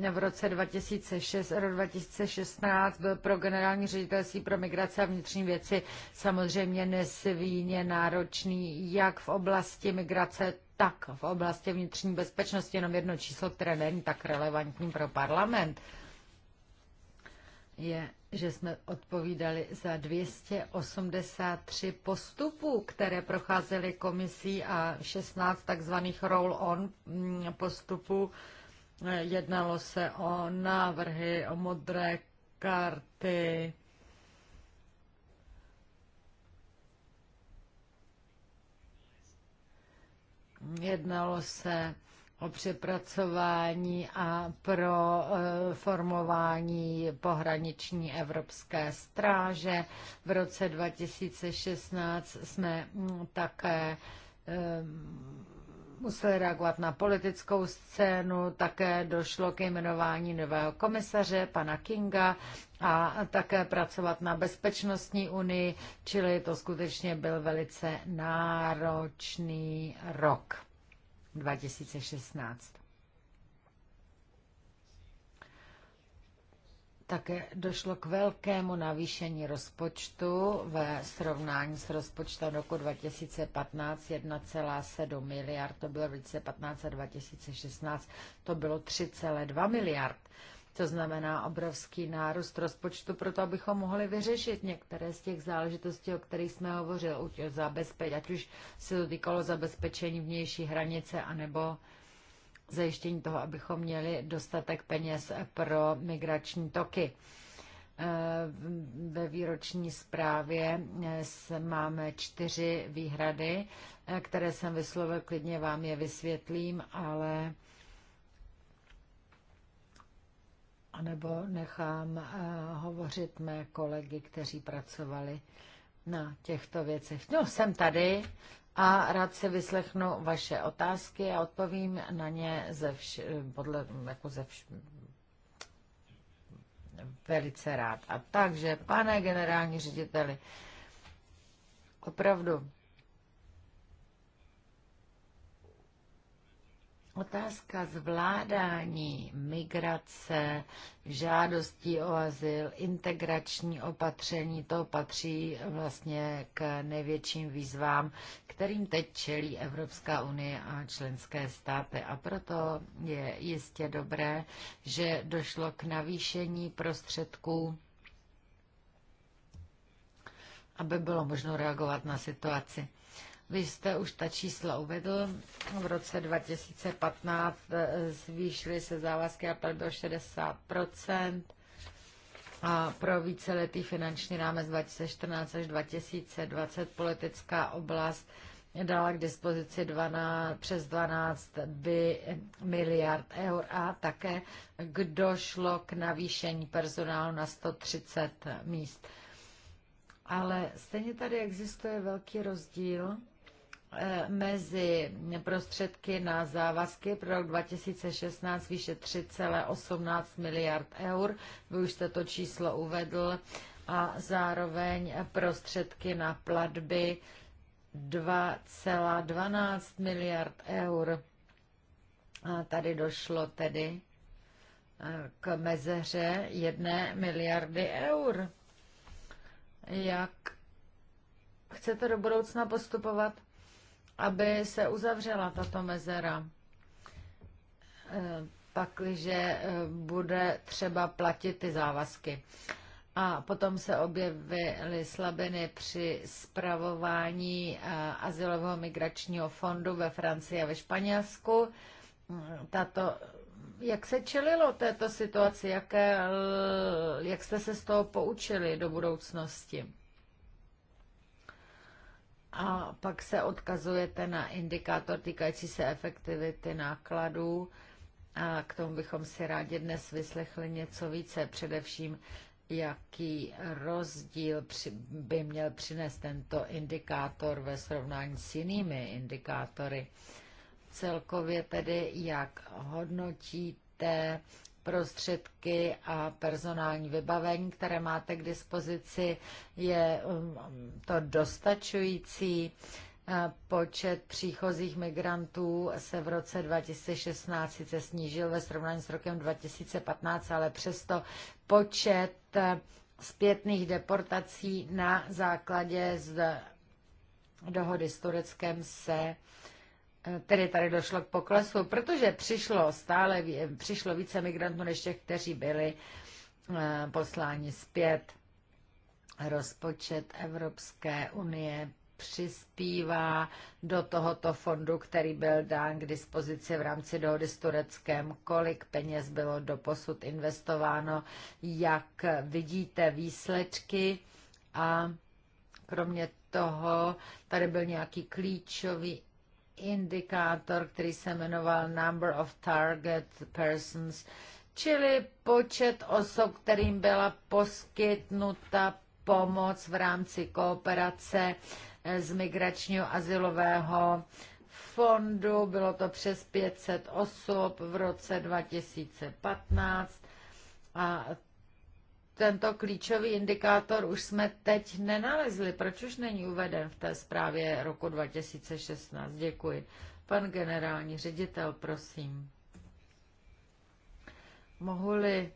Eh, v roce 2006, rok 2016 byl pro generální ředitelství pro migrace a vnitřní věci samozřejmě nesvíně náročný, jak v oblasti migrace, tak v oblasti vnitřní bezpečnosti, jenom jedno číslo, které není tak relevantní pro parlament, je že jsme odpovídali za 283 postupů, které procházely komisí a 16 takzvaných roll-on mm, postupů. Eh, jednalo se o návrhy, o modré karty, jednalo se o přepracování a pro e, formování pohraniční evropské stráže. V roce 2016 jsme mm, také e, museli reagovat na politickou scénu, také došlo k jmenování nového komisaře, pana Kinga, a také pracovat na bezpečnostní unii, čili to skutečně byl velice náročný rok. 2016. Také došlo k velkému navýšení rozpočtu ve srovnání s rozpočtem roku 2015 1,7 miliard, to bylo v roce 15 a 2016 to bylo 3,2 miliard. To znamená obrovský nárůst rozpočtu pro to, abychom mohli vyřešit některé z těch záležitostí, o kterých jsme hovořili, zabezpeč, ať už se to týkalo zabezpečení vnější hranice, anebo zajištění toho, abychom měli dostatek peněz pro migrační toky e, ve výroční zprávě e, máme čtyři výhrady, e, které jsem vyslovil, klidně vám je vysvětlím, ale anebo nechám eh, hovořit mé kolegy, kteří pracovali na těchto věcech. No, jsem tady a rád si vyslechnu vaše otázky a odpovím na ně ze vš- podle, jako ze vš- velice rád. A takže, pane generální řediteli, opravdu Otázka zvládání migrace, žádostí o azyl, integrační opatření, to patří vlastně k největším výzvám, kterým teď čelí Evropská unie a členské státy. A proto je jistě dobré, že došlo k navýšení prostředků aby bylo možno reagovat na situaci. Vy jste už ta čísla uvedl. V roce 2015 eh, zvýšily se závazky a platby o 60 a pro víceletý finanční rámec 2014 až 2020 politická oblast dala k dispozici 12, přes 12 by miliard eur a také došlo k navýšení personálu na 130 míst. Ale stejně tady existuje velký rozdíl Eh, mezi prostředky na závazky pro rok 2016 výše 3,18 miliard eur. Vy už jste to číslo uvedl a zároveň prostředky na platby 2,12 miliard eur. A tady došlo tedy eh, k mezeře 1 miliardy eur. Jak chcete do budoucna postupovat? aby se uzavřela tato mezera. E, pakliže e, bude třeba platit ty závazky. A potom se objevily slabiny při spravování e, asilového migračního fondu ve Francii a ve Španělsku. Tato, jak se čelilo této situaci? Jaké, jak jste se z toho poučili do budoucnosti? A pak se odkazujete na indikátor týkající se efektivity nákladů. A k tomu bychom si rádi dnes vyslechli něco více, především jaký rozdíl by měl přinést tento indikátor ve srovnání s jinými indikátory. Celkově tedy, jak hodnotíte prostředky a personální vybavení, které máte k dispozici, je um, to dostačující. Počet příchozích migrantů se v roce 2016 sice snížil ve srovnání s rokem 2015, ale přesto počet eh, zpětných deportací na základě z dohody s Tureckem se Tedy tady došlo k poklesu, protože přišlo stále přišlo více migrantů než těch, kteří byli eh, posláni zpět. Rozpočet Evropské unie přispívá do tohoto fondu, který byl dán k dispozici v rámci dohody s Tureckem, kolik peněz bylo do posud investováno, jak vidíte výsledky a kromě toho tady byl nějaký klíčový indikátor, který se jmenoval Number of Target Persons, čili počet osob, kterým byla poskytnuta pomoc v rámci kooperace eh, z migračního azylového fondu. Bylo to přes 500 osob v roce 2015 a tento klíčový indikátor už jsme teď nenalezli. Proč už není uveden v té zprávě roku 2016? Děkuji. Pan generální ředitel, prosím. Mohu-li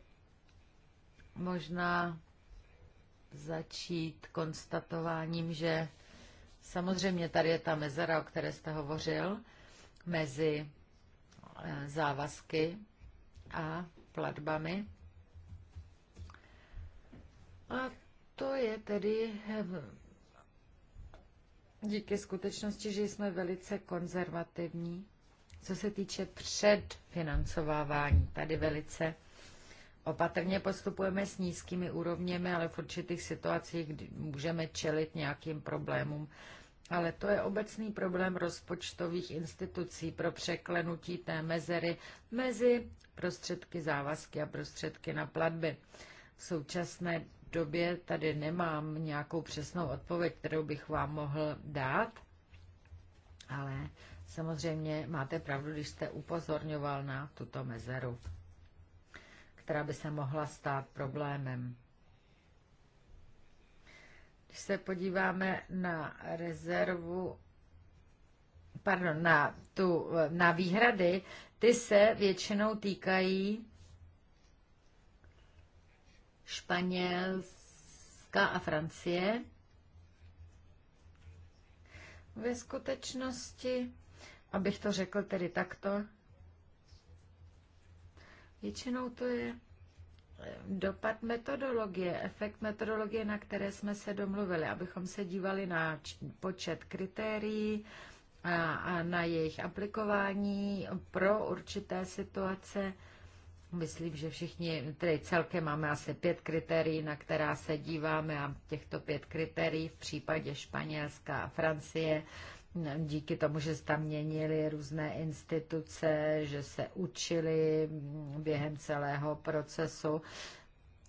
možná začít konstatováním, že samozřejmě tady je ta mezera, o které jste hovořil, mezi eh, závazky a platbami a to je tedy eh, díky skutečnosti, že jsme velice konzervativní, co se týče předfinancovávání. Tady velice opatrně postupujeme s nízkými úrovněmi, ale v určitých situacích kdy můžeme čelit nějakým problémům. Ale to je obecný problém rozpočtových institucí pro překlenutí té mezery mezi prostředky závazky a prostředky na platby. V současné době tady nemám nějakou přesnou odpověď, kterou bych vám mohl dát, ale samozřejmě máte pravdu, když jste upozorňoval na tuto mezeru, která by se mohla stát problémem. Když se podíváme na rezervu, pardon, na, tu, na výhrady, ty se většinou týkají Španělska a Francie. Ve skutečnosti, abych to řekl tedy takto, většinou to je dopad metodologie, efekt metodologie, na které jsme se domluvili, abychom se dívali na počet kritérií a, a na jejich aplikování pro určité situace Myslím, že všichni, tedy celkem máme asi pět kritérií, na která se díváme a těchto pět kritérií v případě Španělska a Francie díky tomu, že se tam měnili různé instituce, že se učili během celého procesu,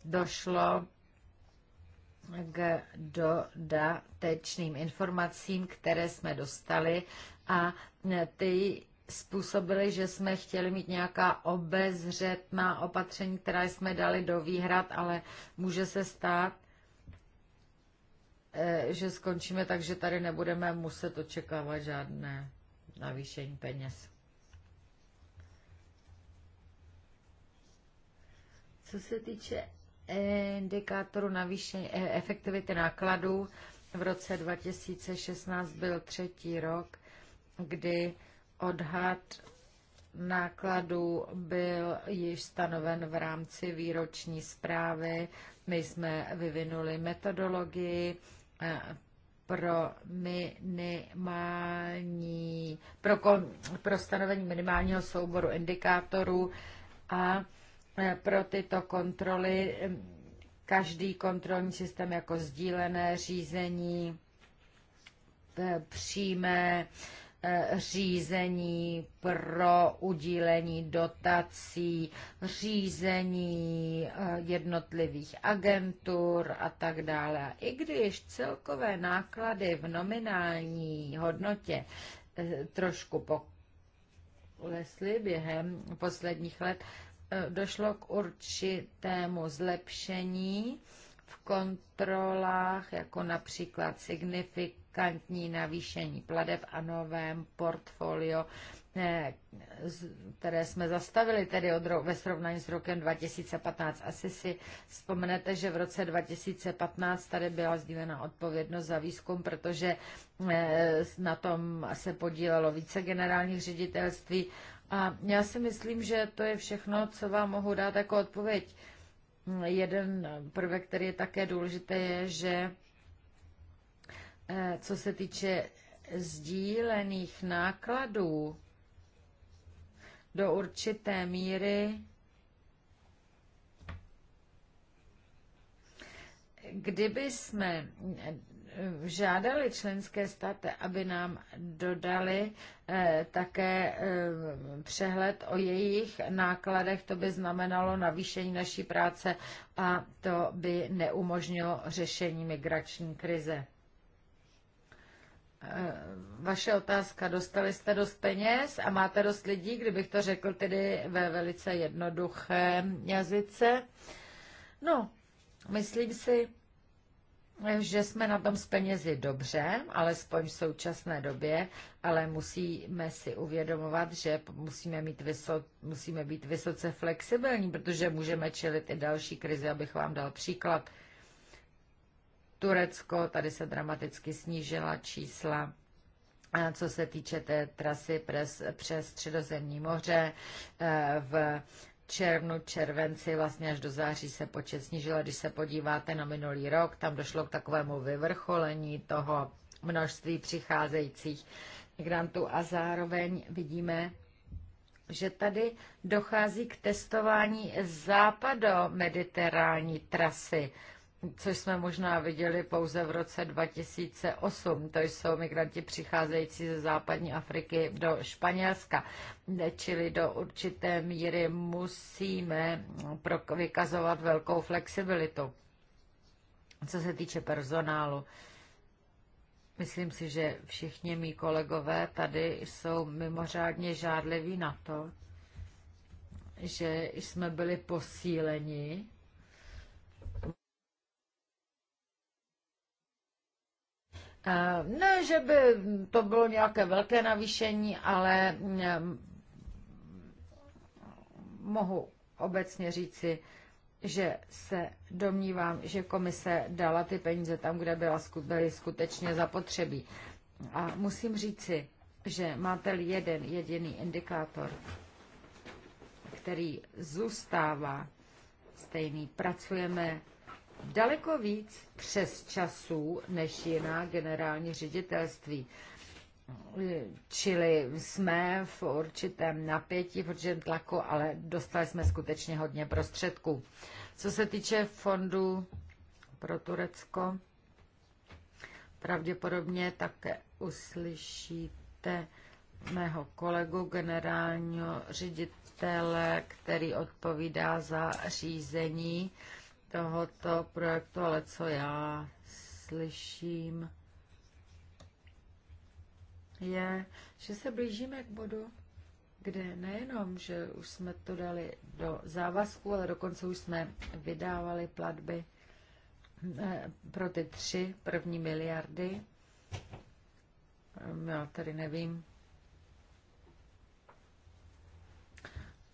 došlo k dodatečným informacím, které jsme dostali a ty způsobili, že jsme chtěli mít nějaká obezřetná opatření, která jsme dali do výhrad, ale může se stát, eh, že skončíme tak, že tady nebudeme muset očekávat žádné navýšení peněz. Co se týče indikátoru navýšení eh, efektivity nákladů, v roce 2016 byl třetí rok, kdy Odhad nákladů byl již stanoven v rámci výroční zprávy. My jsme vyvinuli metodologii eh, pro minimální, pro, kon, pro stanovení minimálního souboru indikátorů a eh, pro tyto kontroly hm, každý kontrolní systém jako sdílené řízení, eh, přímé Eh, řízení pro udílení dotací, řízení eh, jednotlivých agentur a tak dále. I když celkové náklady v nominální hodnotě eh, trošku poklesly během posledních let, došlo k určitému zlepšení v kontrolách, jako například signifik markantní navýšení pladeb a novém portfolio, eh, které jsme zastavili tedy od, ve srovnání s rokem 2015. Asi si vzpomenete, že v roce 2015 tady byla sdílena odpovědnost za výzkum, protože eh, na tom se podílelo více generálních ředitelství. A já si myslím, že to je všechno, co vám mohu dát jako odpověď. Hm, jeden prvek, který je také důležitý, je, že Eh, co se týče sdílených nákladů, do určité míry kdyby jsme eh, žádali členské státy, aby nám dodali eh, také přehled o jejich nákladech, to by znamenalo navýšení naší práce a to by neumožnilo řešení migrační krize. Eh, vaše otázka, dostali jste dost peněz a máte dost lidí, kdybych to řekl tedy ve velice jednoduchém jazyce. No, myslím si, že jsme na tom s penězi dobře, alespoň v současné době, ale musíme si uvědomovat, že musíme, mít vyso, musíme být vysoce flexibilní, protože můžeme čelit i další krizi, abych vám dal příklad – Turecko, tady se dramaticky snížila čísla eh, co se týče té trasy přes, přes Středozemní moře eh, v červnu, červenci, vlastně až do září se počet snížil. Když se podíváte na minulý rok, tam došlo k takovému vyvrcholení toho množství přicházejících migrantů a zároveň vidíme, že tady dochází k testování západo-mediterální trasy což jsme možná viděli pouze v roce 2008. To jsou migranti přicházející ze západní Afriky do Španělska, čili do určité míry musíme vykazovat velkou flexibilitu, co se týče personálu. Myslím si, že všichni mý kolegové tady jsou mimořádně žádliví na to, že jsme byli posíleni Eh, ne, že by to bylo nějaké velké navýšení, ale mm, mohu obecně říci, že se domnívám, že komise dala ty peníze tam, kde byla, byly skutečně zapotřebí. A musím říci, že máte-li jeden jediný indikátor, který zůstává stejný, pracujeme daleko víc přes časů než jiná generální ředitelství. Čili jsme v určitém napětí, v určitém tlaku, ale dostali jsme skutečně hodně prostředků. Co se týče fondu pro Turecko, pravděpodobně také uslyšíte mého kolegu generálního ředitele, který odpovídá za řízení tohoto projektu, ale co já slyším, je, že se blížíme k bodu, kde nejenom, že už jsme to dali do závazku, ale dokonce už jsme vydávali platby eh, pro ty tři první miliardy. Já tady nevím,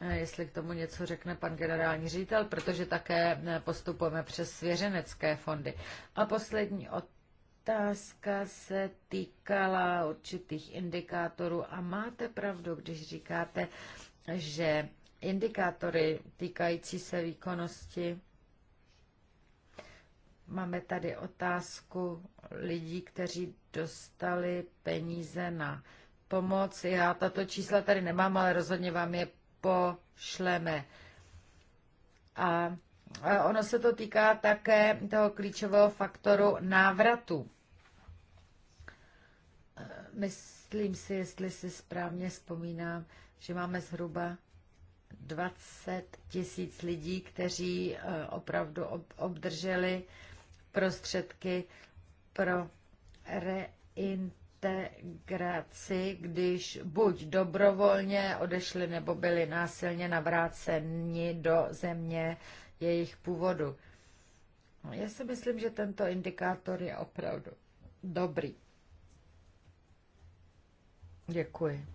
Eh, jestli k tomu něco řekne pan generální ředitel, protože také eh, postupujeme přes svěřenecké fondy. A poslední otázka se týkala určitých indikátorů a máte pravdu, když říkáte, že indikátory týkající se výkonnosti Máme tady otázku lidí, kteří dostali peníze na pomoc. Já tato čísla tady nemám, ale rozhodně vám je pošleme. A ono se to týká také toho klíčového faktoru návratu. Myslím si, jestli si správně vzpomínám, že máme zhruba 20 tisíc lidí, kteří e, opravdu obdrželi prostředky pro reintegraci integraci, když buď dobrovolně odešli nebo byli násilně navráceni do země jejich původu. No, já si myslím, že tento indikátor je opravdu dobrý. Děkuji.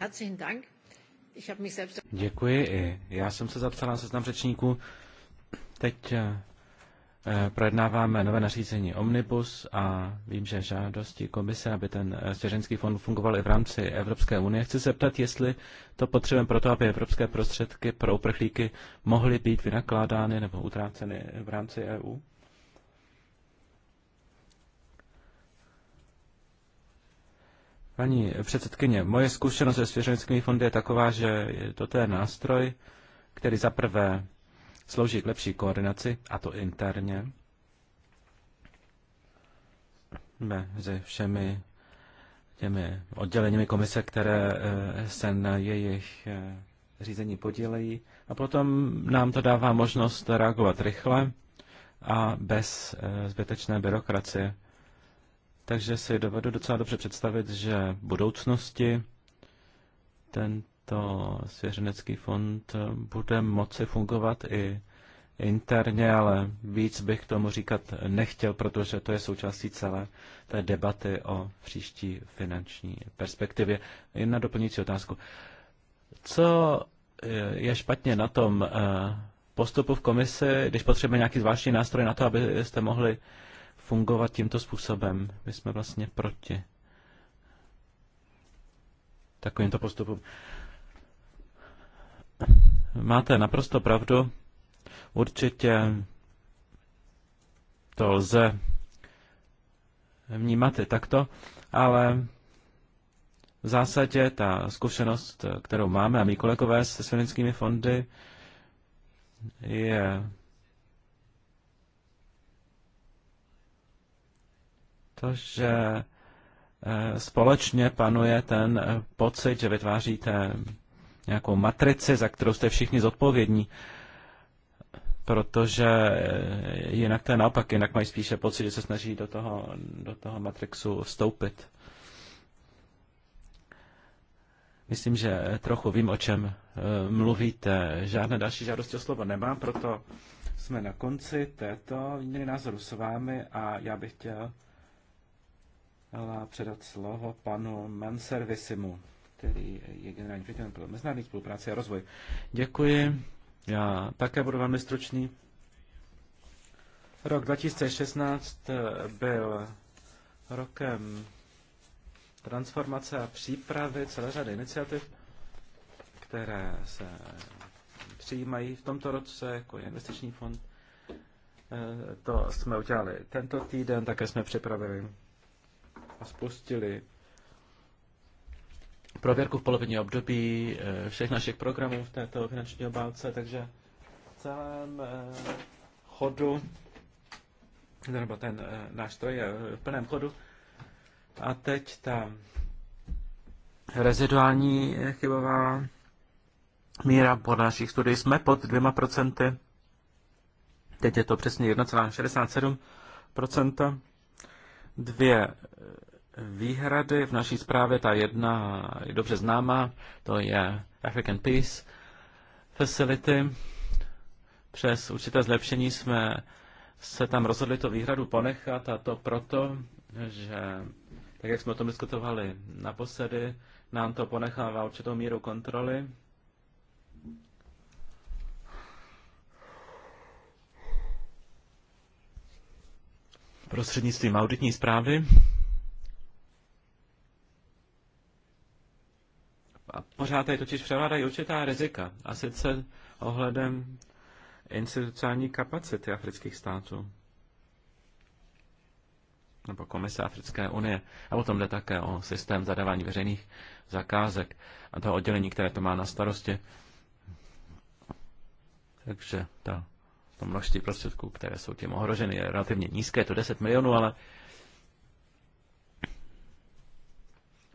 Herzlichen Dank. Děkuji. Já jsem se zapsala na seznam řečníků. Teď eh, Eh, projednáváme nové nařízení Omnibus a vím, že žádosti komise, aby ten eh, svěřenský fond fungoval i v rámci Evropské unie. Chci se ptat, jestli to potřebujeme proto, aby evropské prostředky pro uprchlíky mohly být vynakládány nebo utráceny v rámci EU. Paní předsedkyně, moje zkušenost se svěřenskými fondy je taková, že to je nástroj, který zaprvé slouží k lepší koordinaci, a to interně, mezi všemi těmi odděleními komise, které eh, se na jejich eh, řízení podílejí. A potom nám to dává možnost reagovat rychle a bez eh, zbytečné byrokracie. Takže si dovedu docela dobře představit, že v budoucnosti ten to svěřenecký fond eh, bude moci fungovat i interně, ale víc bych k tomu říkat nechtěl, protože to je součástí celé té debaty o příští finanční perspektivě. Jedna doplňující otázku. Co eh, je špatně na tom eh, postupu v komisi, když potřebujeme nějaký zvláštní nástroj na to, abyste mohli fungovat tímto způsobem? My jsme vlastně proti takovýmto postupům máte naprosto pravdu. Určitě to lze vnímat i takto, ale v zásadě ta zkušenost, kterou máme a mý kolegové se svěřenskými fondy, je to, že eh, společně panuje ten pocit, že vytváříte nějakou matrici, za kterou jste všichni zodpovědní, protože jinak to je naopak, jinak mají spíše pocit, že se snaží do toho, do toho matrixu vstoupit. Myslím, že trochu vím, o čem eh, mluvíte. Žádné další žádosti o slovo nemám, proto jsme na konci této výměny názoru s vámi a já bych chtěl eh, předat slovo panu Manservisimu který je generálním ředitelem pro mezinárodní spolupráci a rozvoj. Děkuji. Já také budu velmi stručný. Rok 2016 byl rokem transformace a přípravy celé řady iniciativ, které se přijímají v tomto roce jako investiční fond. Eh, to jsme udělali tento týden, také jsme připravili a spustili prověrku v polovině období eh, všech našich programů v této finanční obálce, takže v celém eh, chodu, nebo ten eh, nástroj je v plném chodu. A teď ta reziduální chybová míra po našich studií jsme pod dvěma procenty. Teď je to přesně 1,67 procenta. Dvě výhrady v naší zprávě, ta jedna je dobře známá, to je African Peace Facility. Přes určité zlepšení jsme se tam rozhodli to výhradu ponechat a to proto, že tak jak jsme o tom diskutovali naposledy, nám to ponechává určitou míru kontroly. Prostřednictvím auditní zprávy A pořád tady totiž převládají určitá rizika, a sice ohledem institucionální kapacity afrických států nebo Komise Africké unie. A tom jde také o systém zadávání veřejných zakázek a toho oddělení, které to má na starosti. Takže ta, to množství prostředků, které jsou tím ohroženy, je relativně nízké, je to 10 milionů, ale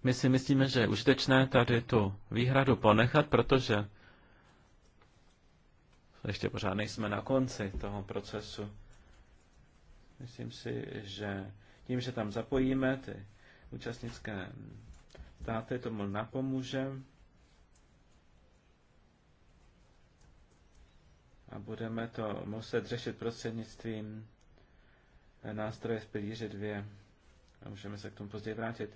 My si myslíme, že je užitečné tady tu výhradu ponechat, protože ještě pořád nejsme na konci toho procesu. Myslím si, že tím, že tam zapojíme ty účastnické státy, tomu napomůže a budeme to muset řešit prostřednictvím nástroje z pilíře 2 a můžeme se k tomu později vrátit.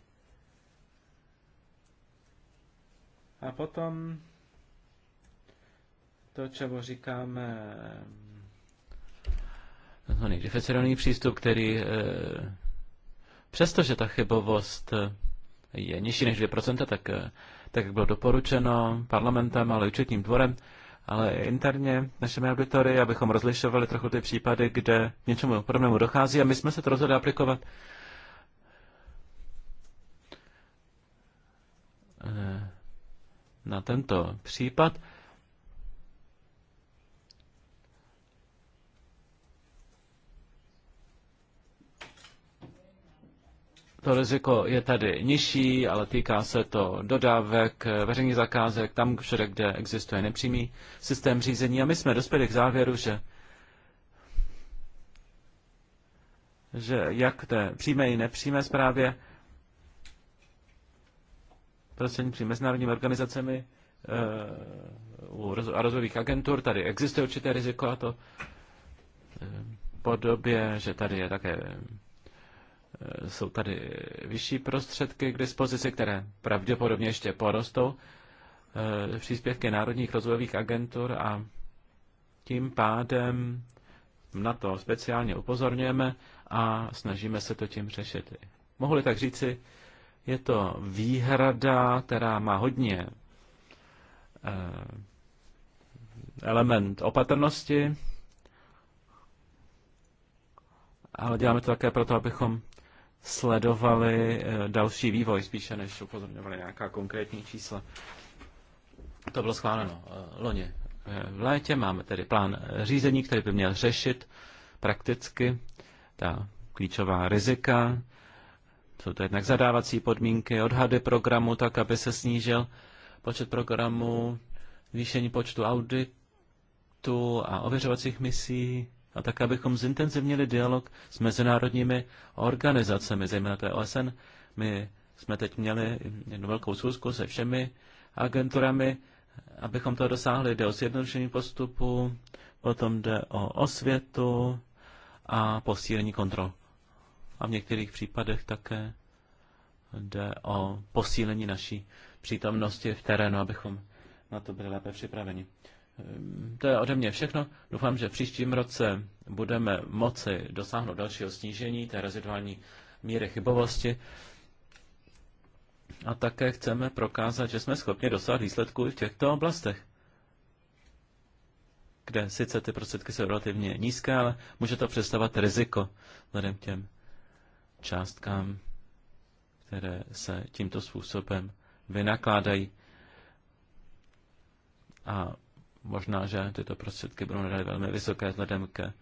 A potom to, čemu říkáme takzvaný no, diferenciovaný přístup, který eh, přestože ta chybovost eh, je nižší než 2%, tak, eh, tak jak bylo doporučeno parlamentem, ale účetním dvorem, ale interně našimi auditory, abychom rozlišovali trochu ty případy, kde k něčemu podobnému dochází a my jsme se to rozhodli aplikovat na tento případ. To riziko je tady nižší, ale týká se to dodávek, veřejných zakázek, tam všude, kde existuje nepřímý systém řízení. A my jsme dospěli k závěru, že že jak té přímé i nepřímé zprávě prostřednictvím mezinárodními organizacemi eh, a rozvojových agentur. Tady existuje určité riziko a to eh, podobě, že tady je také eh, jsou tady vyšší prostředky k dispozici, které pravděpodobně ještě porostou, příspěvky národních rozvojových agentur a tím pádem na to speciálně upozorňujeme a snažíme se to tím řešit. Mohli tak říci, je to výhrada, která má hodně eh, element opatrnosti, ale děláme to také proto, abychom sledovali eh, další vývoj, spíše než upozorňovali nějaká konkrétní čísla. To bylo schváleno eh, loni v létě. Máme tedy plán řízení, který by měl řešit prakticky ta klíčová rizika, jsou to jednak zadávací podmínky, odhady programu, tak aby se snížil počet programů, zvýšení počtu auditu a ověřovacích misí, a tak, abychom zintenzivnili dialog s mezinárodními organizacemi, zejména to je OSN. My jsme teď měli jednu velkou schůzku se všemi agenturami, abychom to dosáhli. Jde o zjednodušení postupu, potom jde o osvětu a posílení kontrol a v některých případech také jde o posílení naší přítomnosti v terénu, abychom na to byli lépe připraveni. Ehm, to je ode mě všechno. Doufám, že v příštím roce budeme moci dosáhnout dalšího snížení té reziduální míry chybovosti. A také chceme prokázat, že jsme schopni dosáhnout výsledků i v těchto oblastech, kde sice ty prostředky jsou relativně nízké, ale může to představovat riziko vzhledem těm částkám, které se tímto způsobem vynakládají. A možná, že tyto prostředky budou nadále velmi vysoké vzhledem k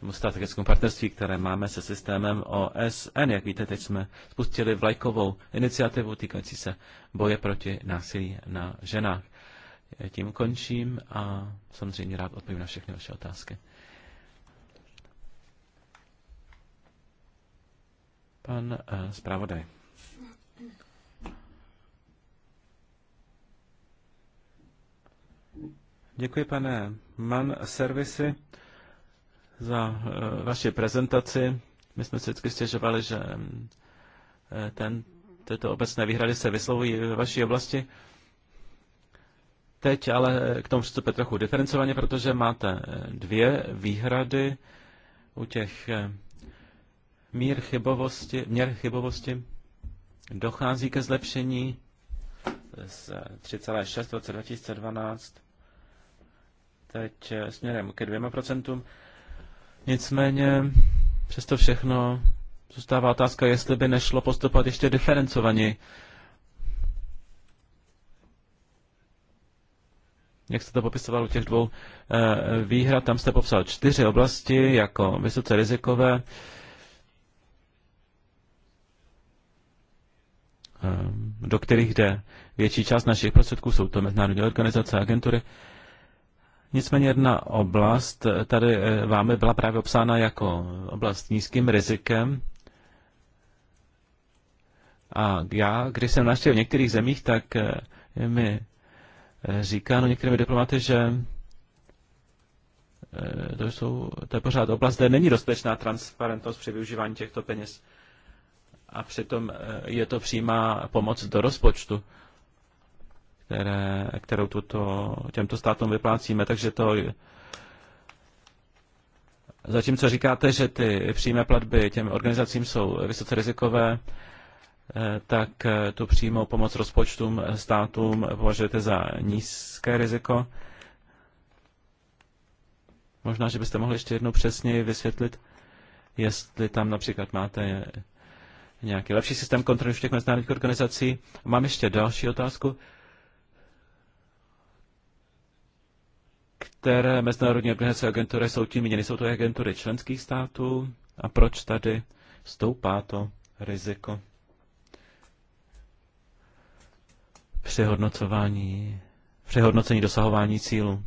tomu strategickému partnerství, které máme se systémem OSN. Jak víte, teď jsme spustili vlajkovou iniciativu týkající se boje proti násilí na ženách. Tím končím a samozřejmě rád odpovím na všechny vaše otázky. Pan uh, zpravodaj. Děkuji, pane Man Servisy, za uh, vaši prezentaci. My jsme si vždycky stěžovali, že mm, eh, ten, tyto obecné výhrady se vyslovují ve vaší oblasti. Teď ale k tomu přistupuje trochu diferencovaně, protože máte dvě výhrady u těch mír chybovosti, měr chybovosti dochází ke zlepšení z 3,6 v roce 2012 teď eh, směrem ke 2%. Nicméně přesto všechno zůstává otázka, jestli by nešlo postupovat ještě diferencovaněji. jak jste to popisoval u těch dvou eh, výhrad, tam jste popsal čtyři oblasti jako vysoce rizikové, Ehm, do kterých jde větší část našich prostředků, jsou to mezinárodní organizace a agentury. Nicméně jedna oblast eh, tady eh, vámi byla právě obsána jako oblast s nízkým rizikem. A já, když jsem naštěl v některých zemích, tak eh, mi no některými diplomaty, že to, jsou, to je pořád oblast, kde není dostatečná transparentnost při využívání těchto peněz a přitom eh, je to přímá pomoc do rozpočtu, které, kterou tuto, těmto státům vyplácíme. Takže to Zatímco říkáte, že ty přímé platby těm organizacím jsou vysoce rizikové, eh, tak eh, tu přímou pomoc rozpočtům státům považujete za nízké riziko. Možná, že byste mohli ještě jednou přesněji vysvětlit, jestli tam například máte nějaký lepší systém kontroly všech mezinárodních organizací. Mám ještě další otázku. Které mezinárodní organizace agentury jsou tím měny? Jsou to agentury členských států? A proč tady stoupá to riziko přehodnocování přehodnocení dosahování cílu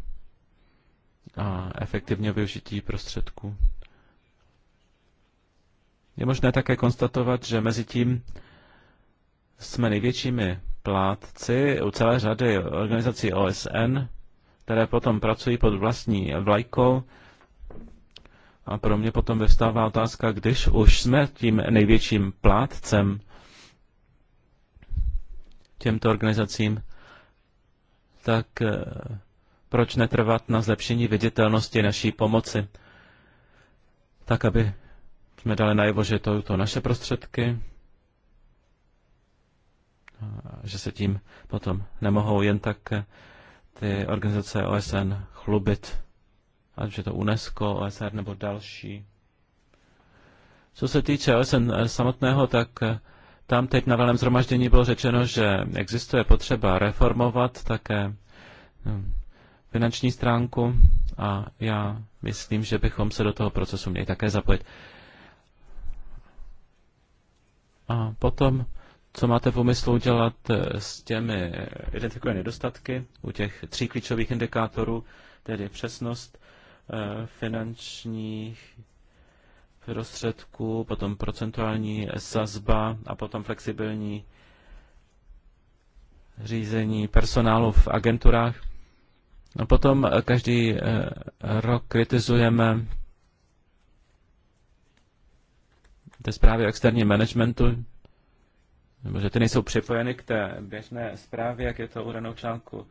a efektivně využití prostředků? Je možné také konstatovat, že mezi tím jsme největšími plátci u celé řady organizací OSN, které potom pracují pod vlastní vlajkou. A pro mě potom vystává otázka, když už jsme tím největším plátcem těmto organizacím, tak eh, proč netrvat na zlepšení viditelnosti naší pomoci, tak aby jsme dali najevo, že to, to naše prostředky, že se tím potom nemohou jen tak eh, ty organizace OSN chlubit, ať je to UNESCO, OSR nebo další. Co se týče OSN eh, samotného, tak eh, tam teď na velém zhromaždění bylo řečeno, že existuje potřeba reformovat také hm, finanční stránku a já myslím, že bychom se do toho procesu měli také zapojit. A potom, co máte v úmyslu udělat eh, s těmi identifikované nedostatky u těch tří klíčových indikátorů, tedy přesnost eh, finančních prostředků, potom procentuální sazba a potom flexibilní řízení personálu v agenturách. A no potom eh, každý rok kritizujeme té zprávě o externím managementu, nebo že ty nejsou připojeny k té běžné zprávě, jak je to u danou článku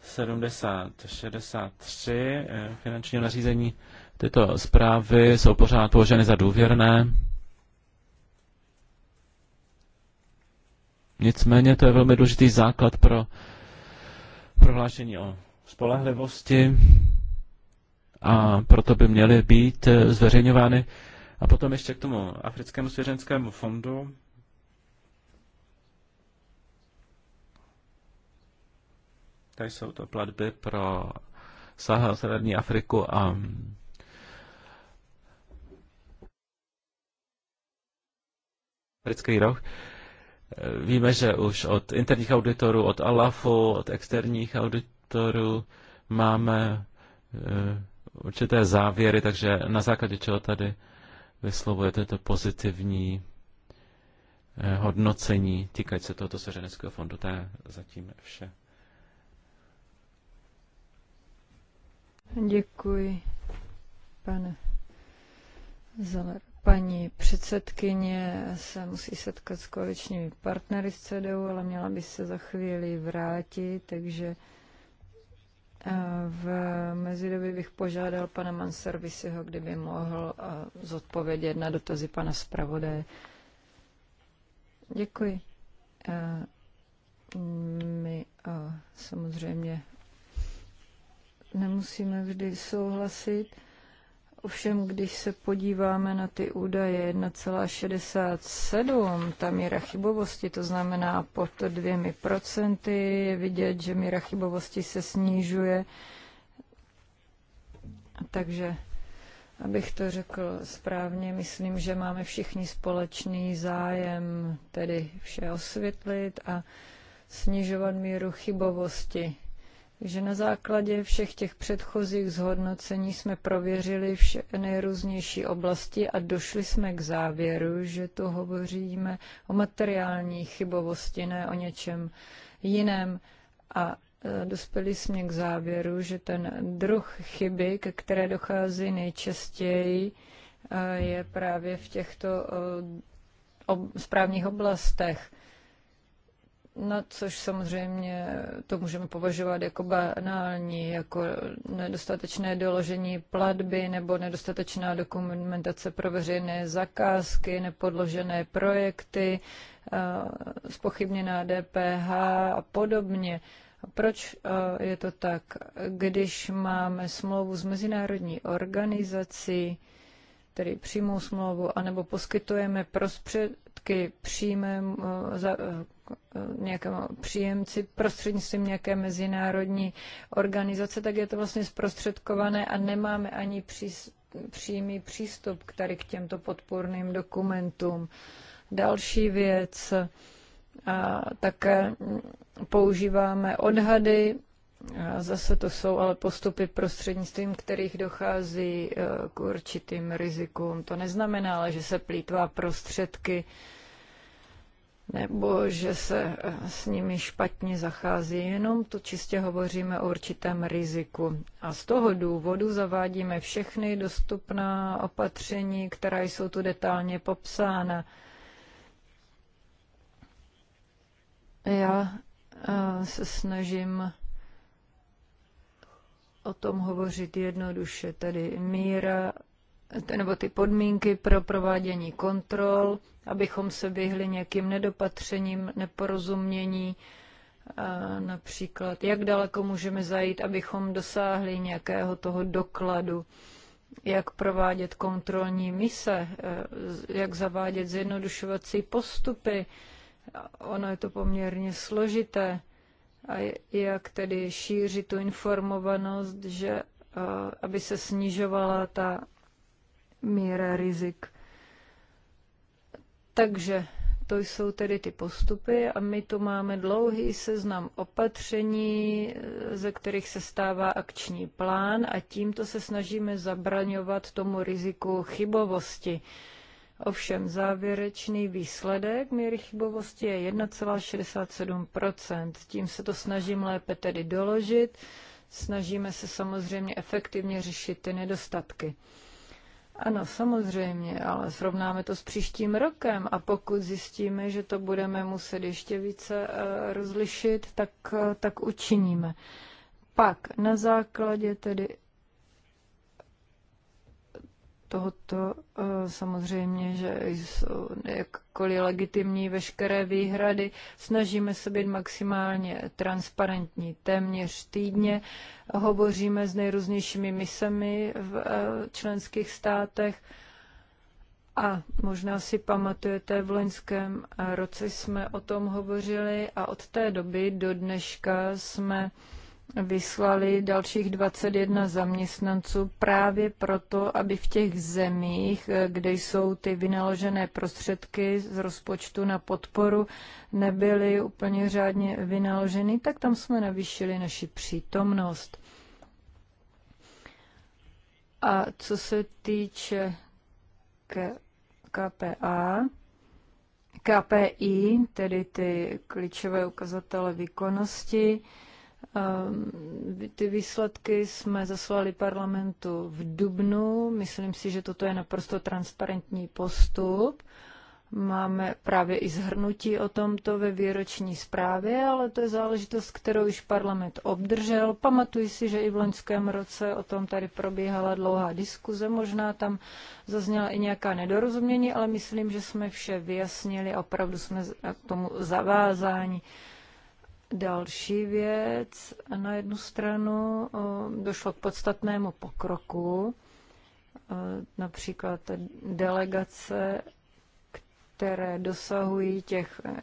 7063 eh, finančního nařízení. Tyto zprávy jsou pořád považeny za důvěrné. Nicméně to je velmi důležitý základ pro prohlášení o spolehlivosti a proto by měly být eh, zveřejňovány a potom ještě k tomu Africkému svěřenskému fondu. Tady jsou to platby pro Sahel, Severní Afriku a Africký roh. Víme, že už od interních auditorů, od ALAFu, od externích auditorů máme eh, určité závěry, takže na základě čeho tady vyslovujete to pozitivní eh, hodnocení týkající se tohoto seřeneckého fondu. To je zatím vše. Děkuji, pane Zeller. Paní předsedkyně se musí setkat s koaličními partnery z CDU, ale měla by se za chvíli vrátit, takže v mezidobí bych požádal pana Manservisiho, kdyby mohl zodpovědět na dotazy pana zpravodaje. Děkuji. My samozřejmě nemusíme vždy souhlasit. Ovšem, když se podíváme na ty údaje 1,67, ta míra chybovosti, to znamená pod dvěmi procenty, je vidět, že míra chybovosti se snižuje. Takže, abych to řekl správně, myslím, že máme všichni společný zájem tedy vše osvětlit a snižovat míru chybovosti že na základě všech těch předchozích zhodnocení jsme prověřili vše nejrůznější oblasti a došli jsme k závěru, že tu hovoříme o materiální chybovosti, ne o něčem jiném. A e, dospěli jsme k závěru, že ten druh chyby, ke které dochází nejčastěji, e, je právě v těchto správních oblastech na což samozřejmě to můžeme považovat jako banální, jako nedostatečné doložení platby nebo nedostatečná dokumentace pro veřejné zakázky, nepodložené projekty, spochybněná DPH a podobně. Proč je to tak? Když máme smlouvu s mezinárodní organizací, tedy přímou smlouvu, anebo poskytujeme prostřed, prostředky příjmem, e, za, e, e, nějakému příjemci prostřednictvím nějaké mezinárodní organizace, tak je to vlastně zprostředkované a nemáme ani přís, přímý přístup k tady k těmto podpůrným dokumentům. Další věc, a také používáme odhady zase to jsou ale postupy prostřednictvím, kterých dochází e, k určitým rizikům. To neznamená ale, že se plítvá prostředky nebo že se e, s nimi špatně zachází, jenom to čistě hovoříme o určitém riziku. A z toho důvodu zavádíme všechny dostupná opatření, která jsou tu detailně popsána. Já e, se snažím o tom hovořit jednoduše, tedy míra nebo ty podmínky pro provádění kontrol, abychom se vyhli nějakým nedopatřením, neporozumění, například jak daleko můžeme zajít, abychom dosáhli nějakého toho dokladu, jak provádět kontrolní mise, e, jak zavádět zjednodušovací postupy. Ono je to poměrně složité a jak tedy šířit tu informovanost, že aby se snižovala ta míra rizik. Takže to jsou tedy ty postupy a my tu máme dlouhý seznam opatření, ze kterých se stává akční plán a tímto se snažíme zabraňovat tomu riziku chybovosti. Ovšem závěrečný výsledek míry chybovosti je 1,67%. Tím se to snažím lépe tedy doložit. Snažíme se samozřejmě efektivně řešit ty nedostatky. Ano, samozřejmě, ale srovnáme to s příštím rokem a pokud zjistíme, že to budeme muset ještě více eh, rozlišit, tak, eh, tak učiníme. Pak na základě tedy tohoto eh, samozřejmě, že jsou jakkoliv legitimní veškeré výhrady. Snažíme se být maximálně transparentní téměř týdně. Hovoříme s nejrůznějšími misemi v eh, členských státech. A možná si pamatujete, v loňském eh, roce jsme o tom hovořili a od té doby do dneška jsme vyslali dalších 21 zaměstnanců právě proto, aby v těch zemích, kde jsou ty vynaložené prostředky z rozpočtu na podporu, nebyly úplně řádně vynaloženy, tak tam jsme navýšili naši přítomnost. A co se týče KPA, KPI, tedy ty klíčové ukazatele výkonnosti, Ehm, ty výsledky jsme zaslali parlamentu v Dubnu. Myslím si, že toto je naprosto transparentní postup. Máme právě i zhrnutí o tomto ve výroční zprávě, ale to je záležitost, kterou již parlament obdržel. Pamatuji si, že i v loňském roce o tom tady probíhala dlouhá diskuze, možná tam zazněla i nějaká nedorozumění, ale myslím, že jsme vše vyjasnili a opravdu jsme k tomu zavázáni. Další věc, na jednu stranu eh, došlo k podstatnému pokroku, eh, například delegace, které dosahují těch eh,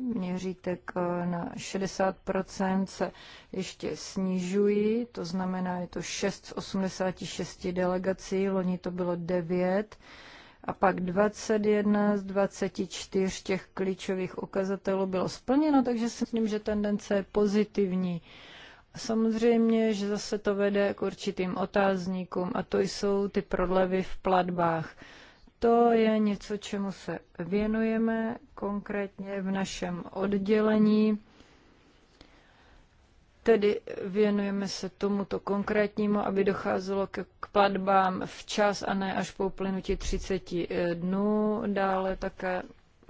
měřítek na 60%, se ještě snižují, to znamená, je to 6 z 86 delegací, loni to bylo 9, a pak 21 z 24 těch klíčových ukazatelů bylo splněno, takže si myslím, že tendence je pozitivní. Samozřejmě, že zase to vede k určitým otázníkům a to jsou ty prodlevy v platbách. To je něco, čemu se věnujeme konkrétně v našem oddělení Tedy věnujeme se tomuto konkrétnímu, aby docházelo k, platbám včas a ne až po uplynutí 30 eh, dnů. Dále také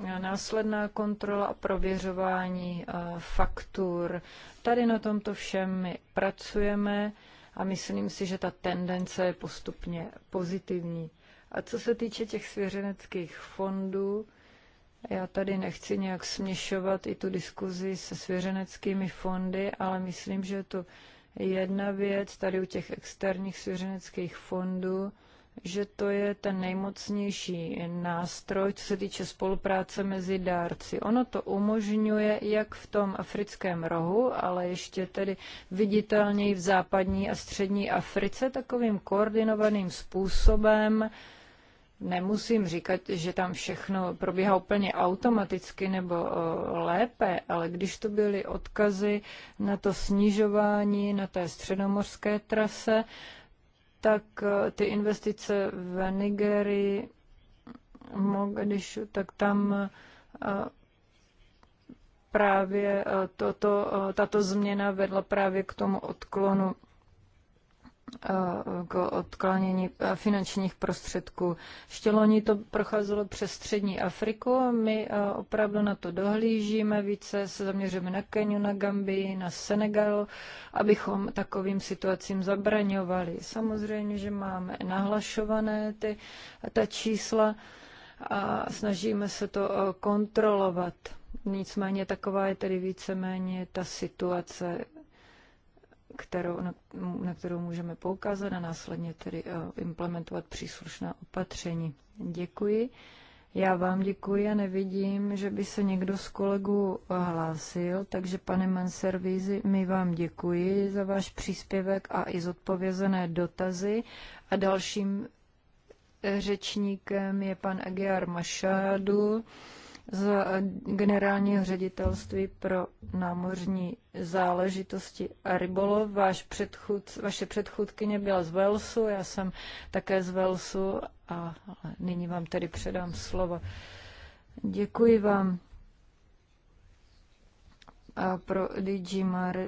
eh, následná kontrola a prověřování eh, faktur. Tady na tomto všem my pracujeme a myslím si, že ta tendence je postupně pozitivní. A co se týče těch svěřeneckých fondů, já tady nechci nějak směšovat i tu diskuzi se svěřeneckými fondy, ale myslím, že je to jedna věc tady u těch externích svěřeneckých fondů, že to je ten nejmocnější nástroj, co se týče spolupráce mezi dárci. Ono to umožňuje jak v tom africkém rohu, ale ještě tedy viditelněji v západní a střední Africe takovým koordinovaným způsobem Nemusím říkat, že tam všechno probíhá úplně automaticky nebo eh, lépe, ale když to byly odkazy na to snižování na té středomorské trase, tak eh, ty investice v Nigerii, Mogadishu, tak tam eh, právě toto, tato změna vedla právě k tomu odklonu Eh, k odklánění eh, finančních prostředků. Štěloni to procházelo přes střední Afriku a my eh, opravdu na to dohlížíme, více se zaměříme na Keniu, na Gambii, na Senegal, abychom takovým situacím zabraňovali. Samozřejmě, že máme nahlašované ty, ta čísla a snažíme se to kontrolovat. Nicméně taková je tedy víceméně ta situace kterou, na, na kterou můžeme poukázat a následně tedy eh, implementovat příslušná opatření. Děkuji. Já vám děkuji a nevidím, že by se někdo z kolegů hlásil, takže pane Manservízi, my vám děkuji za váš příspěvek a i zodpovězené dotazy. A dalším eh, řečníkem je pan Agiar Mašádu z eh, generálního ředitelství pro námořní záležitosti a rybolov. Váš předchůd, vaše předchůdkyně byla z Velsu, já jsem také z Velsu a nyní vám tedy předám slovo. Děkuji vám. A pro DG Mar eh,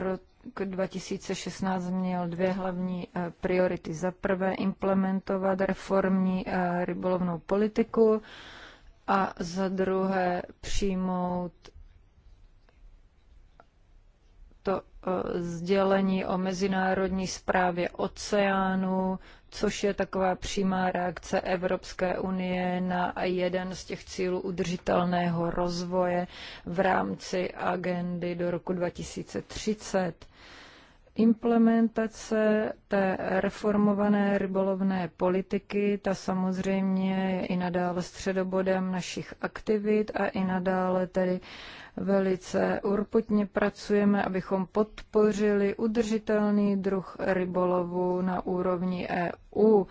rok 2016 měl dvě hlavní eh, priority. Za prvé implementovat reformní rybolovnou politiku, a za druhé přijmout to eh, sdělení o mezinárodní zprávě oceánu, což je taková přímá reakce Evropské unie na jeden z těch cílů udržitelného rozvoje v rámci agendy do roku 2030. Implementace té reformované rybolovné politiky, ta samozřejmě je i nadále středobodem našich aktivit a i nadále tedy velice urputně pracujeme, abychom podpořili udržitelný druh rybolovu na úrovni EU.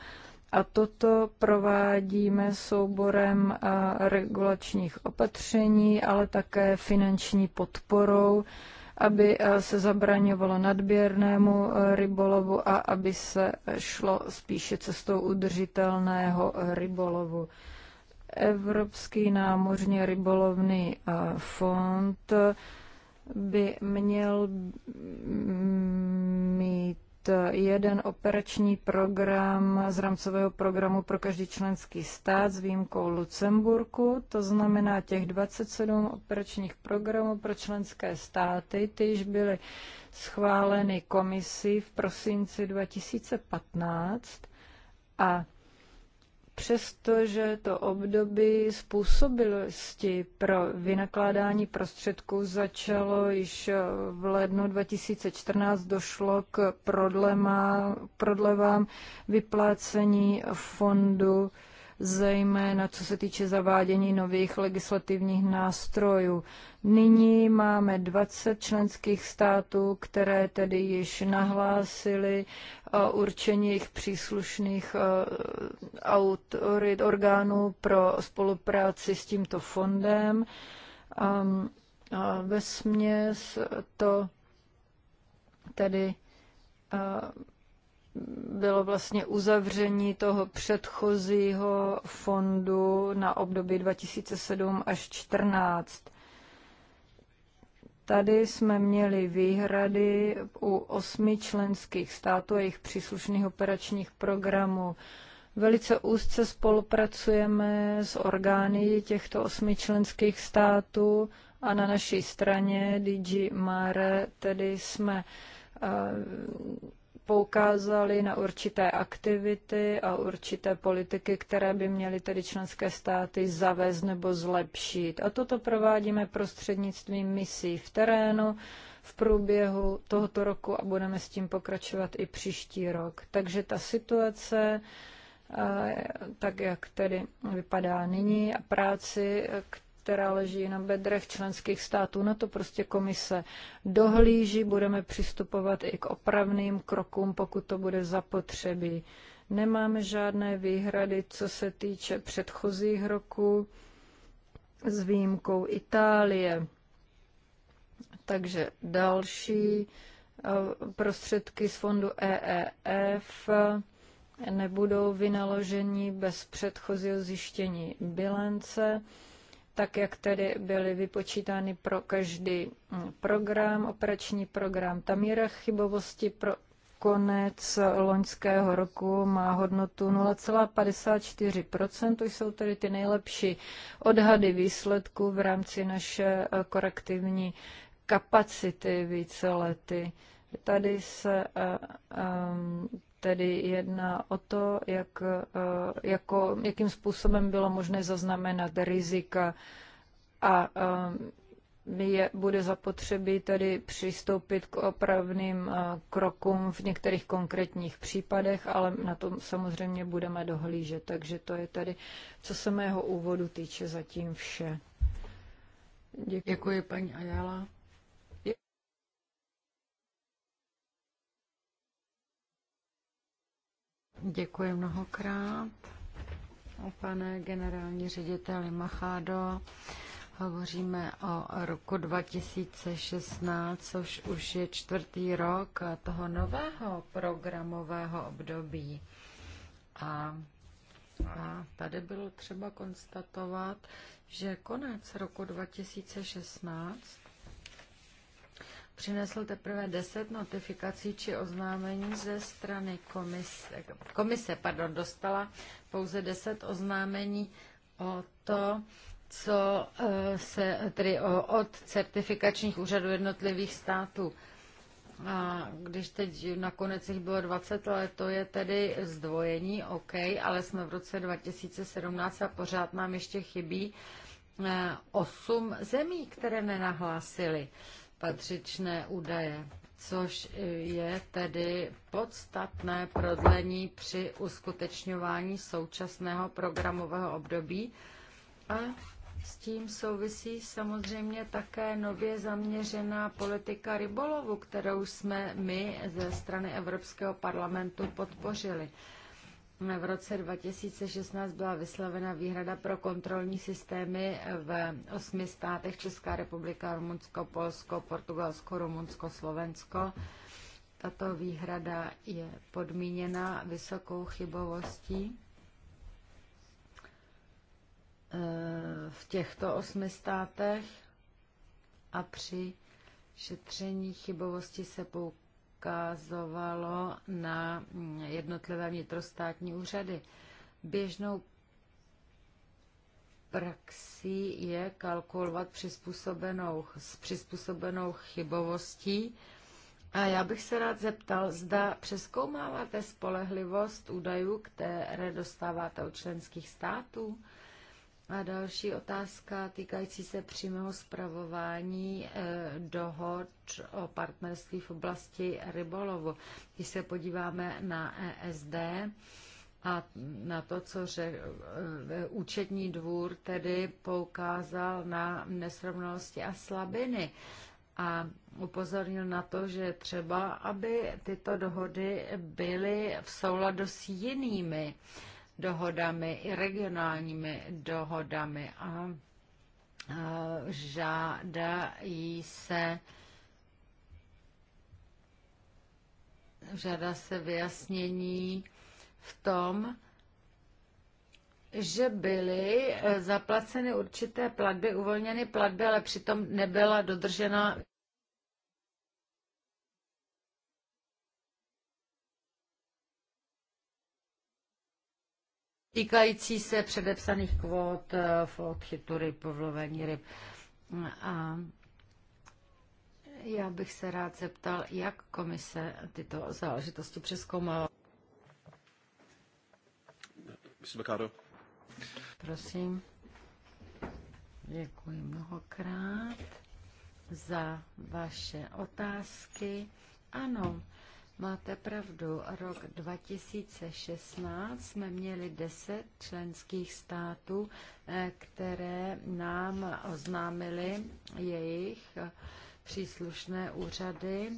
A toto provádíme souborem regulačních opatření, ale také finanční podporou aby eh, se zabraňovalo nadběrnému eh, rybolovu a aby se eh, šlo spíše cestou udržitelného rybolovu. Evropský námořně rybolovný fond by měl mm, jeden operační program z rámcového programu pro každý členský stát s výjimkou Lucemburku, to znamená těch 27 operačních programů pro členské státy, ty již byly schváleny komisí v prosinci 2015 a přestože to období způsobilosti pro vynakládání prostředků začalo již v lednu 2014, došlo k prodlema, prodlevám vyplácení fondu zejména co se týče zavádění nových legislativních nástrojů. Nyní máme 20 členských států, které tedy již nahlásily eh, určení jejich příslušných eh, autorit, orgánů pro spolupráci s tímto fondem. Ehm, ve směs to tedy eh, bylo vlastně uzavření toho předchozího fondu na období 2007 až 2014. Tady jsme měli výhrady u osmi členských států a jejich příslušných operačních programů. Velice úzce spolupracujeme s orgány těchto osmi členských států a na naší straně DG Mare tedy jsme uh, poukázali na určité aktivity a určité politiky, které by měly tedy členské státy zavést nebo zlepšit. A toto provádíme prostřednictvím misí v terénu v průběhu tohoto roku a budeme s tím pokračovat i příští rok. Takže ta situace, eh, tak jak tedy vypadá nyní a práci, která leží na bedrech členských států. Na to prostě komise dohlíží, budeme přistupovat i k opravným krokům, pokud to bude zapotřebí. Nemáme žádné výhrady, co se týče předchozích roků, s výjimkou Itálie. Takže další eh, prostředky z fondu EEF nebudou vynaloženi bez předchozího zjištění bilance tak jak tedy byly vypočítány pro každý mm, program, operační program. Ta míra chybovosti pro konec loňského roku má hodnotu 0,54%, to jsou tedy ty nejlepší odhady výsledků v rámci naše eh, korektivní kapacity lety. Tady se um, tedy jedná o to, jak, eh, jako, jakým způsobem bylo možné zaznamenat rizika a eh, je, bude zapotřebí tedy přistoupit k opravným eh, krokům v některých konkrétních případech, ale na tom samozřejmě budeme dohlížet. Takže to je tedy, co se mého úvodu týče, zatím vše. Děkuji, Děkuji paní Ajala. Děkuji mnohokrát, pane generální řediteli Machado. Hovoříme o roku 2016, což už je čtvrtý rok toho nového programového období. A, a tady bylo třeba konstatovat, že konec roku 2016 přinesl teprve 10 notifikací či oznámení ze strany komise. Komise pardon, dostala pouze 10 oznámení o to, co eh, se tedy od certifikačních úřadů jednotlivých států. A když teď nakonec jich bylo 20, ale to je tedy zdvojení, OK, ale jsme v roce 2017 a pořád nám ještě chybí 8 eh, zemí, které nenahlásily. Uh, patřičné údaje, což je tedy podstatné prodlení při uskutečňování současného programového období a s tím souvisí samozřejmě také nově zaměřená politika rybolovu, kterou jsme my ze strany Evropského parlamentu podpořili v roce 2016 byla vyslovena výhrada pro kontrolní systémy v osmi státech Česká republika, Rumunsko, Polsko, Portugalsko, Rumunsko, Slovensko. Tato výhrada je podmíněna vysokou chybovostí eh, v těchto osmi státech a při šetření chybovosti se poukazuje poukázovalo na jednotlivé vnitrostátní úřady. Běžnou praxí je kalkulovat přizpůsobenou, s přizpůsobenou chybovostí. A já bych se rád zeptal, zda přeskoumáváte spolehlivost údajů, které dostáváte od členských států? A další otázka týkající se přímého zpravování eh, dohod o partnerství v oblasti rybolovu. Když se podíváme na ESD, a na to, co řekl eh, účetní dvůr, tedy poukázal na nesrovnalosti a slabiny a upozornil na to, že třeba, aby tyto dohody byly v souladu s jinými dohodami i regionálními dohodami a žádají se žádá se vyjasnění v tom, že byly eh, zaplaceny určité platby, uvolněny platby, ale přitom nebyla dodržena týkající se předepsaných kvót eh, v odchytu ryb, lovení ryb. A já bych se rád zeptal, jak komise tyto záležitosti přeskoumala. Bekádo. Prosím. Děkuji mnohokrát za vaše otázky. Ano, Máte pravdu, rok 2016 jsme měli 10 členských států, eh, které nám oznámili jejich eh, příslušné úřady.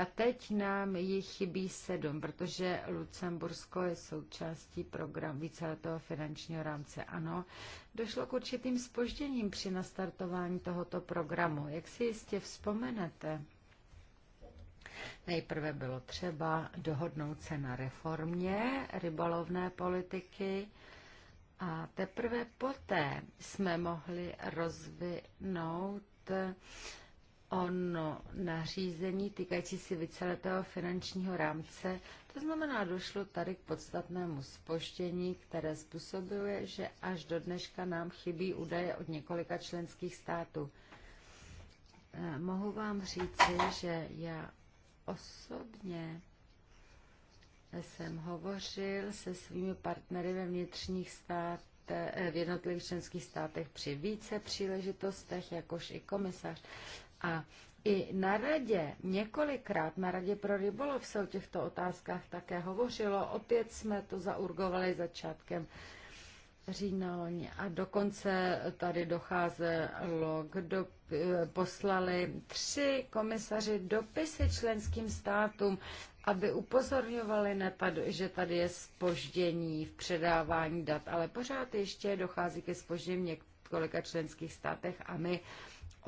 A teď nám jich chybí sedm, protože Lucembursko je součástí programu víceletého finančního rámce. Ano, došlo k určitým spožděním při nastartování tohoto programu. Jak si jistě vzpomenete, Nejprve bylo třeba dohodnout se na reformě rybolovné politiky a teprve poté jsme mohli rozvinout ono nařízení týkající si víceletého finančního rámce. To znamená, došlo tady k podstatnému spoštění, které způsobuje, že až do dneška nám chybí údaje od několika členských států. Eh, mohu vám říci, že já osobně jsem hovořil se svými partnery ve vnitřních státech, eh, v jednotlivých členských státech při více příležitostech, jakož i komisař. A i na radě, několikrát na radě pro rybolov se o těchto otázkách také hovořilo. Opět jsme to zaurgovali začátkem října loni. A dokonce tady docházelo kdo do, eh, poslali tři komisaři dopisy členským státům, aby upozorňovali, na tady, že tady je spoždění v předávání dat, ale pořád ještě dochází ke spoždění v několika členských státech a my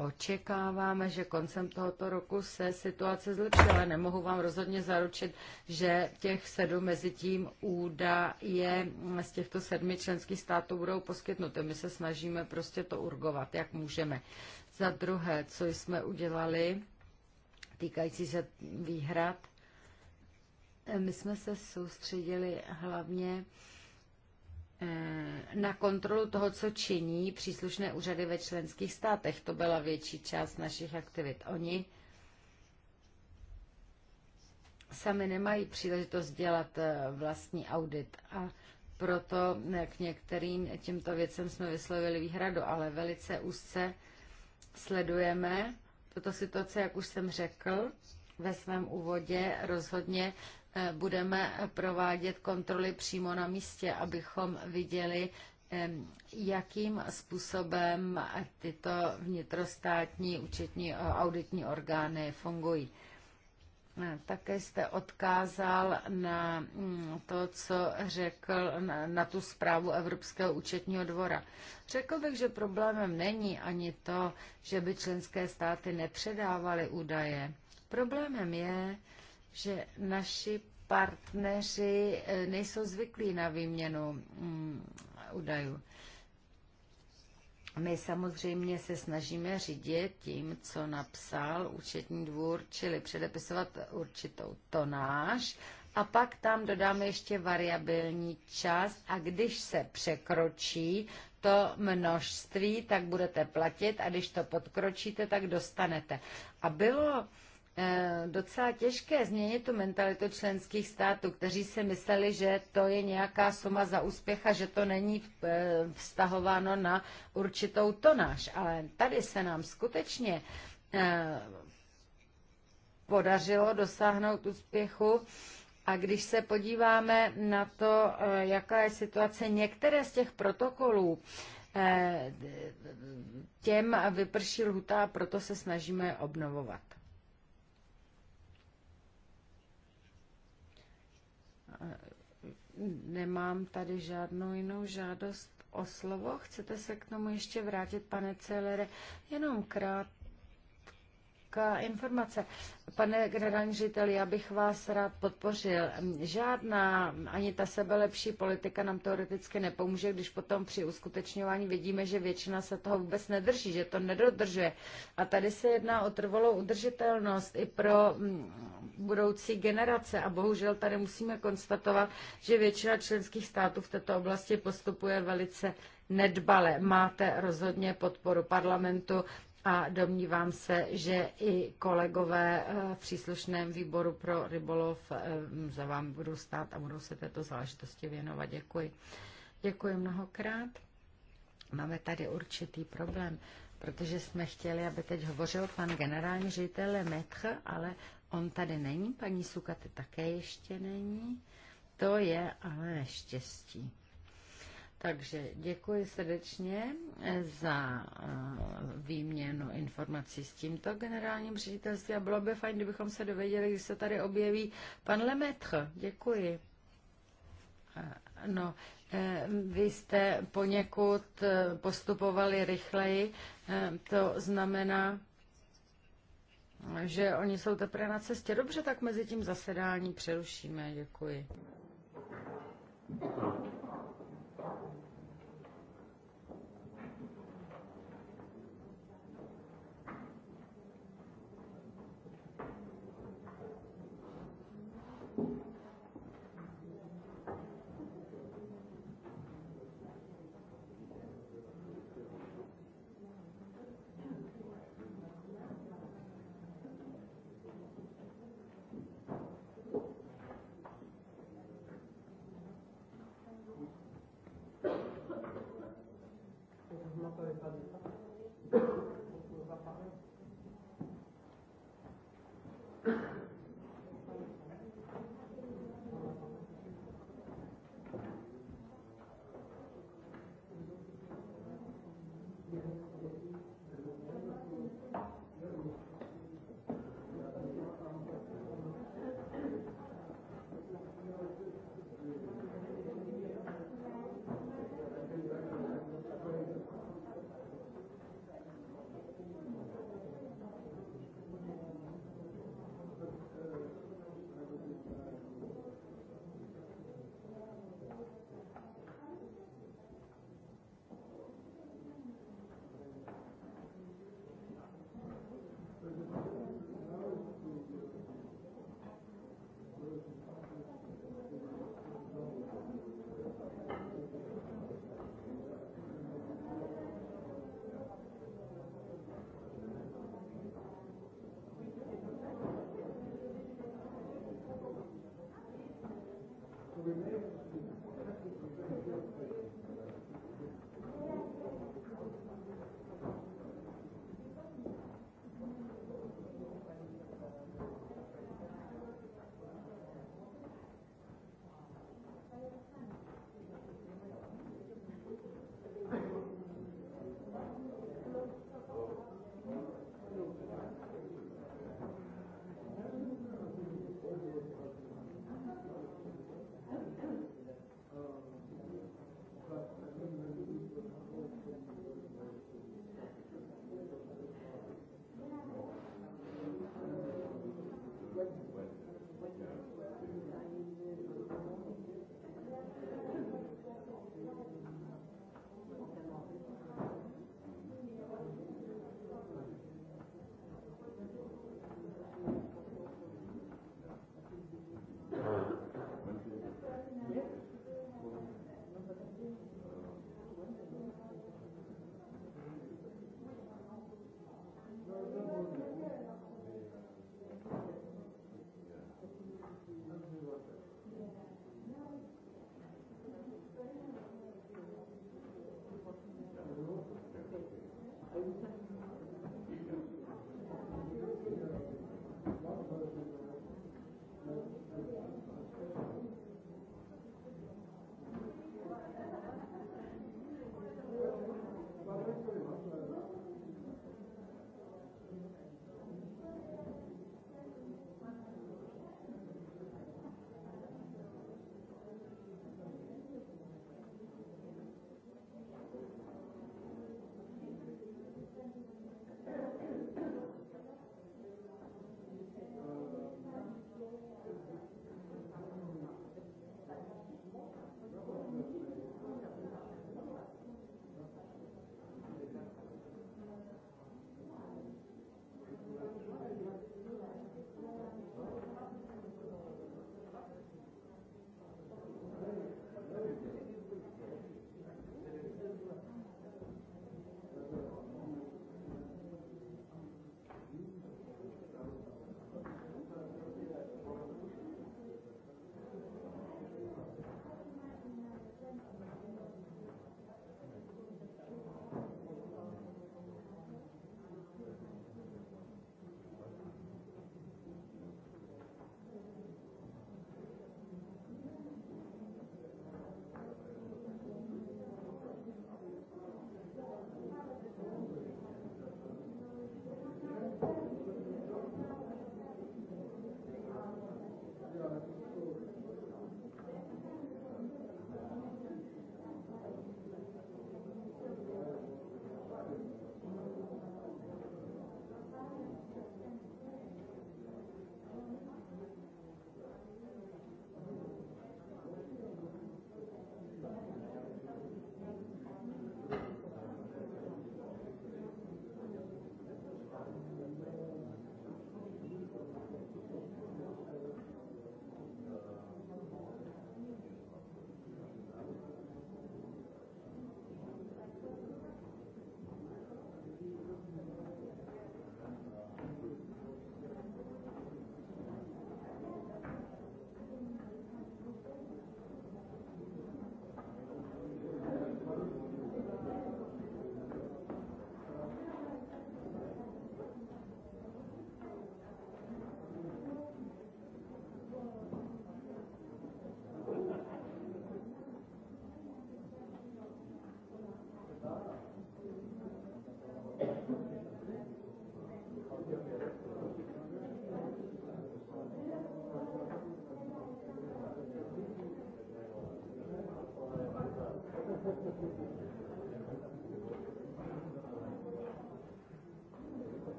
očekáváme, že koncem tohoto roku se situace zlepší, ale nemohu vám rozhodně zaručit, že těch sedm mezi tím je z těchto sedmi členských států budou poskytnuty. My se snažíme prostě to urgovat, jak můžeme. Za druhé, co jsme udělali, týkající se výhrad, my jsme se soustředili hlavně na kontrolu toho, co činí příslušné úřady ve členských státech. To byla větší část našich aktivit. Oni sami nemají příležitost dělat eh, vlastní audit a proto eh, k některým těmto věcem jsme vyslovili výhradu, ale velice úzce sledujeme tuto situaci, jak už jsem řekl ve svém úvodě, rozhodně Eh, budeme provádět kontroly přímo na místě, abychom viděli, jakým způsobem tyto vnitrostátní účetní auditní orgány fungují. Eh, také jste odkázal na mm, to, co řekl na tu zprávu Evropského účetního dvora. Řekl bych, že problémem není ani to, že by členské státy nepředávaly údaje. Problémem je, že naši partneři eh, nejsou zvyklí na výměnu mm, údajů. My samozřejmě se snažíme řídit tím, co napsal účetní dvůr, čili předepisovat určitou tonáž a pak tam dodáme ještě variabilní čas a když se překročí to množství, tak budete platit a když to podkročíte, tak dostanete. A bylo Eh, docela těžké změnit tu mentalitu členských států, kteří si mysleli, že to je nějaká suma za úspěch a že to není eh, vztahováno na určitou tonáž. Ale tady se nám skutečně eh, podařilo dosáhnout úspěchu. A když se podíváme na to, jaká je situace některé z těch protokolů, těm vyprší hutá, proto se snažíme obnovovat. Nemám tady žádnou jinou žádost o slovo. Chcete se k tomu ještě vrátit, pane Celere? Jenom krát informace. Pane generální řediteli, já bych vás rád podpořil. Žádná, ani ta sebelepší politika nám teoreticky nepomůže, když potom při uskutečňování vidíme, že většina se toho vůbec nedrží, že to nedodržuje. A tady se jedná o trvalou udržitelnost i pro mm, budoucí generace. A bohužel tady musíme konstatovat, že většina členských států v této oblasti postupuje velice nedbale. Máte rozhodně podporu parlamentu a domnívám se, že i kolegové eh, v příslušném výboru pro rybolov eh, za vám budou stát a budou se této záležitosti věnovat. Děkuji. Děkuji mnohokrát. Máme tady určitý problém, protože jsme chtěli, aby teď hovořil pan generální ředitel Metr, ale on tady není, paní Sukaty také ještě není. To je ale neštěstí. Takže děkuji srdečně eh, za eh, výměnu informací s tímto generálním ředitelství a bylo by fajn, kdybychom se dověděli, když se tady objeví pan Lemetr. Děkuji. Eh, no, vy jste poněkud postupovali rychleji, to znamená, že oni jsou teprve na cestě. Dobře, tak mezi tím zasedání přerušíme. Děkuji.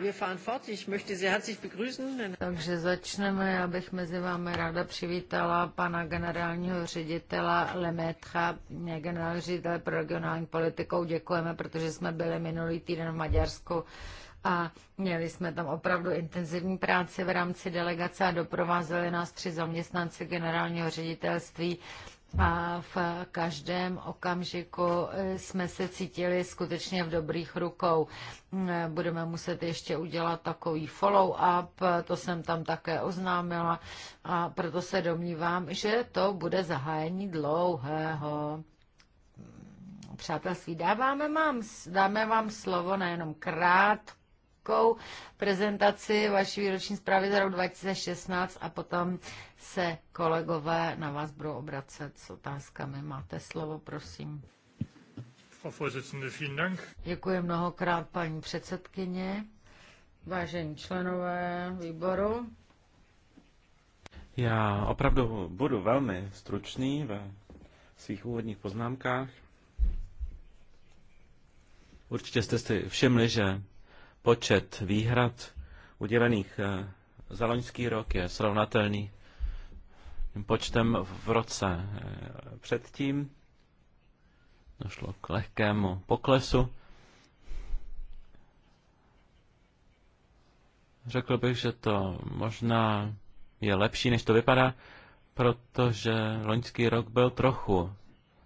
wir fahren fort. Ich möchte herzlich begrüßen. Takže začneme. Já bych mezi vámi ráda přivítala pana generálního ředitela Lemetra, generální ředitele pro regionální politikou. Děkujeme, protože jsme byli minulý týden v Maďarsku a měli jsme tam opravdu intenzivní práci v rámci delegace a doprovázeli nás tři zaměstnanci generálního ředitelství a v každém okamžiku e, jsme se cítili skutečně v dobrých rukou. E, budeme muset ještě udělat takový follow-up, to jsem tam také oznámila a proto se domnívám, že to bude zahájení dlouhého přátelství. Dáváme vám, dáme vám slovo nejenom krátko, krátkou prezentaci vaší výroční zprávy za rok 2016 a potom se kolegové na vás budou obracet s otázkami. Máte slovo, prosím. Děkuji mnohokrát, paní předsedkyně, vážení členové výboru. Já opravdu budu velmi stručný ve svých úvodních poznámkách. Určitě jste si všimli, že počet výhrad udělených eh, za loňský rok je srovnatelný počtem v roce eh, předtím. Došlo k lehkému poklesu. Řekl bych, že to možná je lepší, než to vypadá, protože loňský rok byl trochu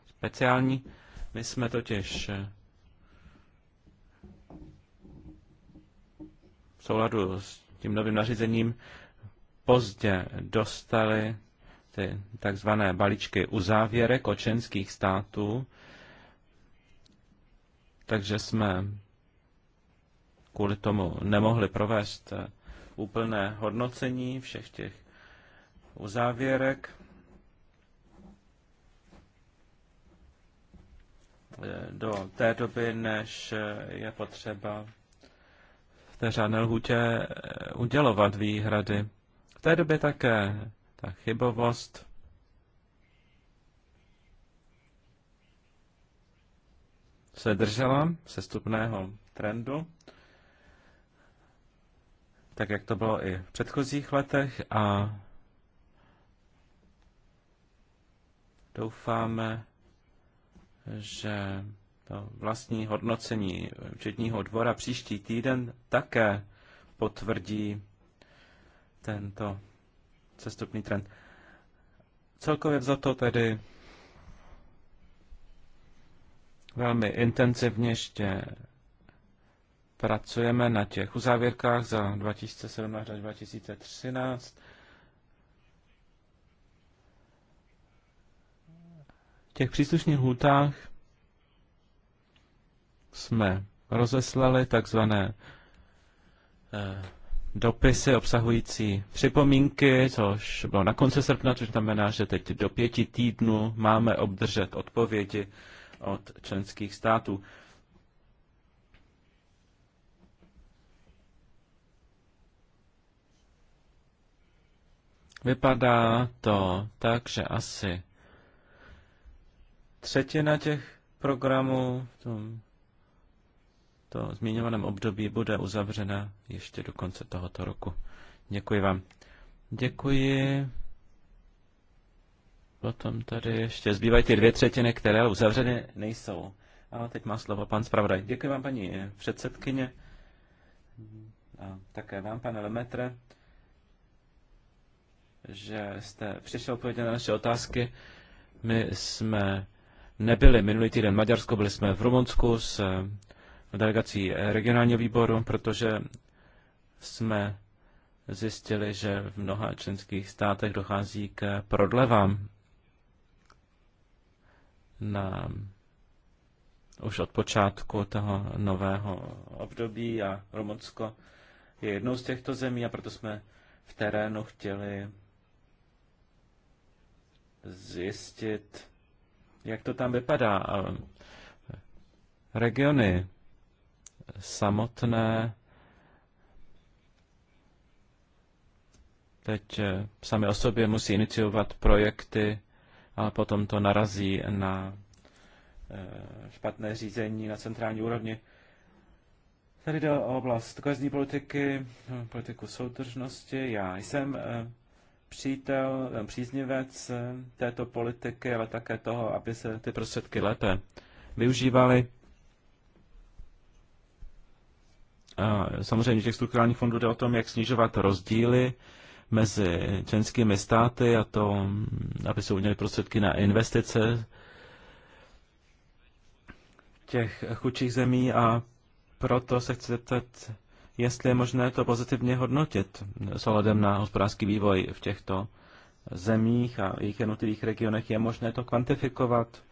speciální. My jsme totiž eh, souladu s tím novým nařízením pozdě dostali ty takzvané balíčky uzávěrek od států, takže jsme kvůli tomu nemohli provést eh, úplné hodnocení všech těch uzávěrek. Eh, do té doby, než eh, je potřeba té řádné lhutě eh, udělovat výhrady. V té době také ta chybovost se držela stupného trendu, tak jak to bylo i v předchozích letech a doufáme, že to vlastní hodnocení účetního dvora příští týden také potvrdí tento cestupný trend. Celkově za to tedy velmi intenzivně ještě pracujeme na těch uzávěrkách za 2017 až 2013. V těch příslušných hůtách jsme rozeslali takzvané eh, dopisy obsahující připomínky, což bylo na konci srpna, což znamená, že teď do pěti týdnů máme obdržet odpovědi od členských států. Vypadá to tak, že asi třetina těch programů to zmiňovaném období bude uzavřena ještě do konce tohoto roku. Děkuji vám. Děkuji. Potom tady ještě zbývají ty dvě třetiny, které uzavřeny nejsou. A teď má slovo pan zpravodaj. Děkuji vám, paní předsedkyně. A také vám, pane Lemetre, že jste přišel odpovědět na naše otázky. My jsme nebyli minulý týden v Maďarsku, byli jsme v Rumunsku s delegací regionálního výboru, protože jsme zjistili, že v mnoha členských státech dochází k prodlevám na už od počátku toho nového období a Rumunsko je jednou z těchto zemí a proto jsme v terénu chtěli zjistit, jak to tam vypadá. A regiony samotné. Teď eh, sami o sobě musí iniciovat projekty a potom to narazí na eh, špatné řízení na centrální úrovni. Tady jde o oblast kohezní politiky, politiku soudržnosti. Já jsem eh, přítel, příznivec této politiky, ale také toho, aby se ty prostředky lépe využívaly. samozřejmě těch strukturálních fondů jde o tom, jak snižovat rozdíly mezi členskými státy a to, aby se uměli prostředky na investice těch chudších zemí a proto se chci zeptat, jestli je možné to pozitivně hodnotit s ohledem na hospodářský vývoj v těchto zemích a jejich jednotlivých regionech. Je možné to kvantifikovat?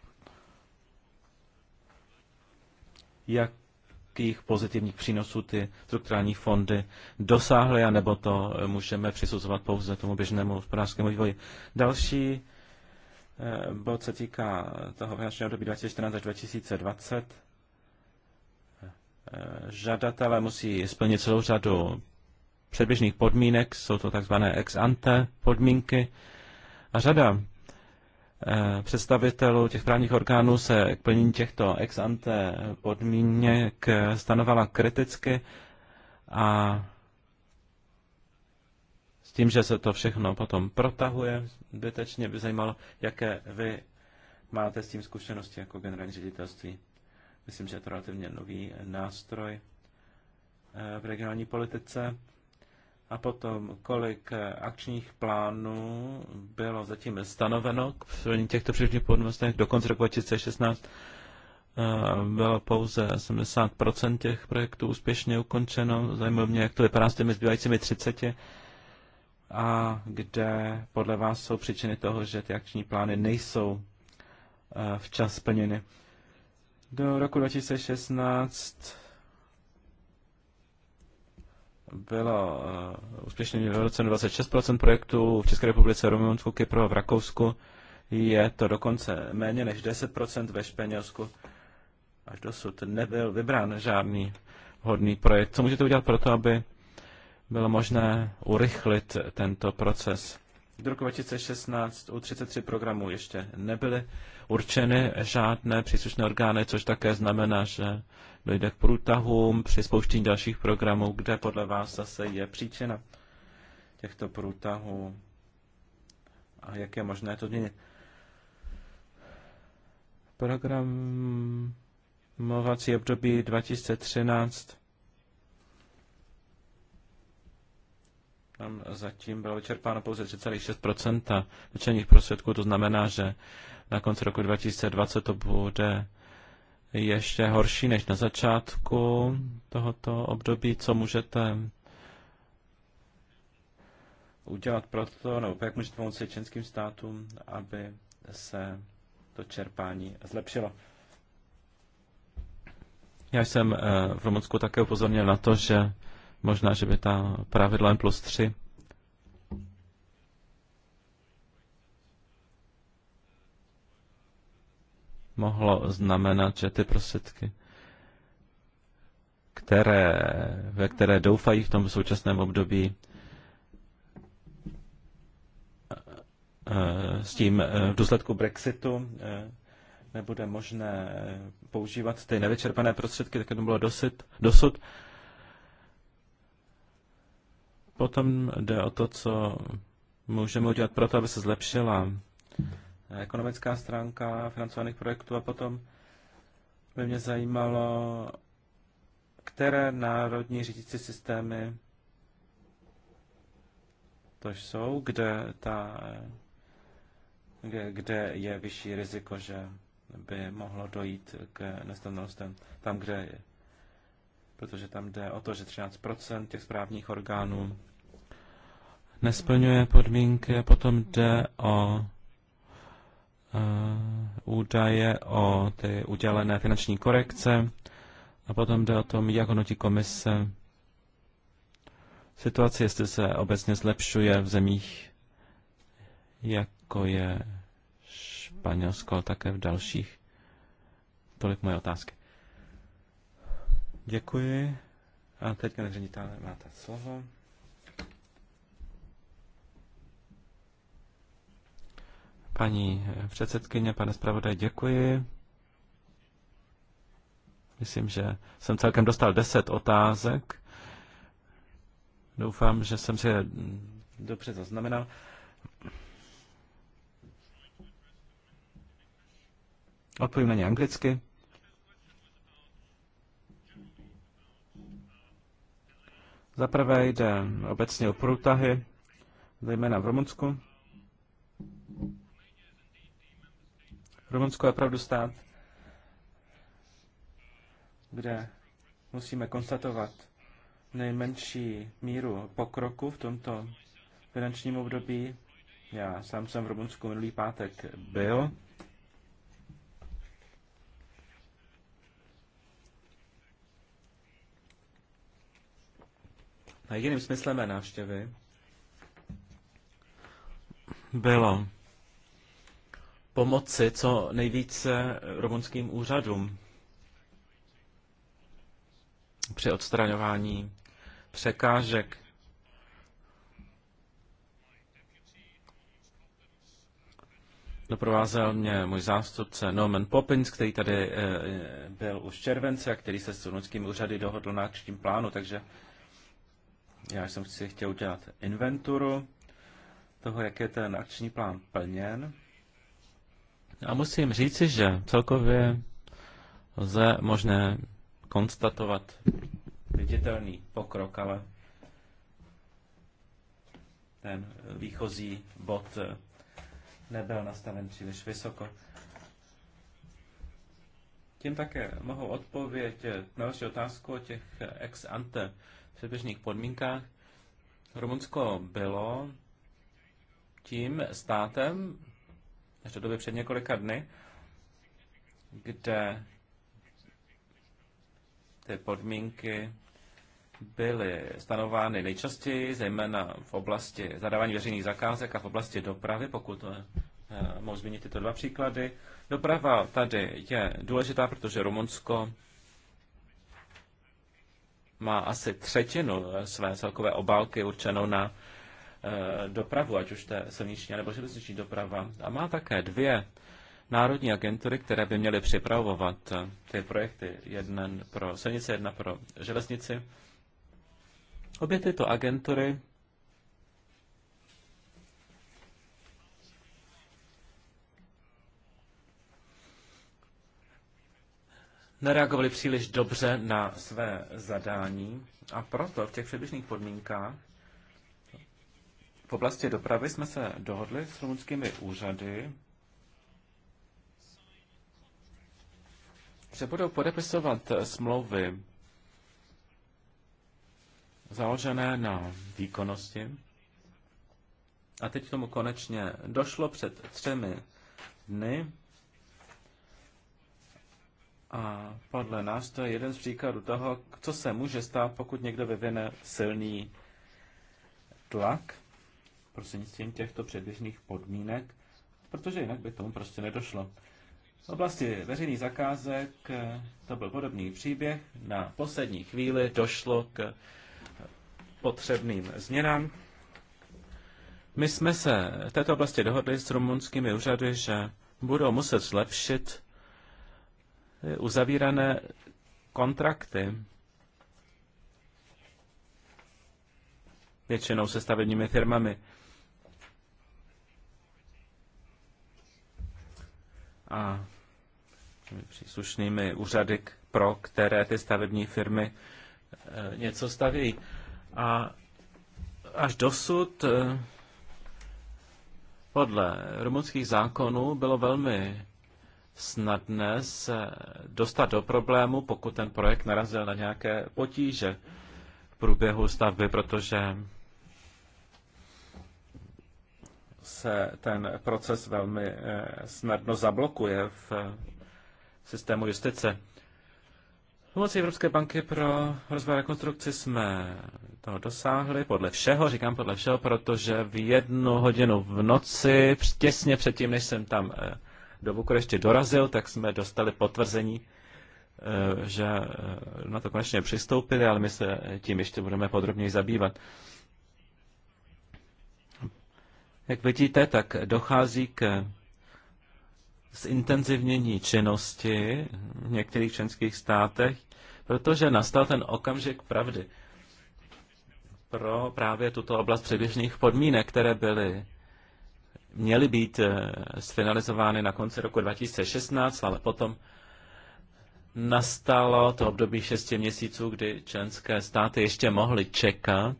Jak jakých pozitivních přínosů ty strukturální fondy dosáhly, anebo to můžeme přisuzovat pouze tomu běžnému hospodářskému vývoji. Další eh, bod se týká toho finančního období 2014 až 2020. Eh, žadatelé musí splnit celou řadu předběžných podmínek, jsou to takzvané ex ante podmínky. A řada Eh, představitelů těch právních orgánů se k plnění těchto ex ante podmínek eh, stanovala kriticky a s tím, že se to všechno potom protahuje, zbytečně by zajímalo, jaké vy máte s tím zkušenosti jako generální ředitelství. Myslím, že je to relativně nový eh, nástroj v regionální politice. A potom, kolik eh, akčních plánů bylo zatím stanoveno k plnění těchto příležitých povinnostech do konce roku 2016? Eh, bylo pouze 70% těch projektů úspěšně ukončeno. Zajímá mě, jak to vypadá s těmi zbývajícími 30 a kde podle vás jsou příčiny toho, že ty akční plány nejsou eh, včas splněny. Do roku 2016 bylo eh, úspěšně roce 26% projektů v České republice, Rumunsku, Kypru a v Rakousku. Je to dokonce méně než 10% ve Španělsku. Až dosud nebyl vybrán žádný hodný projekt. Co můžete udělat pro to, aby bylo možné urychlit tento proces? Do roku 2016 u 33 programů ještě nebyly určeny žádné příslušné orgány, což také znamená, že dojde k průtahům při spouštění dalších programů, kde podle vás zase je příčina těchto průtahů a jak je možné to změnit. Programovací období 2013 Tam zatím bylo vyčerpáno pouze 3,6 vyčlených prostředků, to znamená, že na konci roku 2020 to bude ještě horší než na začátku tohoto období. Co můžete udělat pro to, nebo jak můžete pomoci českým státům, aby se to čerpání zlepšilo? Já jsem eh, v Rumunsku také upozornil na to, že možná, že by ta pravidla N plus 3 mohlo znamenat, že ty prostředky, které, ve které doufají v tom současném období, s tím eh, v důsledku Brexitu eh, nebude možné používat ty nevyčerpané prostředky, tak to bylo dosyt, dosud. Potom jde o to, co můžeme udělat pro to, aby se zlepšila ekonomická stránka financovaných projektů a potom by mě zajímalo, které národní řídící systémy to jsou, kde, ta, kde, kde je vyšší riziko, že by mohlo dojít k nestandardnostem, tam, kde je. Protože tam jde o to, že 13% těch správních orgánů nesplňuje podmínky, potom jde o Eh, údaje o ty udělené finanční korekce a potom jde o tom, jak hodnotí komise situaci, jestli se obecně zlepšuje v zemích, jako je Španělsko, také v dalších. Tolik moje otázky. Děkuji. A teď, pane ředitele, máte slovo. Paní předsedkyně, pane zpravodaj, děkuji. Myslím, že jsem celkem dostal deset otázek. Doufám, že jsem si je dobře zaznamenal. Odpovím na ně anglicky. Za prvé jde obecně o průtahy, zejména v Rumunsku. Rumunsko je opravdu stát, kde musíme konstatovat nejmenší míru pokroku v tomto finančním období. Já sám jsem v Rumunsku minulý pátek byl. A jediným smyslem mé návštěvy bylo pomoci co nejvíce rumunským úřadům při odstraňování překážek. Doprovázel mě můj zástupce Norman Poppins, který tady eh, byl už července a který se s rumunskými úřady dohodl na akčním plánu, takže já jsem si chtěl udělat inventuru toho, jak je ten akční plán plněn. A musím říci, že celkově lze možné konstatovat viditelný pokrok, ale ten výchozí bod eh, nebyl nastaven příliš vysoko. Tím také mohu odpovědět eh, na vaši otázku o těch eh, ex ante předběžných podmínkách. Rumunsko bylo tím státem, řadově před několika dny, kde ty podmínky byly stanovány nejčastěji, zejména v oblasti zadávání veřejných zakázek a v oblasti dopravy, pokud eh, mohu zmínit tyto dva příklady. Doprava tady je důležitá, protože Rumunsko má asi třetinu své celkové obálky určenou na Eh, dopravu, ať už to je silniční nebo železniční doprava. A má také dvě národní agentury, které by měly připravovat eh, ty projekty. Jeden pro silnice, jedna pro železnici. Obě tyto agentury nereagovali příliš dobře na své zadání a proto v těch předběžných podmínkách v oblasti dopravy jsme se dohodli s rumunskými úřady, že budou podepisovat smlouvy založené na výkonnosti. A teď tomu konečně došlo před třemi dny. A podle nás to je jeden z příkladů toho, co se může stát, pokud někdo vyvine silný tlak prostřednictvím těchto předběžných podmínek, protože jinak by tomu prostě nedošlo. V oblasti veřejných zakázek eh, to byl podobný příběh. Na poslední chvíli došlo k potřebným změnám. My jsme se v této oblasti dohodli s rumunskými úřady, že budou muset zlepšit eh, uzavírané kontrakty. Většinou se stavebními firmami. a příslušnými úřady, pro které ty stavební firmy e, něco stavějí. A až dosud e, podle rumunských zákonů bylo velmi snadné se dostat do problému, pokud ten projekt narazil na nějaké potíže v průběhu stavby, protože se ten proces velmi eh, snadno zablokuje v eh, systému justice. Pomocí Evropské banky pro rozvoj a rekonstrukci jsme toho dosáhli, podle všeho, říkám podle všeho, protože v jednu hodinu v noci, těsně předtím, než jsem tam eh, do Bukurešti dorazil, tak jsme dostali potvrzení, že na to konečně přistoupili, ale my se tím ještě budeme podrobněji zabývat. Jak vidíte, tak dochází k zintenzivnění činnosti v některých členských státech, protože nastal ten okamžik pravdy pro právě tuto oblast předběžných podmínek, které byly měly být sfinalizovány eh, na konci roku 2016, ale potom nastalo to období šesti měsíců, kdy členské státy ještě mohly čekat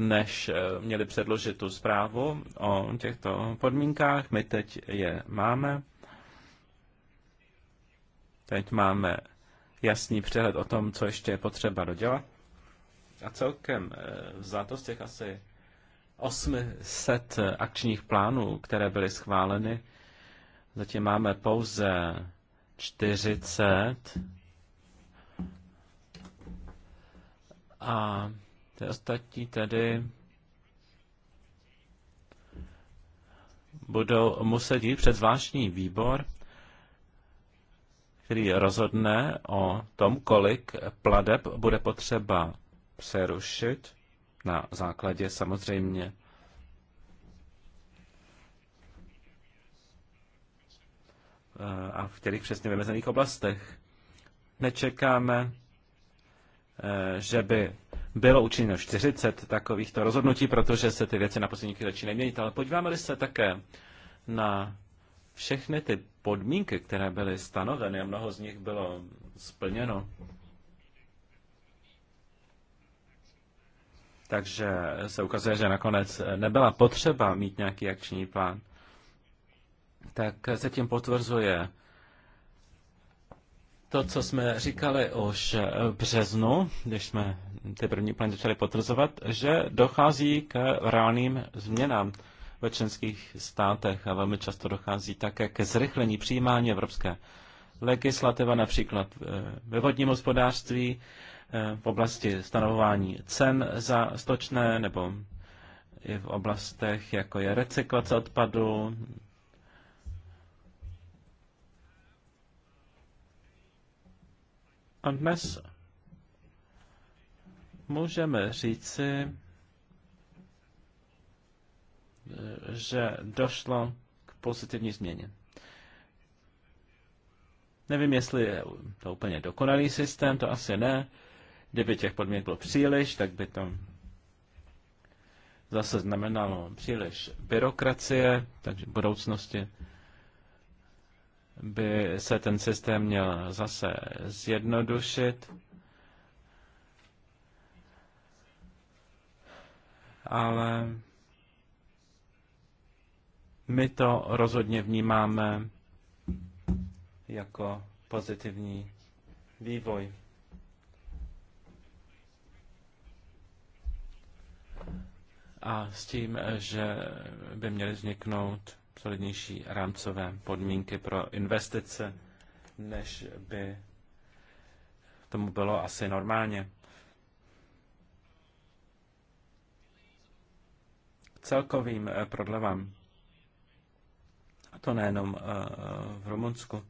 než eh, měli předložit tu zprávu o těchto podmínkách. My teď je máme. Teď máme jasný přehled o tom, co ještě je potřeba dodělat. A celkem eh, za to z těch asi 800 eh, akčních plánů, které byly schváleny, zatím máme pouze 40. A ty ostatní tedy budou muset jít před zvláštní výbor, který rozhodne o tom, kolik pladeb bude potřeba přerušit na základě samozřejmě a v kterých přesně vymezených oblastech. Nečekáme, eh, že by bylo učiněno 40 takovýchto rozhodnutí, protože se ty věci na poslední chvíli začínají měnit. Ale podíváme-li se také na všechny ty podmínky, které byly stanoveny a mnoho z nich bylo splněno, Takže se ukazuje, že nakonec nebyla potřeba mít nějaký akční plán. Tak se tím potvrzuje to, co jsme říkali už v březnu, když jsme ty první úplně začaly potvrzovat, že dochází k reálným změnám ve členských státech a velmi často dochází také ke zrychlení přijímání evropské legislativa, například eh, ve vodním hospodářství, eh, v oblasti stanovování cen za stočné nebo i v oblastech, jako je recyklace odpadu, A dnes můžeme říci, že došlo k pozitivní změně. Nevím, jestli je to úplně dokonalý systém, to asi ne. Kdyby těch podmínek bylo příliš, tak by to zase znamenalo příliš byrokracie, takže v budoucnosti by se ten systém měl zase zjednodušit. ale my to rozhodně vnímáme jako pozitivní vývoj. A s tím, že by měly vzniknout solidnější rámcové podmínky pro investice, než by tomu bylo asi normálně. celkovým eh, prodlevám. A to nejenom eh, v Rumunsku.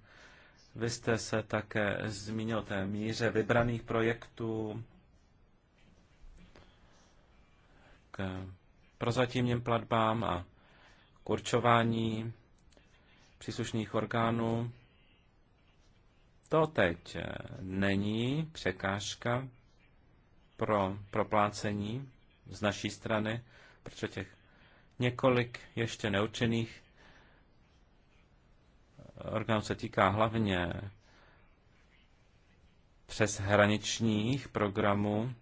Vy jste se také zmínil o té míře vybraných projektů k prozatímním platbám a kurčování příslušných orgánů. To teď eh, není překážka pro proplácení z naší strany, protože těch několik ještě neučených. orgánů se týká hlavně přes hraničních programů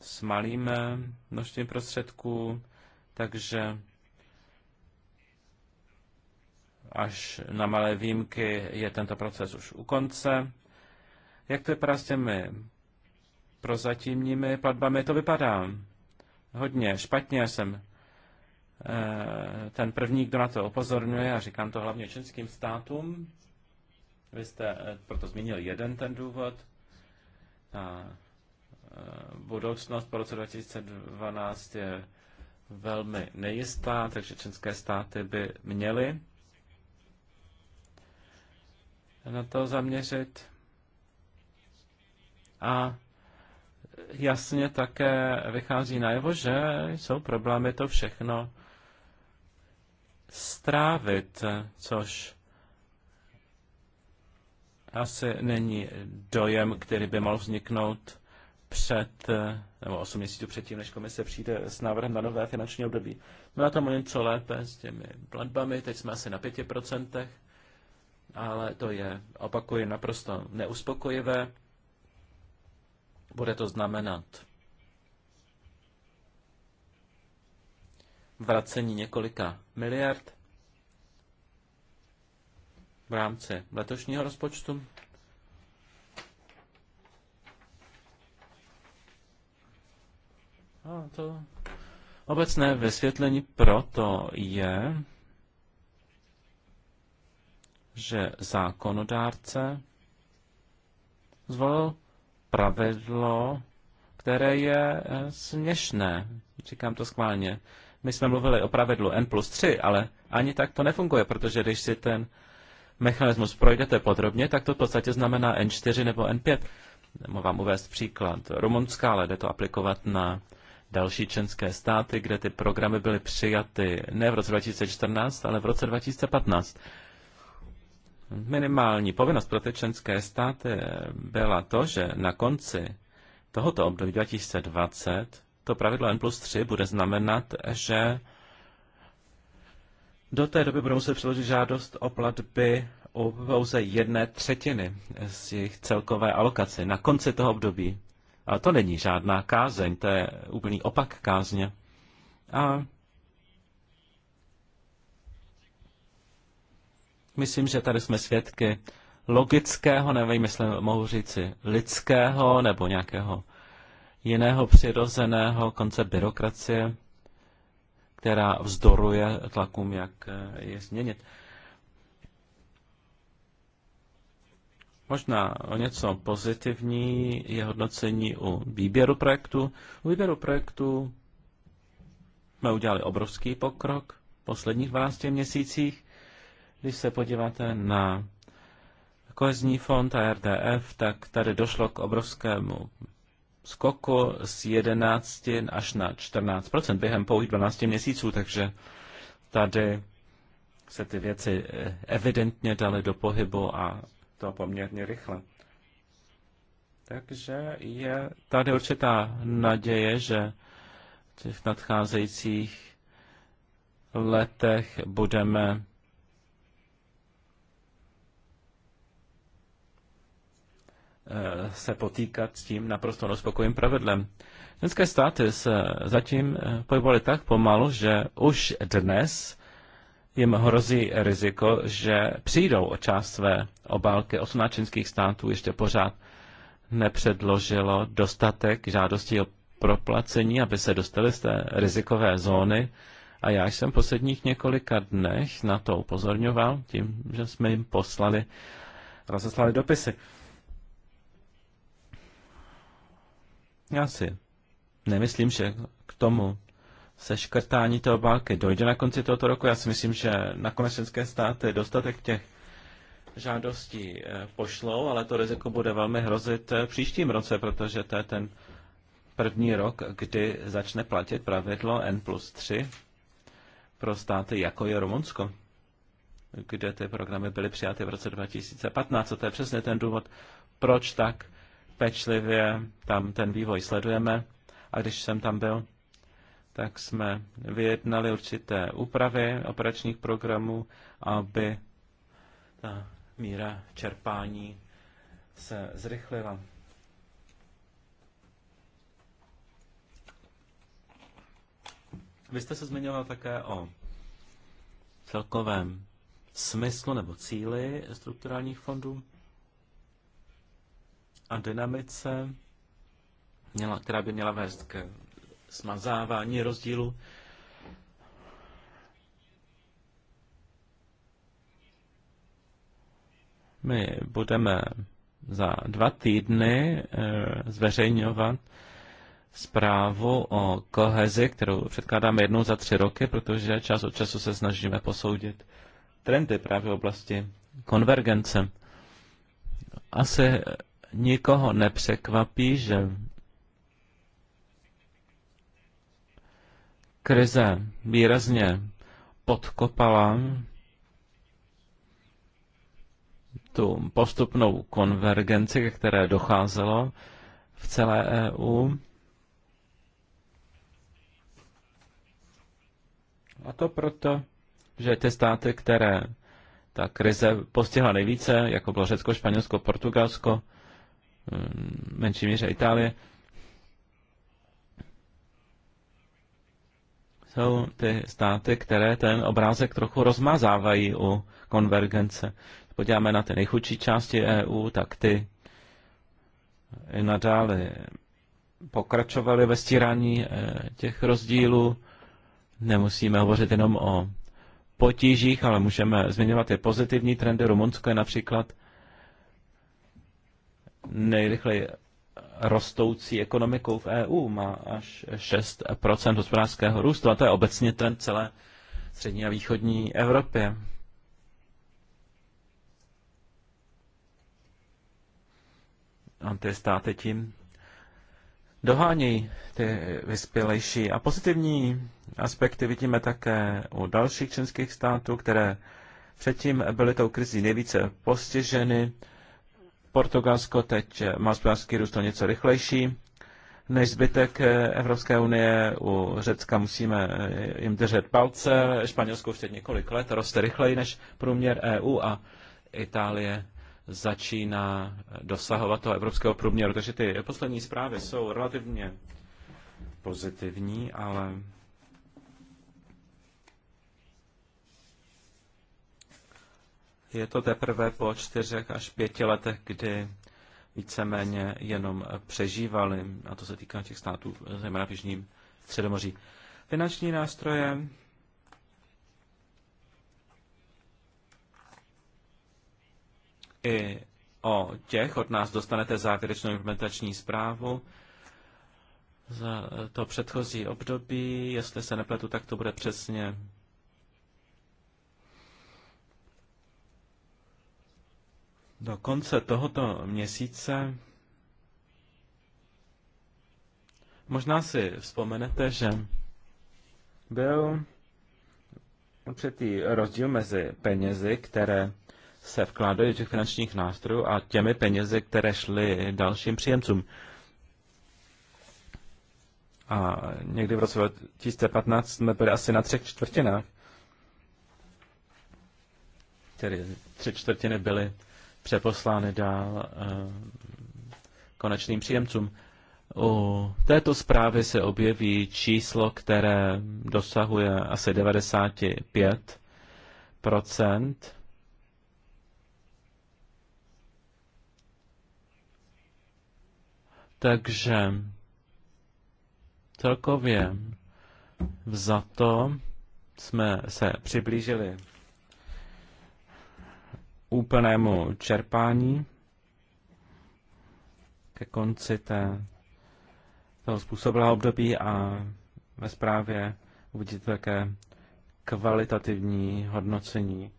s malým eh, množstvím prostředků, takže až na malé výjimky je tento proces už u konce. Jak to je s těmi prozatímními platbami to vypadá hodně špatně. jsem eh, ten první, kdo na to opozorňuje, a říkám to hlavně českým státům. Vy jste eh, proto zmínil jeden ten důvod. A eh, budoucnost po roce 2012 je velmi nejistá, takže české státy by měly na to zaměřit. A jasně také vychází najevo, že jsou problémy to všechno strávit, což asi není dojem, který by mohl vzniknout před, nebo 8 měsíců předtím, než komise přijde s návrhem na nové finanční období. My no na tom něco lépe s těmi platbami, teď jsme asi na 5%, ale to je, opakuji, naprosto neuspokojivé. Bude to znamenat vracení několika miliard v rámci letošního rozpočtu. A to obecné vysvětlení proto je, že zákonodárce zvolil pravidlo, které je eh, směšné. Říkám to schválně. My jsme mluvili o pravidlu N plus 3, ale ani tak to nefunguje, protože když si ten mechanismus projdete podrobně, tak to v podstatě znamená N4 nebo N5. Mohu vám uvést příklad. Rumunská, ale jde to aplikovat na další členské státy, kde ty programy byly přijaty ne v roce 2014, ale v roce 2015. Minimální povinnost pro ty členské státy byla to, že na konci tohoto období 2020 to pravidlo N plus 3 bude znamenat, že do té doby budou muset přeložit žádost o platby o pouze jedné třetiny z jejich celkové alokace na konci toho období. A to není žádná kázeň, to je úplný opak kázně. A Myslím, že tady jsme svědky logického, nevím, jestli mohu říci lidského nebo nějakého jiného přirozeného konce byrokracie, která vzdoruje tlakům, jak eh, je změnit. Možná o něco pozitivní je hodnocení u výběru projektu. U výběru projektu jsme udělali obrovský pokrok v posledních 12 měsících. Když se podíváte na kohezní fond a RDF, tak tady došlo k obrovskému skoku z 11 až na 14 během pouhých 12 měsíců, takže tady se ty věci eh, evidentně daly do pohybu a to poměrně rychle. Takže je tady určitá naděje, že v nadcházejících letech budeme Eh, se potýkat s tím naprosto nespokojivým pravidlem. Členské státy se zatím eh, pohybovaly tak pomalu, že už dnes jim hrozí riziko, že přijdou o část své obálky. 18 členských států ještě pořád nepředložilo dostatek žádostí o proplacení, aby se dostali z té rizikové zóny. A já jsem v posledních několika dnech na to upozorňoval tím, že jsme jim poslali, rozeslali dopisy. Já si nemyslím, že k tomu škrtání té obálky dojde na konci tohoto roku. Já si myslím, že nakonec české státy dostatek těch žádostí eh, pošlou, ale to riziko bude velmi hrozit eh, příštím roce, protože to je ten první rok, kdy začne platit pravidlo N plus 3 pro státy, jako je Rumunsko, kde ty programy byly přijaty v roce 2015. A to je přesně ten důvod, proč tak pečlivě tam ten vývoj sledujeme a když jsem tam byl, tak jsme vyjednali určité úpravy operačních programů, aby ta míra čerpání se zrychlila. Vy jste se zmiňoval také o celkovém smyslu nebo cíli strukturálních fondů a dynamice, měla, která by měla vést k smazávání rozdílu. My budeme za dva týdny eh, zveřejňovat zprávu o kohezi, kterou předkládáme jednou za tři roky, protože čas od času se snažíme posoudit trendy právě v oblasti konvergence. Asi nikoho nepřekvapí, že krize výrazně podkopala tu postupnou konvergenci, ke které docházelo v celé EU. A to proto, že ty státy, které ta krize postihla nejvíce, jako bylo Řecko, Španělsko, Portugalsko, Ehm, menší míře Itálie, jsou ty státy, které ten obrázek trochu rozmazávají u konvergence. Podíváme na ty nejchudší části EU, tak ty i nadále pokračovaly ve stírání eh, těch rozdílů. Nemusíme hovořit jenom o potížích, ale můžeme zmiňovat i pozitivní trendy. Rumunsko je například nejrychleji rostoucí ekonomikou v EU. Má až 6% hospodářského růstu a to je obecně ten celé střední a východní Evropě. A ty státy tím dohánějí ty vyspělejší. A pozitivní aspekty vidíme také u dalších členských států, které předtím byly tou krizí nejvíce postiženy. Portugalsko teď má hospodářský růst o něco rychlejší než zbytek Evropské unie. U Řecka musíme jim držet palce. Španělsko už teď několik let roste rychleji než průměr EU a Itálie začíná dosahovat toho evropského průměru. Takže ty poslední zprávy jsou relativně pozitivní, ale Je to teprve po čtyřech až pěti letech, kdy víceméně jenom přežívali, a to se týká těch států, zejména v Jižním středomoří. Finanční nástroje i o těch od nás dostanete závěrečnou implementační zprávu za to předchozí období. Jestli se nepletu, tak to bude přesně Do konce tohoto měsíce možná si vzpomenete, že byl určitý rozdíl mezi penězi, které se vkládají do těch finančních nástrojů a těmi penězi, které šly dalším příjemcům. A někdy v roce 2015 jsme byli asi na třech čtvrtinách. Tedy tři čtvrtiny byly přeposlány dál eh, konečným příjemcům. U této zprávy se objeví číslo, které dosahuje asi 95 Takže celkově vzato jsme se přiblížili úplnému čerpání ke konci té, toho způsobilého období a ve zprávě uvidíte také kvalitativní hodnocení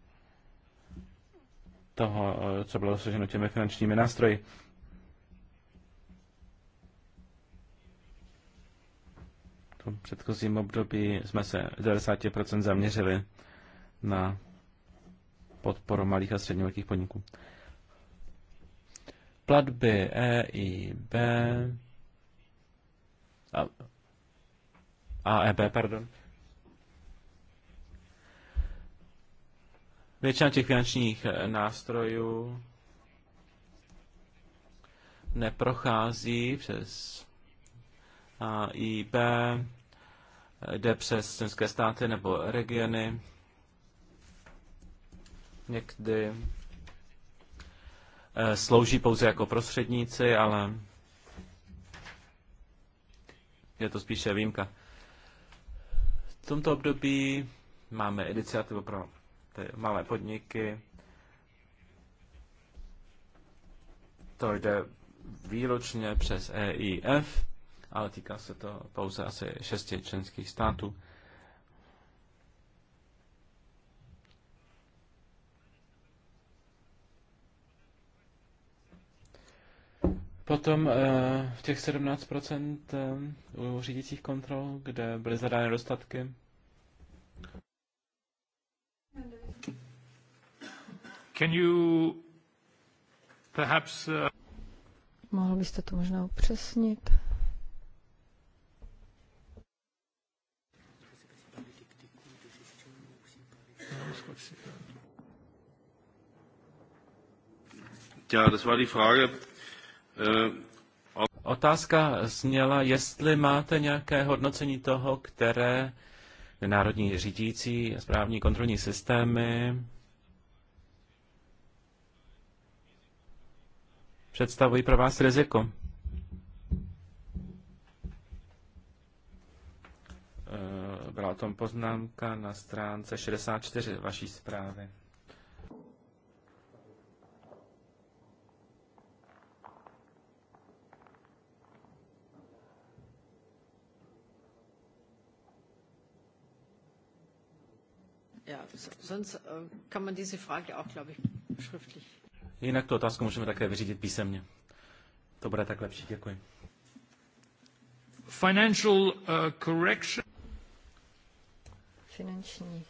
toho, co bylo dosaženo těmi finančními nástroji. V předchozím období jsme se 90% zaměřili na podporu malých a středně velkých podniků. Platby EIB a, AEB, pardon. Většina těch finančních eh, nástrojů neprochází přes AIB, jde přes členské státy nebo regiony někdy eh, slouží pouze jako prostředníci, ale je to spíše výjimka. V tomto období máme iniciativu pro ty malé podniky. To jde výročně přes EIF, ale týká se to pouze asi šesti členských států. Potom eh, v těch 17% eh, u řídících kontrol, kde byly zadány dostatky. Can you perhaps, uh... Mohl byste to možná upřesnit? Ja, das war die Frage, Eh, otázka zněla, jestli máte nějaké hodnocení toho, které národní řídící a správní kontrolní systémy představují pro vás riziko. Eh, byla o tom poznámka na stránce 64 vaší zprávy. Ja, sonst äh, kann man diese Frage auch, glaube ich, schriftlich. Jinak tu otázku můžeme také vyřídit písemně. To bude tak lepší, děkuji. Financial uh, correction. Finanční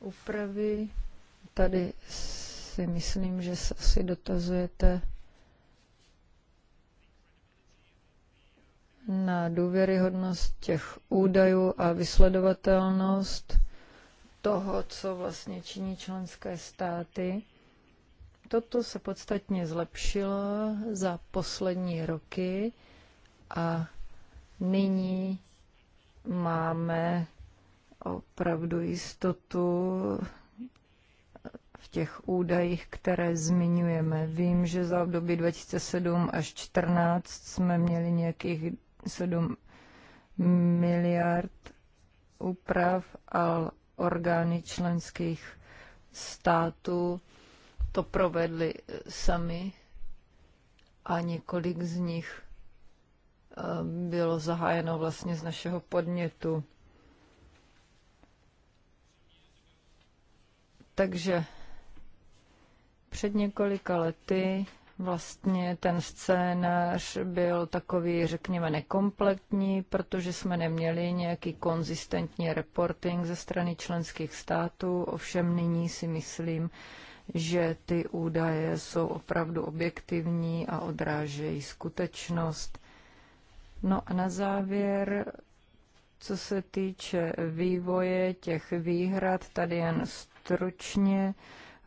úpravy. Tady si myslím, že se asi dotazujete na důvěryhodnost těch údajů a vysledovatelnost toho, co vlastně činí členské státy. Toto se podstatně zlepšilo za poslední roky a nyní máme opravdu jistotu v těch údajích, které zmiňujeme. Vím, že za období 2007 až 2014 jsme měli nějakých 7 miliard úprav, ale orgány členských států to provedli sami a několik z nich eh, bylo zahájeno vlastně z našeho podnětu. Takže před několika lety Vlastně ten scénář byl takový, řekněme, nekompletní, protože jsme neměli nějaký konzistentní reporting ze strany členských států, ovšem nyní si myslím, že ty údaje jsou opravdu objektivní a odrážejí skutečnost. No a na závěr, co se týče vývoje těch výhrad, tady jen stručně.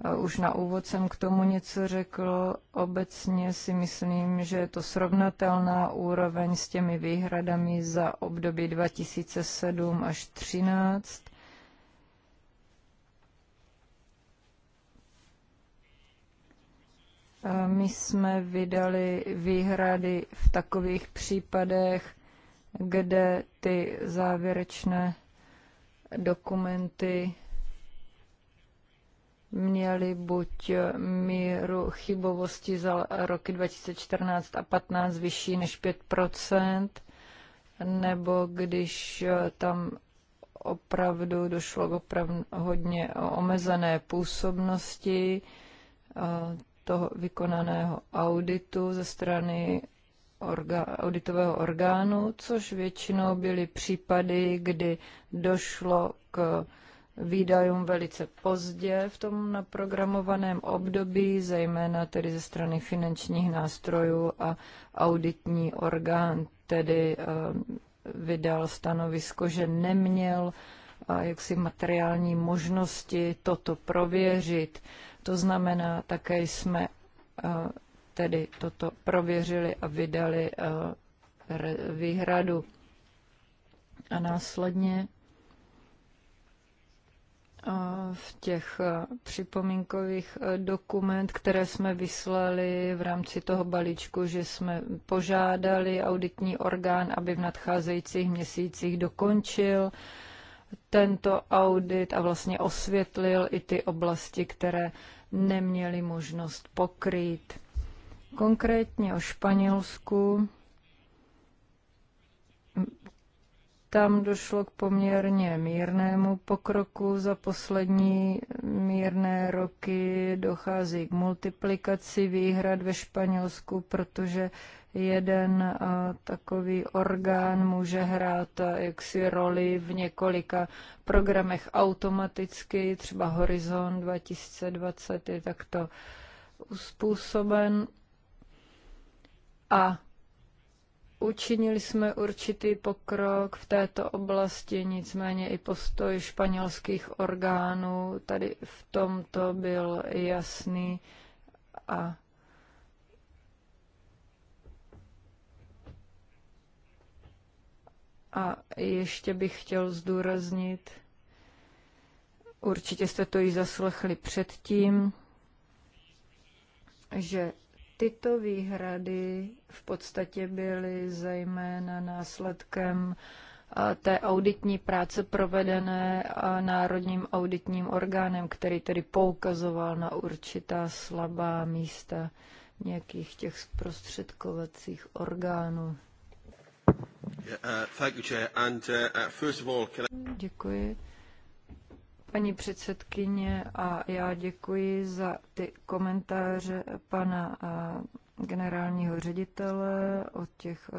Eh, už na úvod jsem k tomu něco řekl. Obecně si myslím, že je to srovnatelná úroveň s těmi výhradami za období 2007 až 2013. Eh, my jsme vydali výhrady v takových případech, kde ty závěrečné dokumenty měli buď míru chybovosti za roky 2014 a 15 vyšší než 5 nebo když tam opravdu došlo k oprav- hodně omezené působnosti eh, toho vykonaného auditu ze strany orga, auditového orgánu, což většinou byly případy, kdy došlo k výdajům velice pozdě v tom naprogramovaném období, zejména tedy ze strany finančních nástrojů a auditní orgán tedy eh, vydal stanovisko, že neměl eh, jaksi materiální možnosti toto prověřit. To znamená, také jsme eh, tedy toto prověřili a vydali výhradu. A následně v těch e, připomínkových e, dokument, které jsme vyslali v rámci toho balíčku, že jsme požádali auditní orgán, aby v nadcházejících měsících dokončil tento audit a vlastně osvětlil i ty oblasti, které neměly možnost pokrýt. Konkrétně o Španělsku Tam došlo k poměrně mírnému pokroku za poslední mírné roky. Dochází k multiplikaci výhrad ve Španělsku, protože jeden takový orgán může hrát jaksi roli v několika programech automaticky, třeba Horizon 2020 je takto uspůsoben. A Učinili jsme určitý pokrok v této oblasti, nicméně i postoj španělských orgánů tady v tomto byl jasný a A ještě bych chtěl zdůraznit, určitě jste to i zaslechli předtím, že Tyto výhrady v podstatě byly zejména následkem té auditní práce provedené Národním auditním orgánem, který tedy poukazoval na určitá slabá místa nějakých těch zprostředkovacích orgánů. Uh, uh, uh, Děkuji paní předsedkyně, a já děkuji za ty komentáře pana generálního ředitele o těch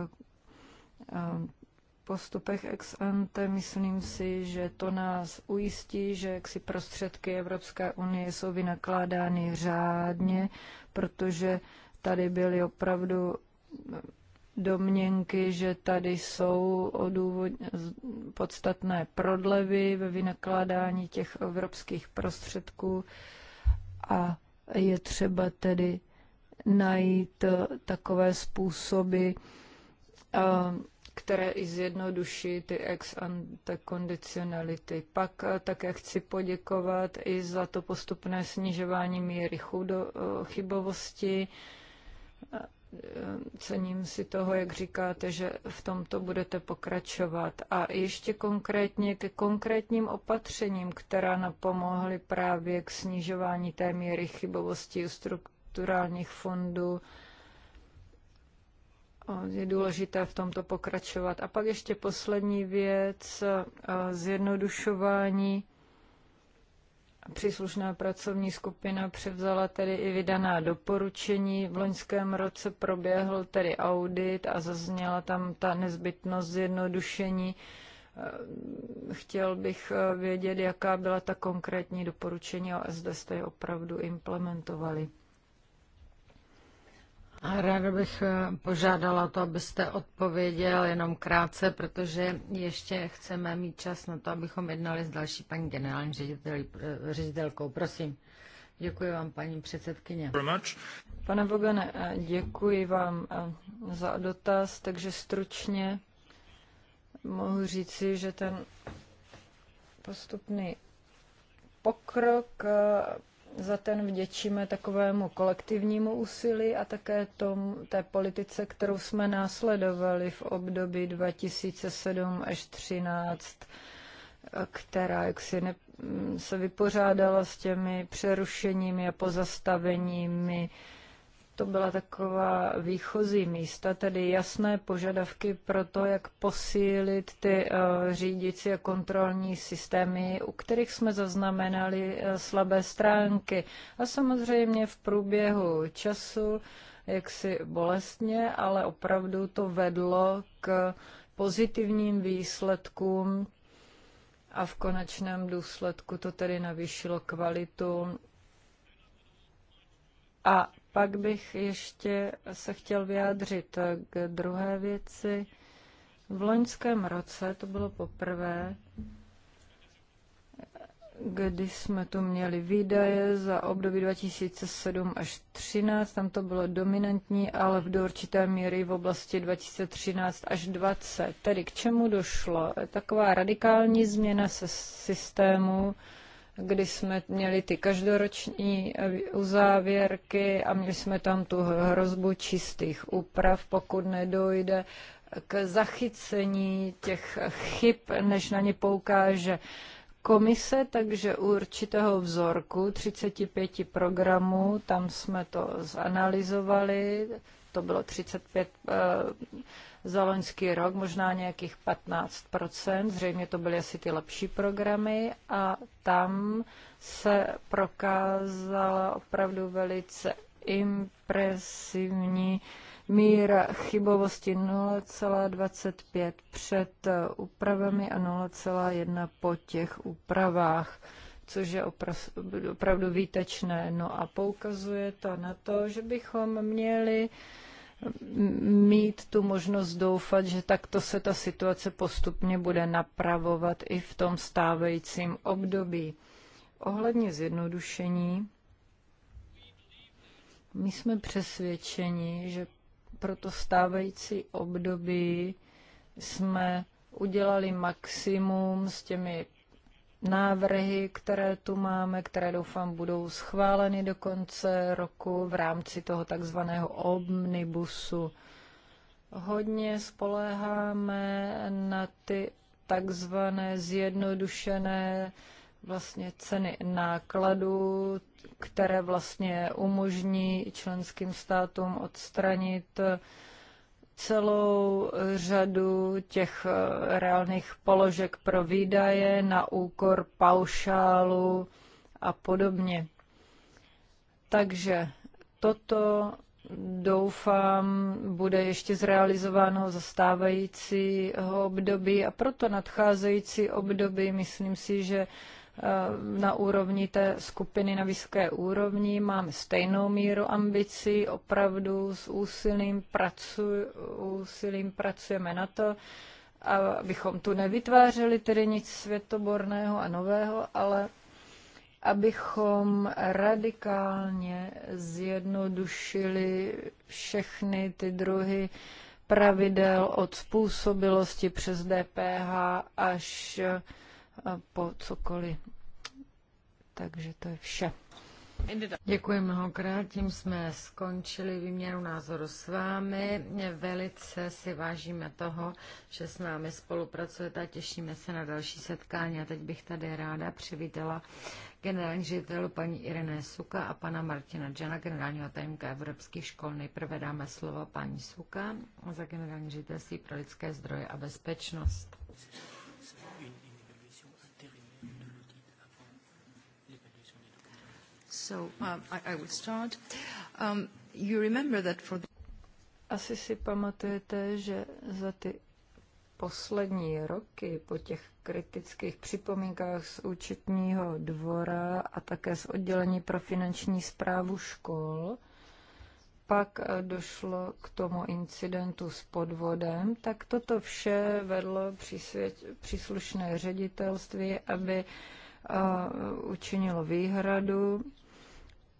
postupech ex ante. Myslím si, že to nás ujistí, že jaksi prostředky Evropské unie jsou vynakládány řádně, protože tady byly opravdu domněnky, že tady jsou odůvod... podstatné prodlevy ve vynakládání těch evropských prostředků a je třeba tedy najít eh, takové způsoby, eh, které i zjednoduší ty ex ante kondicionality. Pak eh, také chci poděkovat i za to postupné snižování míry chudo, chybovosti cením si toho, jak říkáte, že v tomto budete pokračovat. A ještě konkrétně ke konkrétním opatřením, která napomohly právě k snižování té míry chybovosti u strukturálních fondů, je důležité v tomto pokračovat. A pak ještě poslední věc, zjednodušování Příslušná pracovní skupina převzala tedy i vydaná doporučení. V loňském roce proběhl tedy audit a zazněla tam ta nezbytnost zjednodušení. Eh, chtěl bych eh, vědět, jaká byla ta konkrétní doporučení a zda jste je opravdu implementovali. A ráda bych eh, požádala to, abyste odpověděl jenom krátce, protože ještě chceme mít čas na to, abychom jednali s další paní generální ředitel, eh, ředitelkou. Prosím. Děkuji vám, paní předsedkyně. Pane Bogane, eh, děkuji vám za dotaz, takže stručně mohu říci, že ten postupný pokrok za ten vděčíme takovému kolektivnímu úsilí a také tom, té politice, kterou jsme následovali v období 2007 až 2013, která jaksi ne, se vypořádala s těmi přerušeními a pozastaveními to byla taková výchozí místa, tedy jasné požadavky pro to, jak posílit ty eh, řídící a kontrolní systémy, u kterých jsme zaznamenali eh, slabé stránky. A samozřejmě v průběhu času, jaksi bolestně, ale opravdu to vedlo k pozitivním výsledkům a v konečném důsledku to tedy navýšilo kvalitu a pak bych ještě se chtěl vyjádřit k druhé věci. V loňském roce to bylo poprvé, kdy jsme tu měli výdaje za období 2007 až 2013, tam to bylo dominantní, ale v do určité míry v oblasti 2013 až 2020. Tedy k čemu došlo? Taková radikální změna se systému, kdy jsme měli ty každoroční eh, uzávěrky a měli jsme tam tu hrozbu čistých úprav, pokud nedojde k zachycení těch chyb, než na ně poukáže komise, takže u určitého vzorku 35 programů, tam jsme to zanalizovali, to bylo 35 uh, za loňský rok, možná nějakých 15 zřejmě to byly asi ty lepší programy a tam se prokázala opravdu velice impresivní míra chybovosti 0,25 před úpravami a 0,1 po těch úpravách což je opravdu výtečné. No a poukazuje to na to, že bychom měli mít tu možnost doufat, že takto se ta situace postupně bude napravovat i v tom stávajícím období. Ohledně zjednodušení, my jsme přesvědčeni, že pro to stávající období jsme udělali maximum s těmi návrhy, které tu máme, které doufám budou schváleny do konce roku v rámci toho takzvaného omnibusu. Hodně spoléháme na ty takzvané zjednodušené vlastně ceny nákladů, které vlastně umožní členským státům odstranit celou řadu těch eh, reálných položek pro výdaje na úkor paušálu a podobně. Takže toto doufám, bude ještě zrealizováno za stávajícího období a proto nadcházející období, myslím si, že Eh, na úrovni té skupiny na vysoké úrovni. Máme stejnou míru ambicí, opravdu s úsilím, pracu, úsilím pracujeme na to, abychom tu nevytvářeli tedy nic světoborného a nového, ale abychom radikálně zjednodušili všechny ty druhy pravidel od způsobilosti přes DPH až po cokoliv. Takže to je vše. Děkuji mnohokrát, tím jsme skončili výměnu názoru s vámi. Velice si vážíme toho, že s námi spolupracujete a těšíme se na další setkání. A teď bych tady ráda přivítala generální ředitelu paní Irene Suka a pana Martina Džana, generálního tajemka Evropských škol. Nejprve dáme slovo paní Suka za generální ředitelství pro lidské zdroje a bezpečnost. So um, I, I would start. Um, you remember that for the... Asi si pamatujete, že za ty poslední roky po těch kritických připomínkách z účetního dvora a také z oddělení pro finanční zprávu škol, pak došlo k tomu incidentu s podvodem, tak toto vše vedlo příslušné ředitelství, aby uh, učinilo výhradu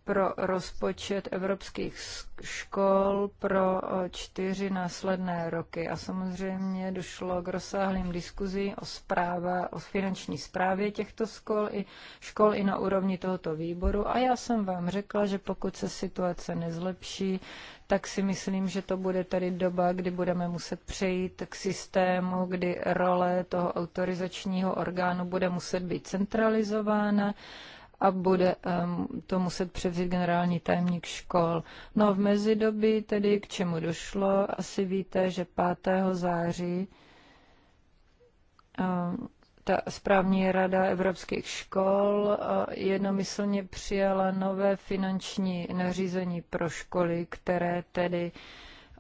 pro rozpočet evropských škol pro čtyři následné roky. A samozřejmě došlo k rozsáhlým diskuzím o, zpráva, o finanční zprávě těchto škol i, škol i na úrovni tohoto výboru. A já jsem vám řekla, že pokud se situace nezlepší, tak si myslím, že to bude tady doba, kdy budeme muset přejít k systému, kdy role toho autorizačního orgánu bude muset být centralizována a bude to muset převzít generální tajemník škol. No v mezidobí tedy k čemu došlo, asi víte, že 5. září ta správní rada evropských škol e, jednomyslně přijala nové finanční nařízení pro školy, které tedy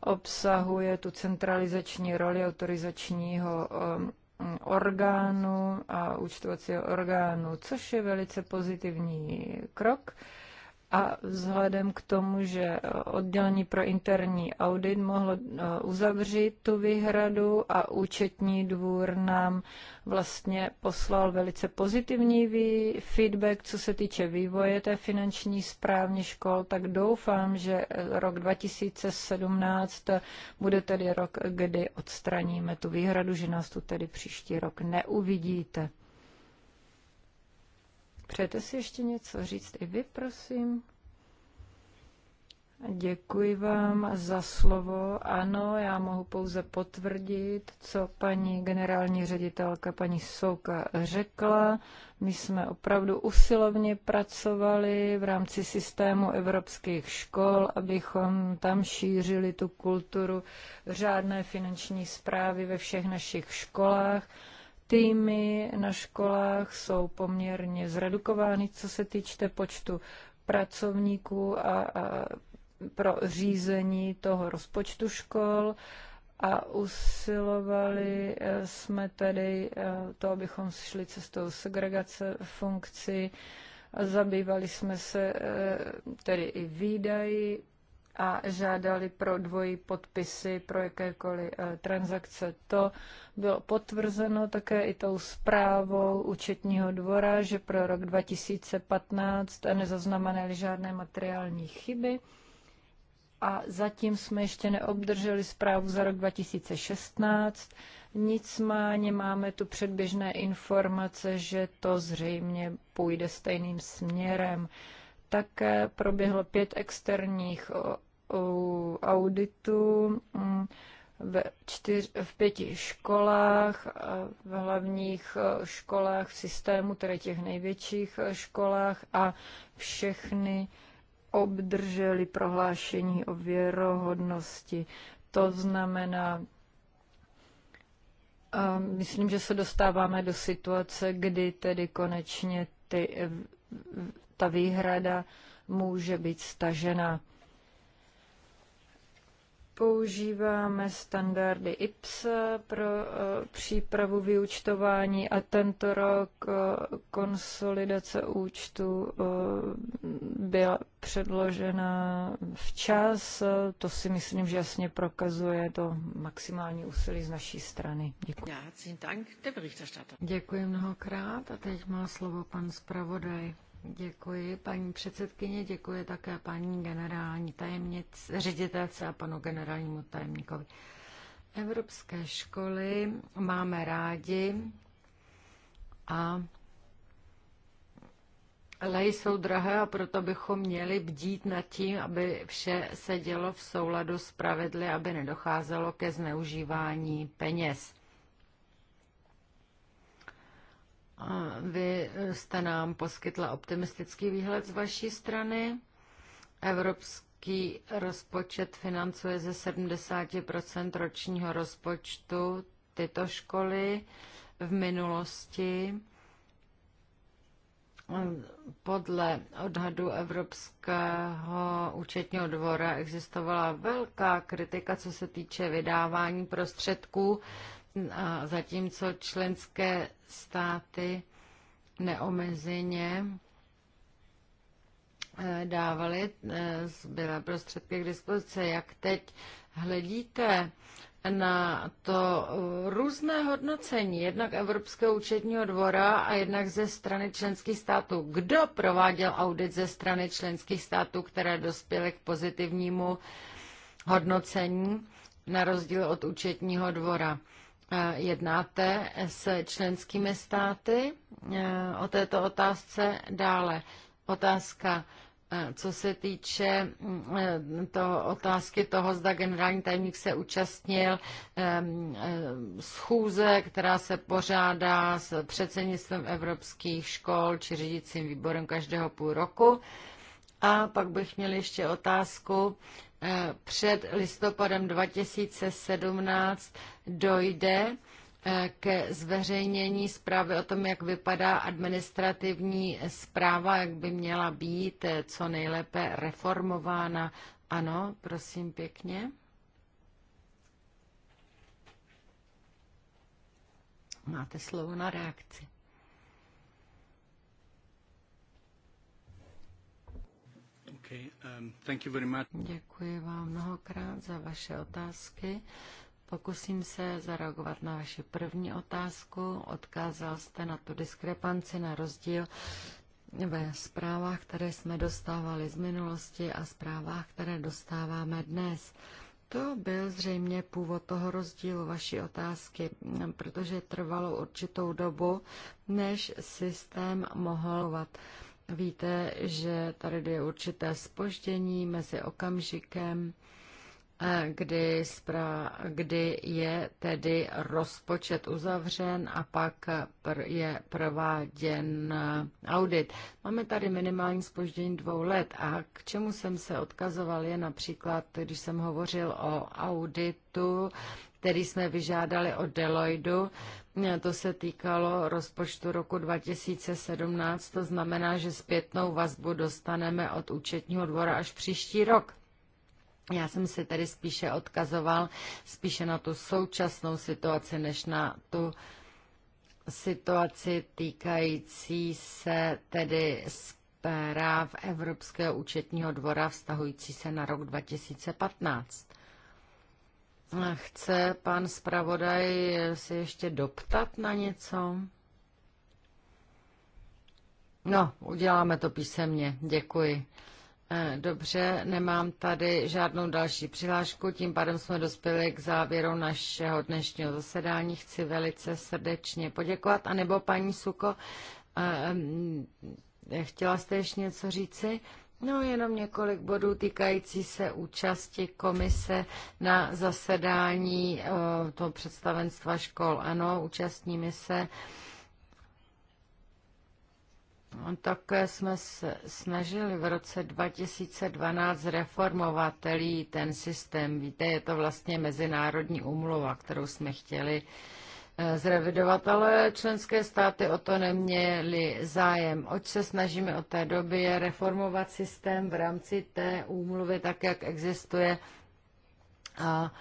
obsahuje tu centralizační roli autorizačního orgánu a účtovacího orgánu, což je velice pozitivní krok. A vzhledem k tomu, že oddělení pro interní audit mohlo eh, uzavřít tu výhradu a účetní dvůr nám vlastně poslal velice pozitivní feedback, co se týče vývoje té finanční správní škol, tak doufám, že eh, rok 2017 bude tedy rok, kdy odstraníme tu výhradu, že nás tu tedy příští rok neuvidíte. Přejete si ještě něco říct i vy, prosím? Děkuji vám za slovo. Ano, já mohu pouze potvrdit, co paní generální ředitelka paní Souka řekla. My jsme opravdu usilovně pracovali v rámci systému evropských škol, abychom tam šířili tu kulturu řádné finanční zprávy ve všech našich školách Týmy na školách jsou poměrně zredukovány, co se týče počtu pracovníků a, a pro řízení toho rozpočtu škol a usilovali eh, jsme tedy eh, to, abychom šli cestou segregace funkcí. Zabývali jsme se eh, tedy i výdaji a žádali pro dvojí podpisy pro jakékoliv eh, transakce. To bylo potvrzeno také i tou zprávou účetního dvora, že pro rok 2015 nezaznamenali žádné materiální chyby a zatím jsme ještě neobdrželi zprávu za rok 2016. Nicméně máme tu předběžné informace, že to zřejmě půjde stejným směrem. Také proběhlo pět externích auditu mm, ve čtyř, v pěti školách, v hlavních e, školách v systému, tedy těch největších e, školách a všechny obdrželi prohlášení o věrohodnosti. To znamená, e, myslím, že se dostáváme do situace, kdy tedy konečně ty, ta výhrada může být stažena. Používáme standardy IPS pro eh, přípravu vyúčtování a tento rok eh, konsolidace účtu eh, byla předložena včas. To si myslím, že jasně prokazuje to maximální úsilí z naší strany. Děkuji. Děkuji mnohokrát a teď má slovo pan zpravodaj. Děkuji paní předsedkyně, děkuji také paní generální tajemnice, ředitelce a panu generálnímu tajemníkovi. Evropské školy máme rádi a Leje jsou drahé a proto bychom měli bdít nad tím, aby vše se dělo v souladu s pravidly, aby nedocházelo ke zneužívání peněz. Vy jste nám poskytla optimistický výhled z vaší strany. Evropský rozpočet financuje ze 70 ročního rozpočtu tyto školy v minulosti. Podle odhadu Evropského účetního dvora existovala velká kritika, co se týče vydávání prostředků a zatímco členské státy neomezeně eh, dávaly eh, zbylé prostředky k dispozici. Jak teď hledíte na to eh, různé hodnocení, jednak Evropského účetního dvora a jednak ze strany členských států. Kdo prováděl audit ze strany členských států, které dospěly k pozitivnímu hodnocení, na rozdíl od účetního dvora? jednáte s členskými státy e, o této otázce dále. Otázka, e, co se týče mm, e, to, otázky toho, zda generální tajemník se účastnil schůze, která se pořádá s předsednictvem evropských škol či řídícím výborem každého půl roku. A pak bych měl ještě otázku, před listopadem 2017 dojde eh, ke zveřejnění zprávy o tom, jak vypadá administrativní zpráva, jak by měla být eh, co nejlépe reformována. Ano, prosím pěkně. Máte slovo na reakci. Okay, um, thank you very much. Děkuji vám mnohokrát za vaše otázky. Pokusím se zareagovat na vaši první otázku. Odkázal jste na tu diskrepanci, na rozdíl ve zprávách, které jsme dostávali z minulosti a zprávách, které dostáváme dnes. To byl zřejmě původ toho rozdílu vaší otázky, protože trvalo určitou dobu, než systém mohl hovat. Víte, že tady je určité spoždění mezi okamžikem, eh, kdy, spra, kdy je tedy rozpočet uzavřen a pak pr, je prováděn eh, audit. Máme tady minimální spoždění dvou let a k čemu jsem se odkazoval je například, když jsem hovořil o auditu který jsme vyžádali od Deloidu. To se týkalo rozpočtu roku 2017, to znamená, že zpětnou vazbu dostaneme od účetního dvora až příští rok. Já jsem si tedy spíše odkazoval spíše na tu současnou situaci, než na tu situaci týkající se tedy zpráv Evropského účetního dvora vztahující se na rok 2015. Chce pan zpravodaj se ještě doptat na něco? No, uděláme to písemně. Děkuji. Eh, dobře, nemám tady žádnou další přihlášku, tím pádem jsme dospěli k závěru našeho dnešního zasedání. Chci velice srdečně poděkovat. A nebo paní Suko, eh, hm, chtěla jste ještě něco říci? No, jenom několik bodů týkající se účasti komise na zasedání eh, toho představenstva škol. Ano, účastníme se. No, také jsme se snažili v roce 2012 reformovat ten systém. Víte, je to vlastně mezinárodní umluva, kterou jsme chtěli uh, Eh, zrevidovat, členské státy o to neměly zájem. Oč se snažíme od té doby je reformovat systém v rámci té úmluvy tak, jak existuje a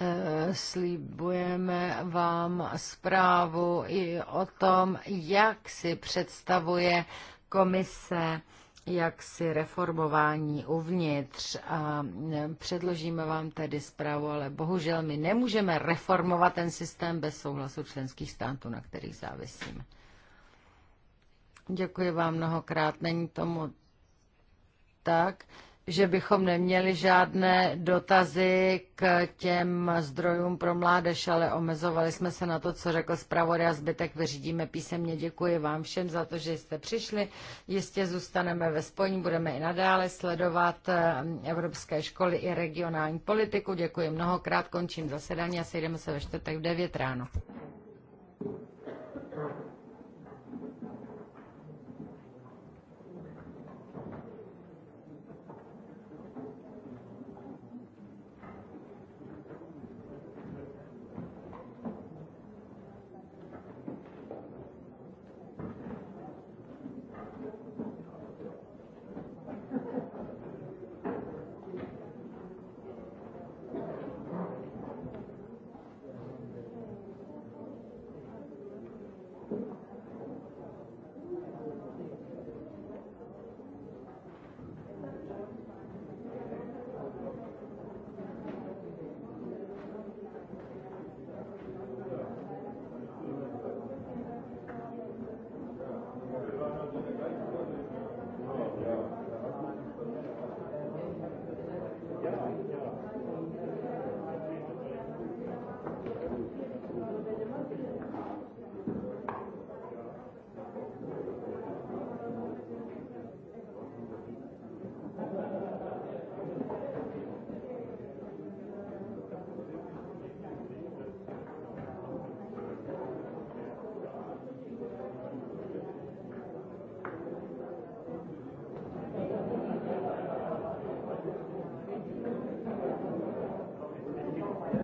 eh, slíbujeme vám zprávu i o tom, jak si představuje komise jak si reformování uvnitř a předložíme vám tedy zprávu, ale bohužel my nemůžeme reformovat ten systém bez souhlasu členských států, na kterých závisíme. Děkuji vám mnohokrát. Není tomu tak že bychom neměli žádné dotazy k těm zdrojům pro mládež, ale omezovali jsme se na to, co řekl zpravodaj a zbytek vyřídíme písemně. Děkuji vám všem za to, že jste přišli. Jistě zůstaneme ve spojení, budeme i nadále sledovat eh, evropské školy i regionální politiku. Děkuji mnohokrát, končím zasedání a sejdeme se ve čtvrtek v 9 ráno.